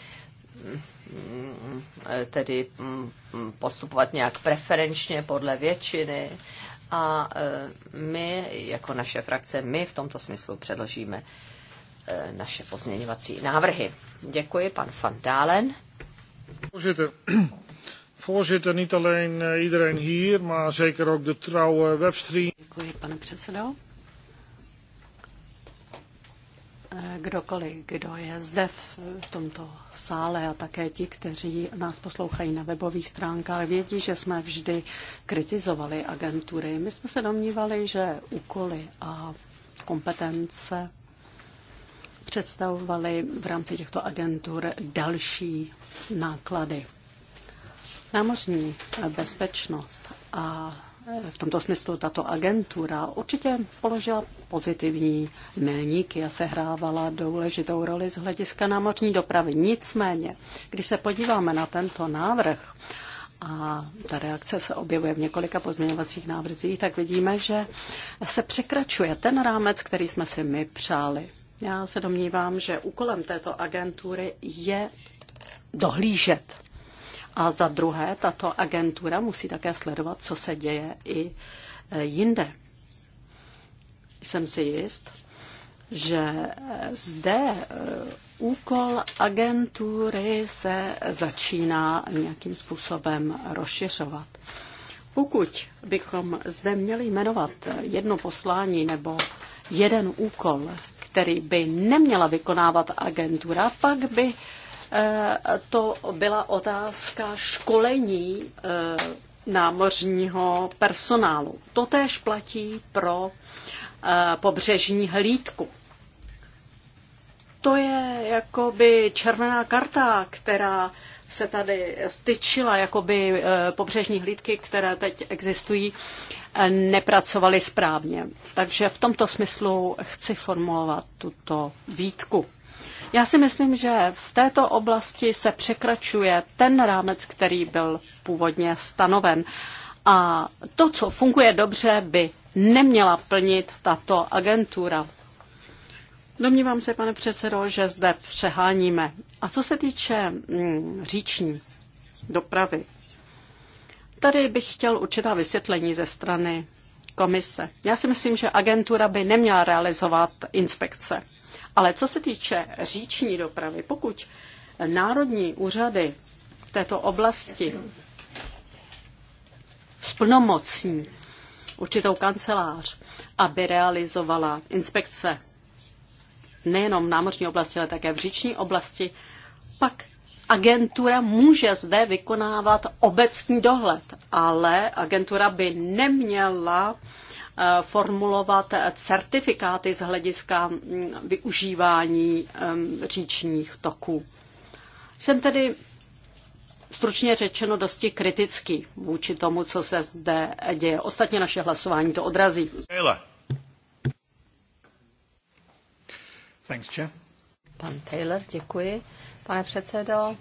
mm, mm, tedy mm, postupovat nějak preferenčně podle většiny a e, my, jako naše frakce, my v tomto smyslu předložíme e, naše pozměňovací návrhy. Děkuji, pan Van Dalen. Voorzitter. Voorzitter, niet alleen eh, iedereen hier, maar zeker ook de trouwe webstream. Děkuji, pane předsedo. Eh, kdokoliv, kdo je zde v tomto sále a také ti, kteří nás poslouchají na webových stránkách, vědí, že jsme vždy kritizovali agentury. My jsme se domnívali, že úkoly a kompetence představovaly v rámci těchto agentur další náklady. Námořní eh, bezpečnost a v tomto smyslu tato agentura určitě položila pozitivní milníky a sehrávala důležitou roli z hlediska námořní dopravy. Nicméně, když se podíváme na tento návrh, a ta reakce se objevuje v několika pozměňovacích návrzích, tak vidíme, že se překračuje ten rámec, který jsme si my přáli. Já se domnívám, že úkolem této agentury je dohlížet a za druhé, tato agentura musí také sledovat, co se děje i e, jinde. Jsem si jist, že e, zde e, úkol agentury se začíná nějakým způsobem rozšiřovat. Pokud bychom zde měli jmenovat jedno poslání nebo jeden úkol, který by neměla vykonávat agentura, pak by Eh, to byla otázka školení eh, námořního personálu. Totéž platí pro eh, pobřežní hlídku. To je jakoby červená karta, která se tady styčila, jakoby pobřežní hlídky, které teď existují, nepracovaly správně. Takže v tomto smyslu chci formulovat tuto výtku. Já si myslím, že v této oblasti se překračuje ten rámec, který byl původně stanoven. A to, co funguje dobře, by neměla plnit tato agentura. Domnívám se, pane předsedo, že zde přeháníme. A co se týče mm, říční dopravy, tady bych chtěl určitá vysvětlení ze strany komise. Já si myslím, že agentura by neměla realizovat inspekce. Ale co se týče říční dopravy, pokud národní úřady v této oblasti splnomocní určitou kancelář, aby realizovala inspekce nejenom v námořní oblasti, ale také v říční oblasti, pak agentura může zde vykonávat obecný dohled, ale agentura by neměla eh, formulovat certifikáty z hlediska mm, využívání říčních toků. Jsem tedy stručně řečeno dosti kritický vůči tomu, co se zde děje. Ostatně naše hlasování to odrazí. Hele. Thanks, Chair. Pan Taylor, děkuji. Pane předsedo,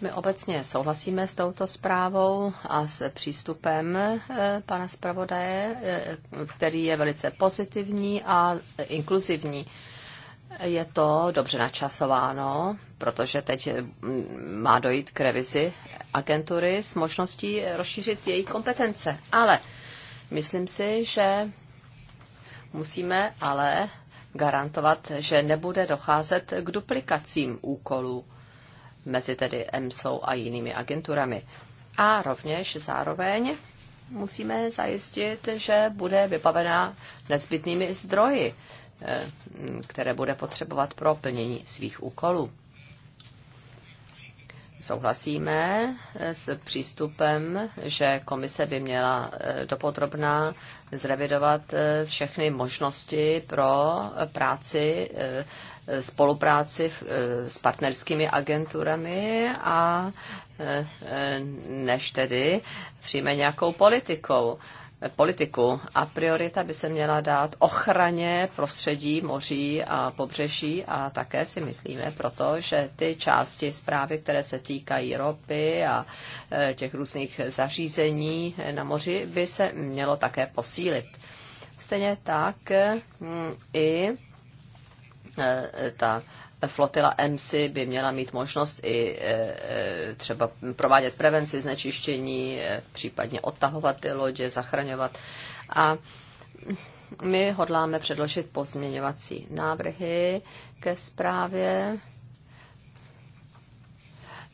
my obecně souhlasíme s touto zprávou a s přístupem eh, pana zpravodaje, eh, který je velice pozitivní a inkluzivní. Je to dobře načasováno, protože teď eh, má dojít k revizi agentury s možností rozšířit její kompetence. Ale myslím si, že musíme ale garantovat, že nebude docházet k duplikacím úkolů mezi tedy EMSou a jinými agenturami. A rovněž zároveň musíme zajistit, že bude vybavená nezbytnými zdroji, eh, které bude potřebovat pro plnění svých úkolů souhlasíme s přístupem, že komise by měla eh, dopodrobná zrevidovat eh, všechny možnosti pro práci, eh, spolupráci s partnerskými agenturami a než tedy přijme nějakou politikou politiku a priorita by se měla dát ochraně prostředí moří a pobřeží a také si myslíme proto, že ty části zprávy, které se týkají ropy a e, těch různých zařízení na moři, by se mělo také posílit. Stejně tak mm, i e, ta flotila MC by měla mít možnost i e, e, třeba provádět prevenci znečištění, e, případně odtahovat ty lodě, zachraňovat. A my hodláme předložit pozměňovací návrhy ke zprávě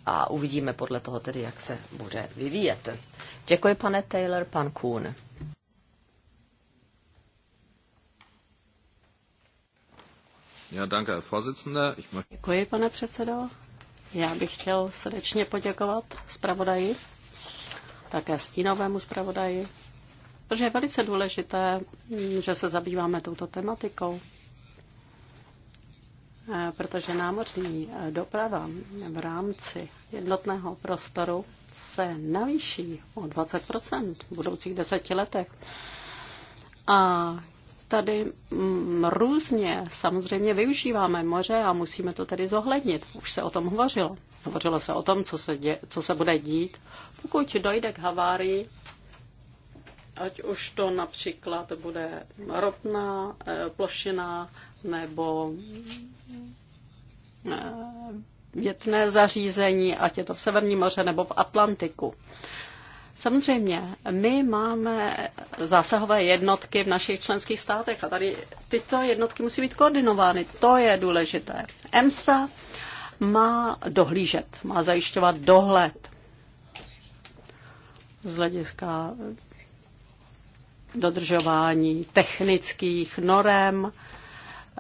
a uvidíme podle toho tedy, jak se bude vyvíjet. Děkuji, pane Taylor, pan Kuhn. Děkuji, pane předsedo. Já bych chtěl srdečně poděkovat zpravodaji, také stínovému zpravodaji, protože je velice důležité, mm, že se zabýváme touto tematikou, eh, protože námořní eh, doprava v rámci jednotného prostoru se navýší o 20 v budoucích deseti letech. A tady mm, různě samozřejmě využíváme moře a musíme to tedy zohlednit. Už se o tom hovořilo. Hovořilo se o tom, co se, dě, co se bude dít, pokud dojde k havárii, ať už to například bude ropná eh, plošina nebo eh, větné zařízení, ať je to v Severním moře nebo v Atlantiku. Samozřejmě, my máme zásahové jednotky v našich členských státech a tady tyto jednotky musí být koordinovány. To je důležité. EMSA má dohlížet, má zajišťovat dohled z hlediska dodržování technických norem,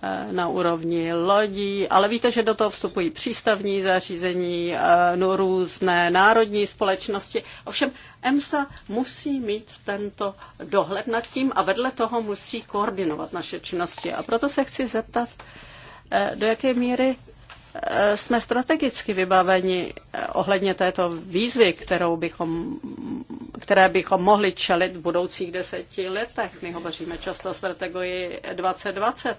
Eh, na úrovni lodí, ale víte, že do toho vstupují přístavní zařízení, eh, no, různé národní společnosti. Ovšem EMSA musí mít tento dohled nad tím a vedle toho musí koordinovat naše činnosti. A proto se chci zeptat, eh, do jaké míry jsme strategicky vybaveni ohledně této výzvy, kterou bychom, které bychom mohli čelit v budoucích deseti letech. My hovoříme často o strategii 2020.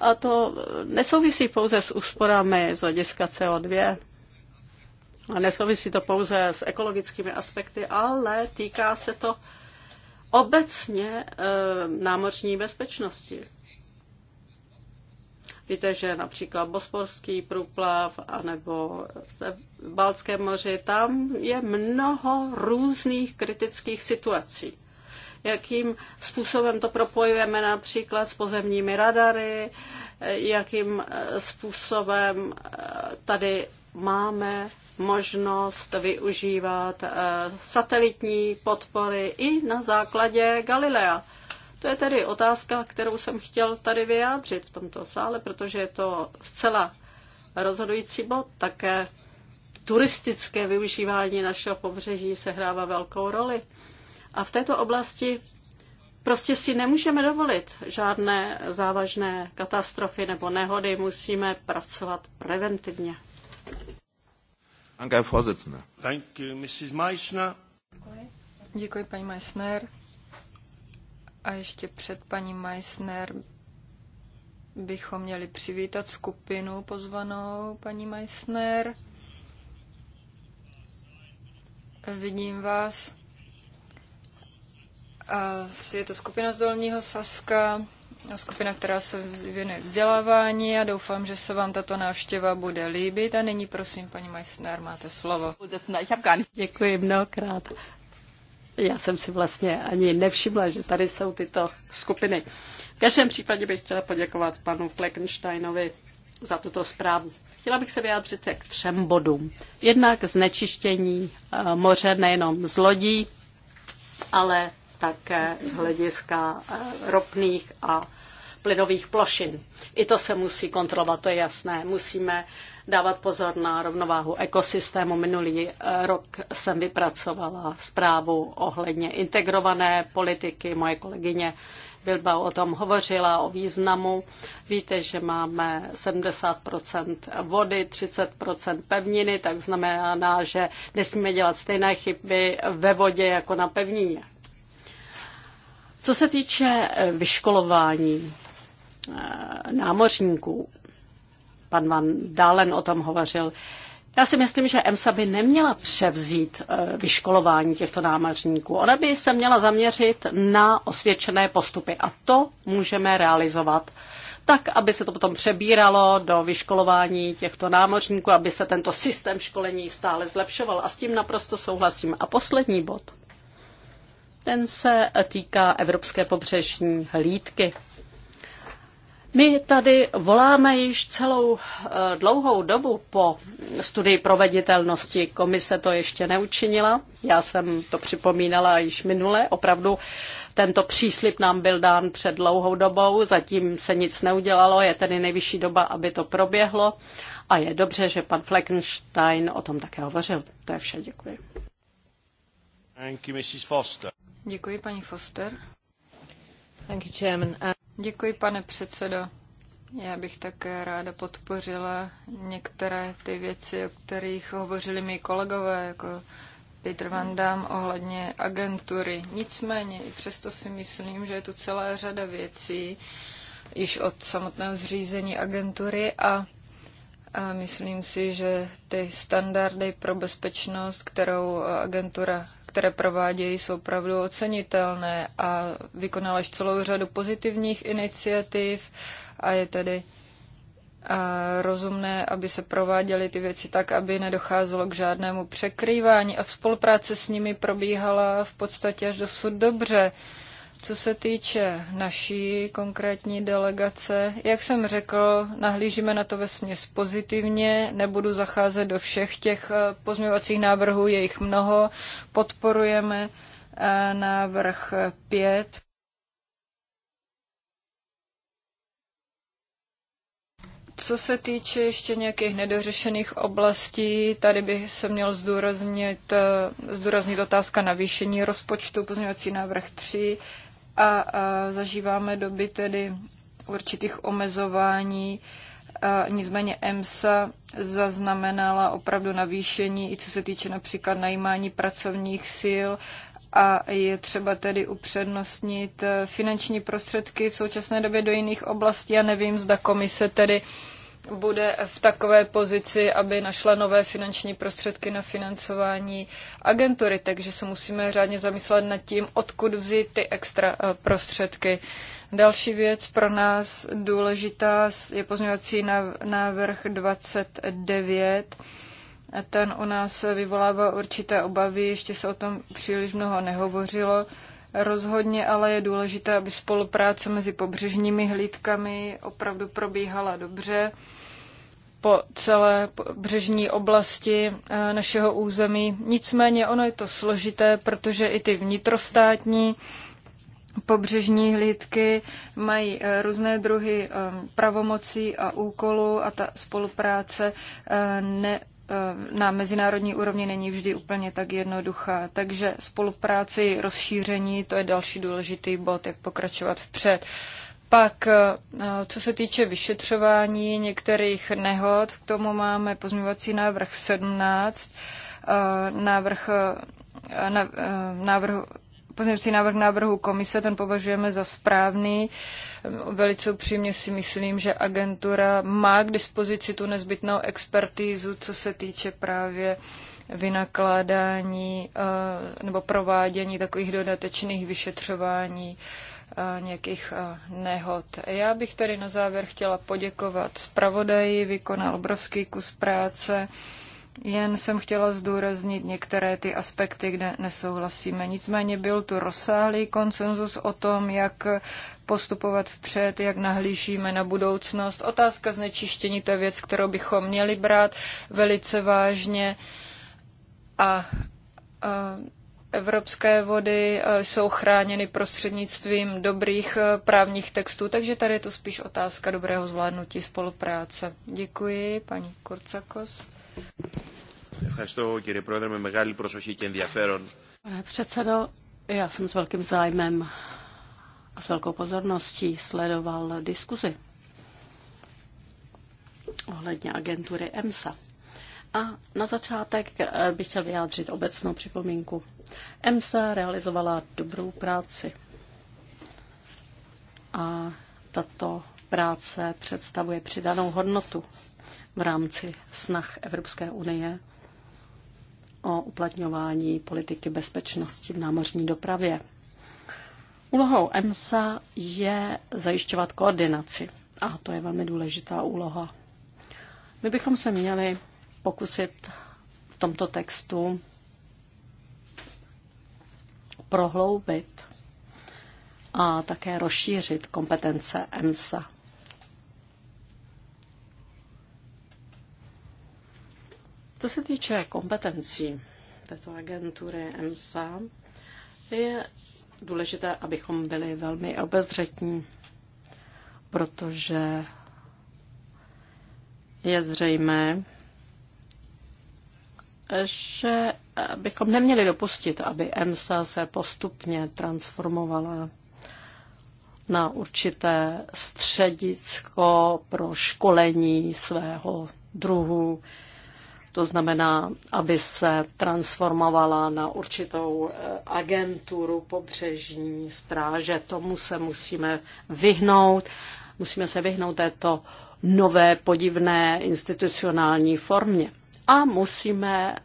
A to nesouvisí pouze s úsporami z hlediska CO2. A nesouvisí to pouze s ekologickými aspekty, ale týká se to obecně e, námořní bezpečnosti. Víte, že například Bosporský průplav anebo se v Balckém moři, tam je mnoho různých kritických situací jakým způsobem to propojujeme například s pozemními radary, jakým eh, způsobem eh, tady máme možnost využívat eh, satelitní podpory i na základě Galilea. To je tedy otázka, kterou jsem chtěl tady vyjádřit v tomto sále, protože je to zcela rozhodující bod. Také turistické využívání našeho pobřeží sehrává velkou roli. A v této oblasti prostě si nemůžeme dovolit žádné závažné katastrofy nebo nehody. Musíme pracovat preventivně. Danke, Mrs. Meissner. Děkuji, paní Meissner. A ještě před paní Meissner bychom měli přivítat skupinu pozvanou paní Meissner. Vidím vás. Je to skupina z Dolního Saska, skupina, která se věnuje vzdělávání a doufám, že se vám tato návštěva bude líbit. A nyní prosím, paní Meissner, máte slovo. Děkuji mnohokrát. Já jsem si vlastně ani nevšimla, že tady jsou tyto skupiny. V každém případě bych chtěla poděkovat panu Fleckensteinovi za tuto zprávu. Chtěla bych se vyjádřit k třem bodům. Jednak znečištění eh, moře nejenom z lodí, ale také z hlediska eh, ropných a plynových plošin. I to se musí kontrolovat, to je jasné. Musíme dávat pozor na rovnováhu ekosystému. Minulý eh, rok jsem vypracovala zprávu ohledně integrované politiky. Moje kolegyně Bilba o tom hovořila, o významu. Víte, že máme 70 vody, 30 pevniny, tak znamená, že nesmíme dělat stejné chyby ve vodě jako na pevnině. Co se týče eh, vyškolování eh, námořníků, pan Van Dálen o tom hovořil, já si myslím, že EMSA by neměla převzít eh, vyškolování těchto námořníků. Ona by se měla zaměřit na osvědčené postupy a to můžeme realizovat tak, aby se to potom přebíralo do vyškolování těchto námořníků, aby se tento systém školení stále zlepšoval. A s tím naprosto souhlasím. A poslední bod. Ten se týká Evropské pobřežní hlídky. My tady voláme již celou eh, dlouhou dobu po studii proveditelnosti. Komise to ještě neučinila. Já jsem to připomínala již minule. Opravdu tento příslip nám byl dán před dlouhou dobou. Zatím se nic neudělalo. Je tedy nejvyšší doba, aby to proběhlo. A je dobře, že pan Fleckenstein o tom také hovořil. To je vše. Děkuji. Thank you, Mrs. Foster. Děkuji, paní Foster. Thank you, Chairman. Uh, Děkuji, pane předsedo. Já bych také ráda podpořila některé ty věci, o kterých hovořili mý kolegové, jako Peter Van Damme ohledně agentury. Nicméně, i přesto si myslím, že je tu celá řada věcí, již od samotného zřízení agentury a a myslím si, že ty standardy pro bezpečnost, kterou agentura které provádějí, jsou opravdu ocenitelné a vykonala celou řadu pozitivních iniciativ a je tedy a rozumné, aby se prováděly ty věci tak, aby nedocházelo k žádnému překrývání a spolupráce s nimi probíhala v podstatě až dosud dobře. Uh, co se týče naší konkrétní delegace, jak jsem řekl, nahlížíme na to ve směs pozitivně, nebudu zacházet do všech těch eh, pozměňovacích návrhů, je jich mnoho, podporujeme eh, návrh 5. Eh, Co se týče ještě nějakých nedořešených oblastí, tady bych se měl zdůraznit, zdůraznit otázka navýšení rozpočtu, pozměňovací návrh 3, a, a zažíváme doby tedy určitých omezování. A nicméně EMSA zaznamenala opravdu navýšení, i co se týče například najímání pracovních sil a je třeba tedy upřednostnit e, finanční prostředky v současné době do jiných oblastí. Já nevím, zda komise tedy uh, bude v takové pozici, aby našla nové finanční prostředky na financování agentury, takže se musíme řádně zamyslet nad tím, odkud vzít ty extra eh, prostředky. Další věc pro nás důležitá je pozměňovací návrh 29. Ten u nás vyvolává určité obavy, ještě se o tom příliš mnoho nehovořilo. Rozhodně ale je důležité, aby spolupráce mezi pobřežními hlídkami opravdu probíhala dobře po celé břežní oblasti eh, našeho území. Nicméně ono je to složité, protože i ty vnitrostátní pobřežní hlídky mají eh, různé druhy eh, pravomocí a úkolů a ta spolupráce ne Eh, na mezinárodní úrovni není vždy úplně tak jednoduchá. Takže spolupráci, rozšíření, to je další důležitý bod, jak pokračovat vpřed. Pak, eh, co se týče vyšetřování některých nehod, k tomu máme pozměvací návrh 17, eh, návrh, návrh pozměňovací návrh návrhu komise, ten považujeme za správný. Velice upřímně si myslím, že agentura má k dispozici tu nezbytnou expertízu, co se týče právě vynakládání eh, nebo provádění takových dodatečných vyšetřování eh, nějakých eh, nehod. Já bych tedy na závěr chtěla poděkovat zpravodaji, vykonal obrovský kus práce jen jsem chtěla zdůraznit některé ty aspekty, kde nesouhlasíme. Nicméně byl tu rozsáhlý konsenzus o tom, jak postupovat vpřed, jak nahlížíme na budoucnost. Otázka znečištění to je věc, kterou bychom měli brát velice vážně. A, a evropské vody jsou chráněny prostřednictvím dobrých právních textů, takže tady je to spíš otázka dobrého zvládnutí spolupráce. Děkuji, paní Kurcakos. Pane předsedo, já jsem s velkým zájmem a s velkou pozorností sledoval diskuzi ohledně agentury EMSA. A na začátek bych chtěl vyjádřit obecnou připomínku. EMSA realizovala dobrou práci a tato práce představuje přidanou hodnotu v rámci snah Evropské unie o uplatňování politiky bezpečnosti v námořní dopravě. Úlohou EMSA je zajišťovat koordinaci a to je velmi důležitá úloha. My bychom se měli pokusit v tomto textu prohloubit a také rozšířit kompetence EMSA. To se týče kompetencí této agentury EMSA, je důležité, abychom byli velmi obezřetní, protože je zřejmé, že bychom neměli dopustit, aby EMSA se postupně transformovala na určité středisko pro školení svého druhu to znamená, aby se transformovala na určitou eh, agenturu pobřežní stráže. Tomu se musíme vyhnout. Musíme se vyhnout této nové podivné institucionální formě. A musíme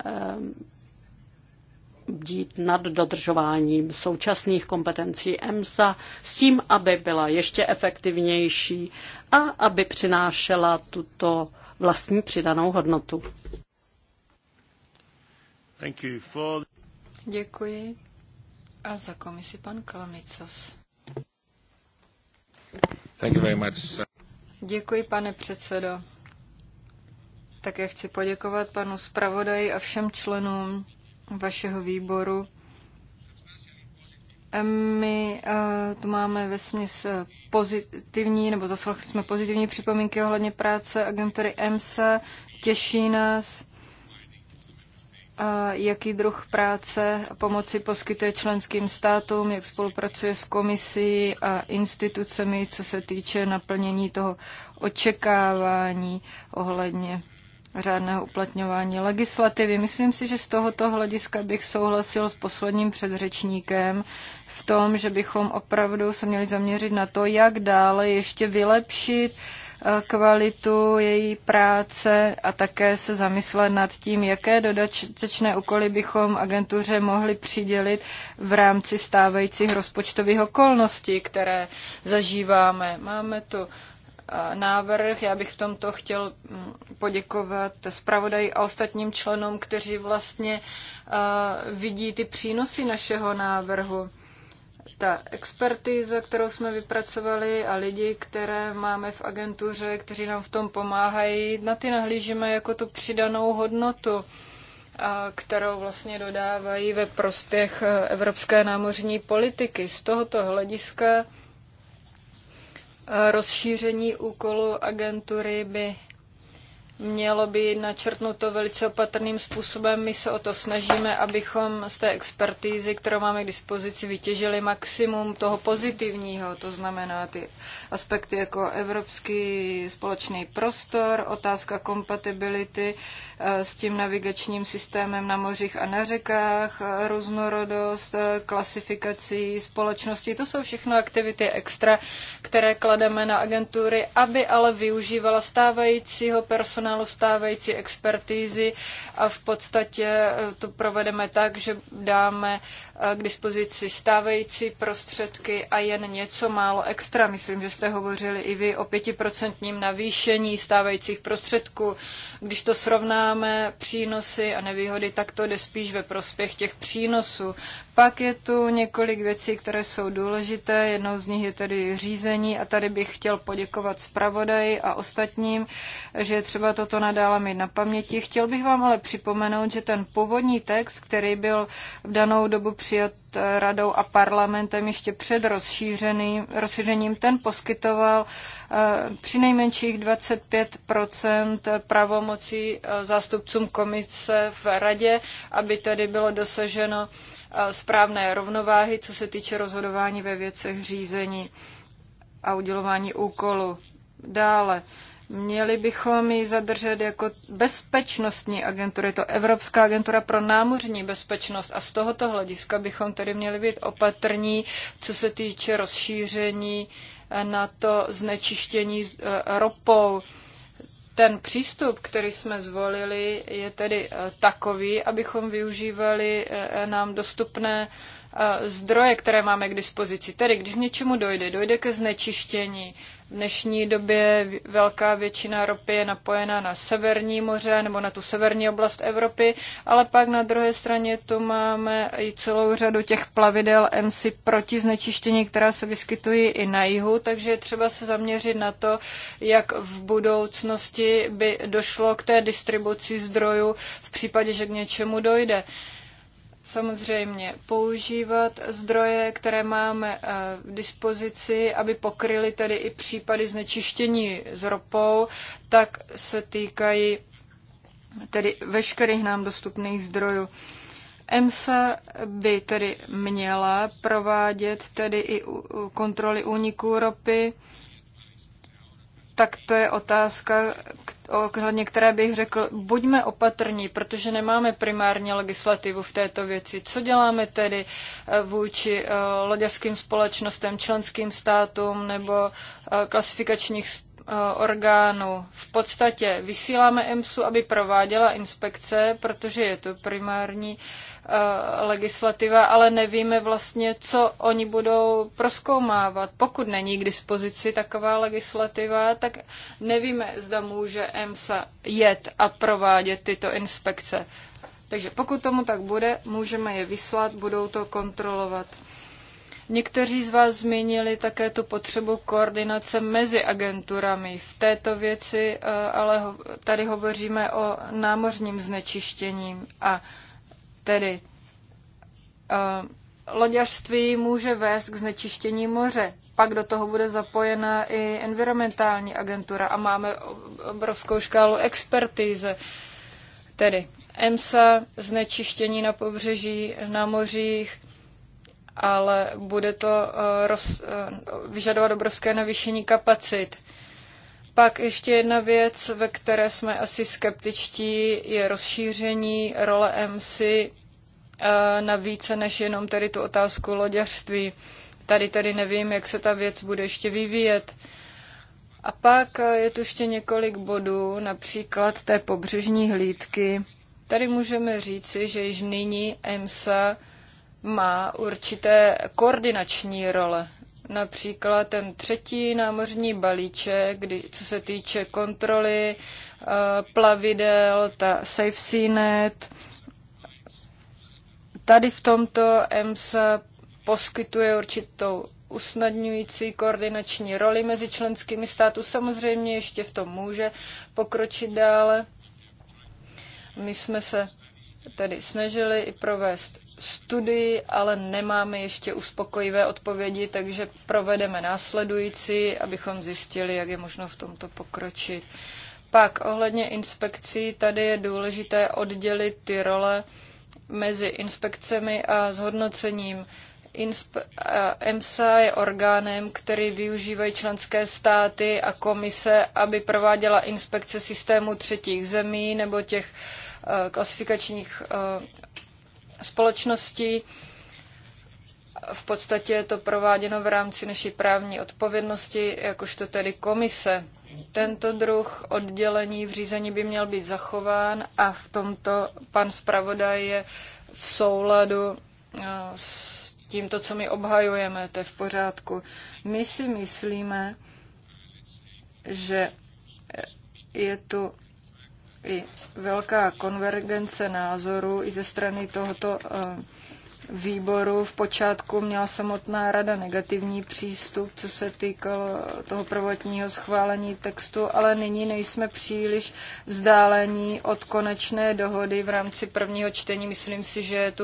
dít eh, nad dodržováním současných kompetencí EMSA s tím, aby byla ještě efektivnější a aby přinášela tuto vlastní přidanou hodnotu. Děkuji. A za komisi pan Kalamicos. Thank you very much. Děkuji, pane předsedo. Také chci poděkovat panu zpravodaji a všem členům vašeho výboru. My uh, tu máme ve směs eh, pozitivní, nebo zaslechli jsme pozitivní připomínky ohledně práce agentury EMSA. Těší nás, jaký druh práce a pomoci poskytuje členským státům, jak spolupracuje s komisí a institucemi, co se týče naplnění toho očekávání ohledně řádného uplatňování legislativy. Myslím si, že z tohoto hlediska bych souhlasil s posledním předřečníkem v tom, že bychom opravdu se měli zaměřit na to, jak dále ještě vylepšit uh, Eh, kvalitu její práce a také se zamyslet nad tím, jaké dodatečné úkoly bychom agentuře mohli přidělit v rámci stávajících rozpočtových okolností, které zažíváme. Máme tu eh, návrh. Já bych v tomto chtěl mm, poděkovat zpravodaji a ostatním členům, kteří vlastně eh, vidí ty přínosy našeho návrhu ta expertíza, kterou jsme vypracovali a lidi, které máme v agentuře, kteří nám v tom pomáhají, na ty nahlížíme jako tu přidanou hodnotu, kterou vlastně dodávají ve prospěch e, evropské námořní politiky. Z tohoto hlediska e, rozšíření úkolu agentury by mělo by načrtnuto velice opatrným způsobem. My se o to snažíme, abychom z té expertízy, kterou máme k dispozici, vytěžili maximum toho pozitivního, to znamená ty aspekty jako evropský společný prostor, otázka kompatibility eh, s tím navigačním systémem na mořích a na řekách, eh, různorodost, eh, klasifikací společnosti. To jsou všechno aktivity extra, které klademe na agentury, aby ale využívala stávajícího personálu, stávající expertízy a v podstatě to provedeme tak, že dáme Eh, k dispozici stávající prostředky a jen něco málo extra. Myslím, že jste hovořili i vy o pětiprocentním navýšení stávajících prostředků. Když to srovnáme přínosy a nevýhody, tak to jde spíš ve prospěch těch přínosů. Pak je tu několik věcí, které jsou důležité. Jednou z nich je tedy řízení a tady bych chtěl poděkovat zpravodaji a ostatním, že je třeba toto nadále mít na paměti. Chtěl bych vám ale připomenout, že ten původní text, který byl v danou dobu přijat radou a parlamentem ještě před rozšířením, ten poskytoval eh, při nejmenších 25 pravomocí eh, zástupcům komise v radě, aby tedy bylo dosaženo eh, správné rovnováhy, co se týče rozhodování ve věcech řízení a udělování úkolu. Dále Měli bychom ji zadržet jako bezpečnostní agentura, Je to Evropská agentura pro námořní bezpečnost a z tohoto hlediska bychom tedy měli být opatrní, co se týče rozšíření eh, na to znečištění eh, ropou. Ten přístup, který jsme zvolili, je tedy eh, takový, abychom využívali nám dostupné zdroje, které máme k dispozici. Tedy, když něčemu dojde, dojde ke znečištění, v dnešní době velká většina ropy je napojena na severní moře nebo na tu severní oblast Evropy, ale pak na druhé straně tu máme i celou řadu těch plavidel MC proti znečištění, která se vyskytují i na jihu, takže je třeba se zaměřit na to, jak v budoucnosti by došlo k té distribuci zdrojů v případě, že k něčemu dojde samozřejmě používat zdroje, které máme eh, v dispozici, aby pokryly tedy i případy znečištění z ropou, tak se týkají tedy veškerých nám dostupných zdrojů. EMSA by tedy měla provádět tedy i kontroly úniku ropy, tak to je otázka, ohledně které bych řekl, buďme opatrní, protože nemáme primárně legislativu v této věci. Co děláme tedy e, vůči e, loděským společnostem, členským státům nebo e, klasifikačních orgánů? V podstatě vysíláme EMSu, aby prováděla inspekce, protože je to primární uh, Eh, legislativa, ale nevíme vlastně, co oni budou proskoumávat. Pokud není k dispozici taková legislativa, tak nevíme, zda může EMSA jet a provádět tyto inspekce. Takže pokud tomu tak bude, můžeme je vyslat, budou to kontrolovat. Někteří z vás zmínili také tu potřebu koordinace mezi agenturami. V této věci eh, ale tady hovoříme o námořním znečištěním a Tedy uh, loďařství může vést k znečištění moře. Pak do toho bude zapojena i environmentální agentura a máme obrovskou škálu expertíze. Tedy EMSA, znečištění na pobřeží, na mořích, ale bude to eh, roz, eh, vyžadovat obrovské navýšení kapacit. Pak ještě jedna věc, ve které jsme asi skeptičtí, je rozšíření role MC eh, na více než jenom tady tu otázku loďařství. Tady tedy nevím, jak se ta věc bude ještě vyvíjet. A pak eh, je tu ještě několik bodů, například té pobřežní hlídky. Tady můžeme říci, že již nyní EMSA má určité koordinační role. Například ten třetí námořní balíček, kdy, co se týče kontroly eh, plavidel, ta Safe Net. Tady v tomto EMSA poskytuje určitou usnadňující koordinační roli mezi členskými státy. Samozřejmě ještě v tom může pokročit dále. My jsme se tedy snažili i provést studii, ale nemáme ještě uspokojivé odpovědi, takže provedeme následující, abychom zjistili, jak je možno v tomto pokročit. Pak ohledně inspekcí, tady je důležité oddělit ty role mezi inspekcemi a zhodnocením. Inspe- EMSA je orgánem, který využívají členské státy a komise, aby prováděla inspekce systému třetích zemí nebo těch eh, klasifikačních eh, Společnosti V podstatě je to prováděno v rámci naší právní odpovědnosti, jakožto tedy komise. Tento druh oddělení v řízení by měl být zachován a v tomto pan zpravodaj je v souladu eh, s tímto, co my obhajujeme, to je v pořádku. My si myslíme, že je tu i velká konvergence názorů i ze strany tohoto eh, výboru. V počátku měla samotná rada negativní přístup, co se týkalo toho prvotního schválení textu, ale nyní nejsme příliš vzdálení od konečné dohody v rámci prvního čtení. Myslím si, že je tu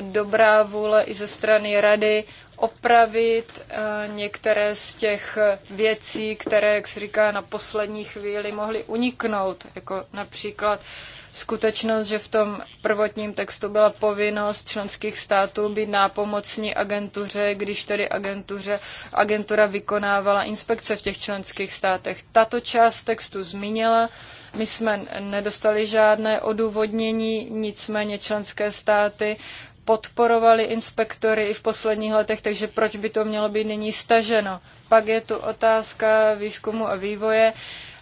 dobrá vůle i ze strany rady opravit eh, některé z těch věcí, které, jak se říká, na poslední chvíli mohly uniknout, jako například skutečnost, že v tom prvotním textu byla povinnost členských států být nápomocní agentuře, když tedy agentuře, agentura vykonávala inspekce v těch členských státech. Tato část textu zmínila, my jsme nedostali žádné odůvodnění, nicméně členské státy podporovali inspektory i v posledních letech, takže proč by to mělo být nyní staženo? Pak je tu otázka výzkumu a vývoje.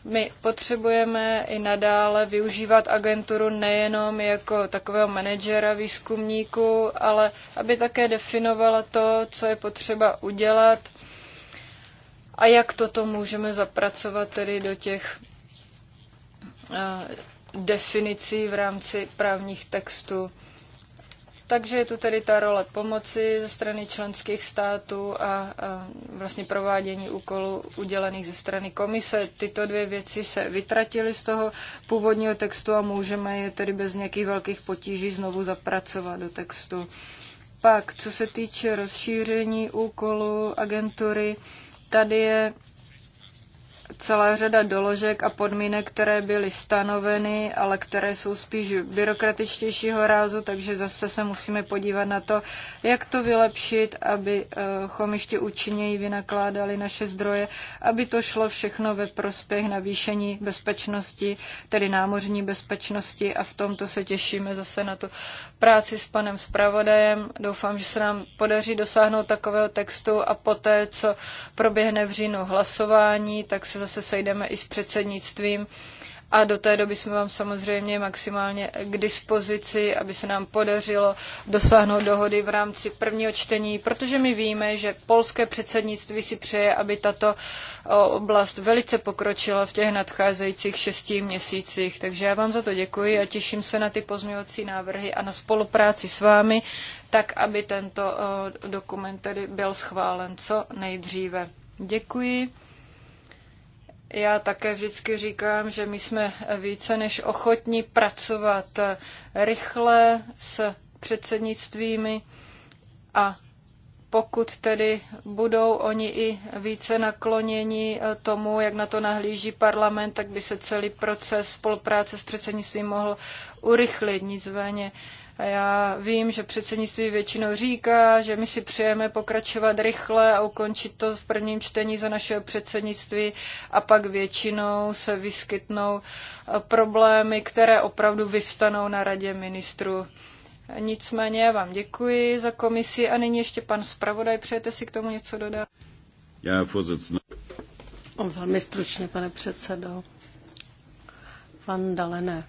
My potřebujeme i nadále využívat agenturu nejenom jako takového manažera výzkumníku, ale aby také definovala to, co je potřeba udělat a jak toto můžeme zapracovat tedy do těch eh, definicí v rámci právních textů. Takže je tu tedy ta role pomoci ze strany členských států a, a vlastně provádění úkolů udělených ze strany komise. Tyto dvě věci se vytratily z toho původního textu a můžeme je tedy bez nějakých velkých potíží znovu zapracovat do textu. Pak, co se týče rozšíření úkolu agentury, tady je celá řada doložek a podmínek, které byly stanoveny, ale které jsou spíš byrokratičtějšího rázu, takže zase se musíme podívat na to, jak to vylepšit, aby chom ještě účinněji vynakládali naše zdroje, aby to šlo všechno ve prospěch navýšení bezpečnosti, tedy námořní bezpečnosti a v tomto se těšíme zase na tu práci s panem zpravodajem. Doufám, že se nám podaří dosáhnout takového textu a poté, co proběhne v říjnu hlasování, tak se se zase sejdeme i s předsednictvím a do té doby jsme vám samozřejmě maximálně k dispozici, aby se nám podařilo dosáhnout dohody v rámci prvního čtení, protože my víme, že polské předsednictví si přeje, aby tato oblast velice pokročila v těch nadcházejících šesti měsících. Takže já vám za to děkuji a těším se na ty pozměňovací návrhy a na spolupráci s vámi, tak aby tento dokument tedy byl schválen co nejdříve. Děkuji. Já také vždycky říkám, že my jsme více než ochotní pracovat rychle s předsednictvími a pokud tedy budou oni i více nakloněni tomu, jak na to nahlíží parlament, tak by se celý proces spolupráce s předsednictvím mohl urychlit. Nicméně a Já vím, že předsednictví většinou říká, že my si přejeme pokračovat rychle a ukončit to v prvním čtení za našeho předsednictví a pak většinou se vyskytnou eh, problémy, které opravdu vystanou na radě ministru. Nicméně já vám děkuji za komisi a nyní ještě pan zpravodaj, přejete si k tomu něco dodat? Já vůzecno. Velmi stručně, pane předsedo. Pan Dalené.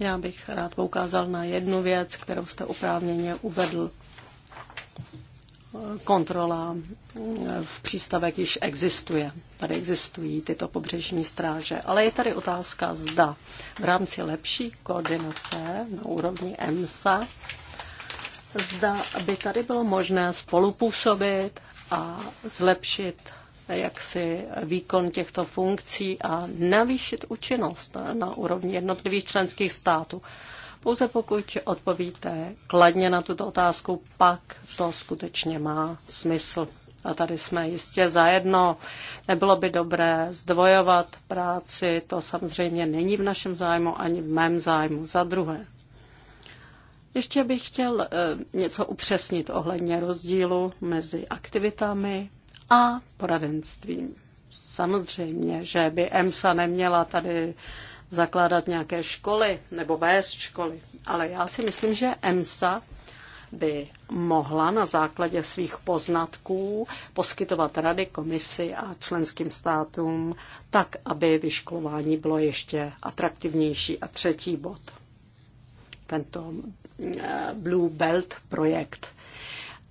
Já bych rád poukázal na jednu věc, kterou jste oprávněně uvedl. Kontrola v přístavek již existuje. Tady existují tyto pobřežní stráže. Ale je tady otázka, zda v rámci lepší koordinace na úrovni EMSA, zda by tady bylo možné spolupůsobit a zlepšit jaksi výkon těchto funkcí a navýšit účinnost na úrovni jednotlivých členských států. Pouze pokud odpovíte kladně na tuto otázku, pak to skutečně má smysl. A tady jsme jistě zajedno. Nebylo by dobré zdvojovat práci, to samozřejmě není v našem zájmu ani v mém zájmu. Za druhé, ještě bych chtěl eh, něco upřesnit ohledně rozdílu mezi aktivitami a poradenstvím. Samozřejmě, že by EMSA neměla tady zakládat nějaké školy nebo vést školy, ale já si myslím, že EMSA by mohla na základě svých poznatků poskytovat rady komisi a členským státům tak, aby vyškolování bylo ještě atraktivnější. A třetí bod, tento eh, Blue Belt projekt.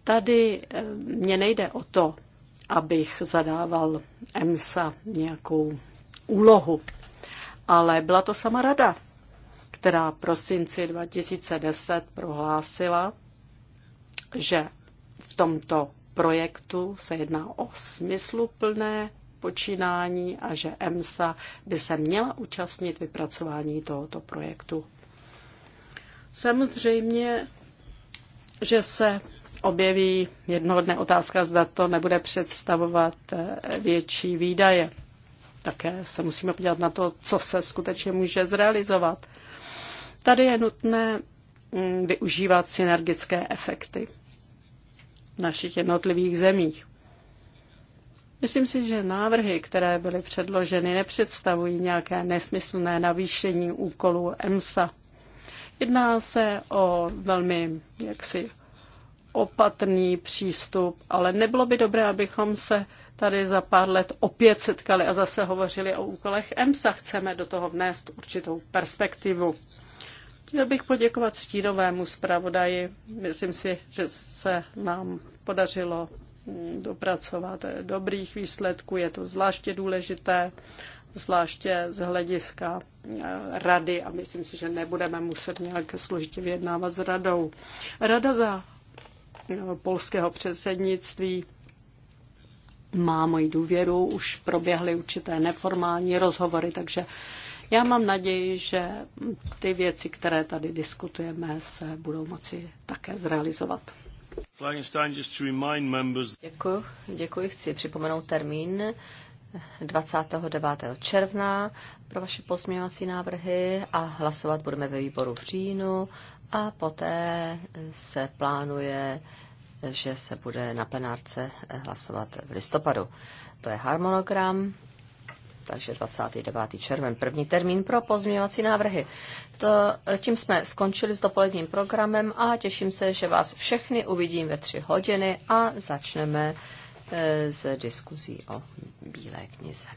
Tady eh, mě nejde o to, abych zadával EMSA nějakou úlohu. Ale byla to sama rada, která v prosinci 2010 prohlásila, že v tomto projektu se jedná o smysluplné počínání a že EMSA by se měla účastnit vypracování tohoto projektu. Samozřejmě, že se objeví jednoho dne otázka, zda to nebude představovat eh, větší výdaje. Také se musíme podívat na to, co se skutečně může zrealizovat. Tady je nutné mm, využívat synergické efekty v našich jednotlivých zemích. Myslím si, že návrhy, které byly předloženy, nepředstavují nějaké nesmyslné navýšení úkolů EMSA. Jedná se o velmi jaksi opatrný přístup, ale nebylo by dobré, abychom se tady za pár let opět setkali a zase hovořili o úkolech EMSA. Chceme do toho vnést určitou perspektivu. Chtěl bych poděkovat stínovému zpravodaji. Myslím si, že se nám podařilo mm, dopracovat dobrých výsledků. Je to zvláště důležité, zvláště z hlediska eh, rady a myslím si, že nebudeme muset nějak složitě vyjednávat s radou. Rada za polského předsednictví má moji důvěru, už proběhly určité neformální rozhovory, takže já mám naději, že ty věci, které tady diskutujeme, se budou moci také zrealizovat. Děkuji, děkuji. Chci připomenout termín 29. června pro vaše pozměňovací návrhy a hlasovat budeme ve výboru v říjnu a poté se plánuje, že se bude na plenárce hlasovat v listopadu. To je harmonogram, takže 29. červen, první termín pro pozměňovací návrhy. To, tím jsme skončili s dopoledním programem a těším se, že vás všechny uvidím ve tři hodiny a začneme eh, s diskuzí o Bílé knize.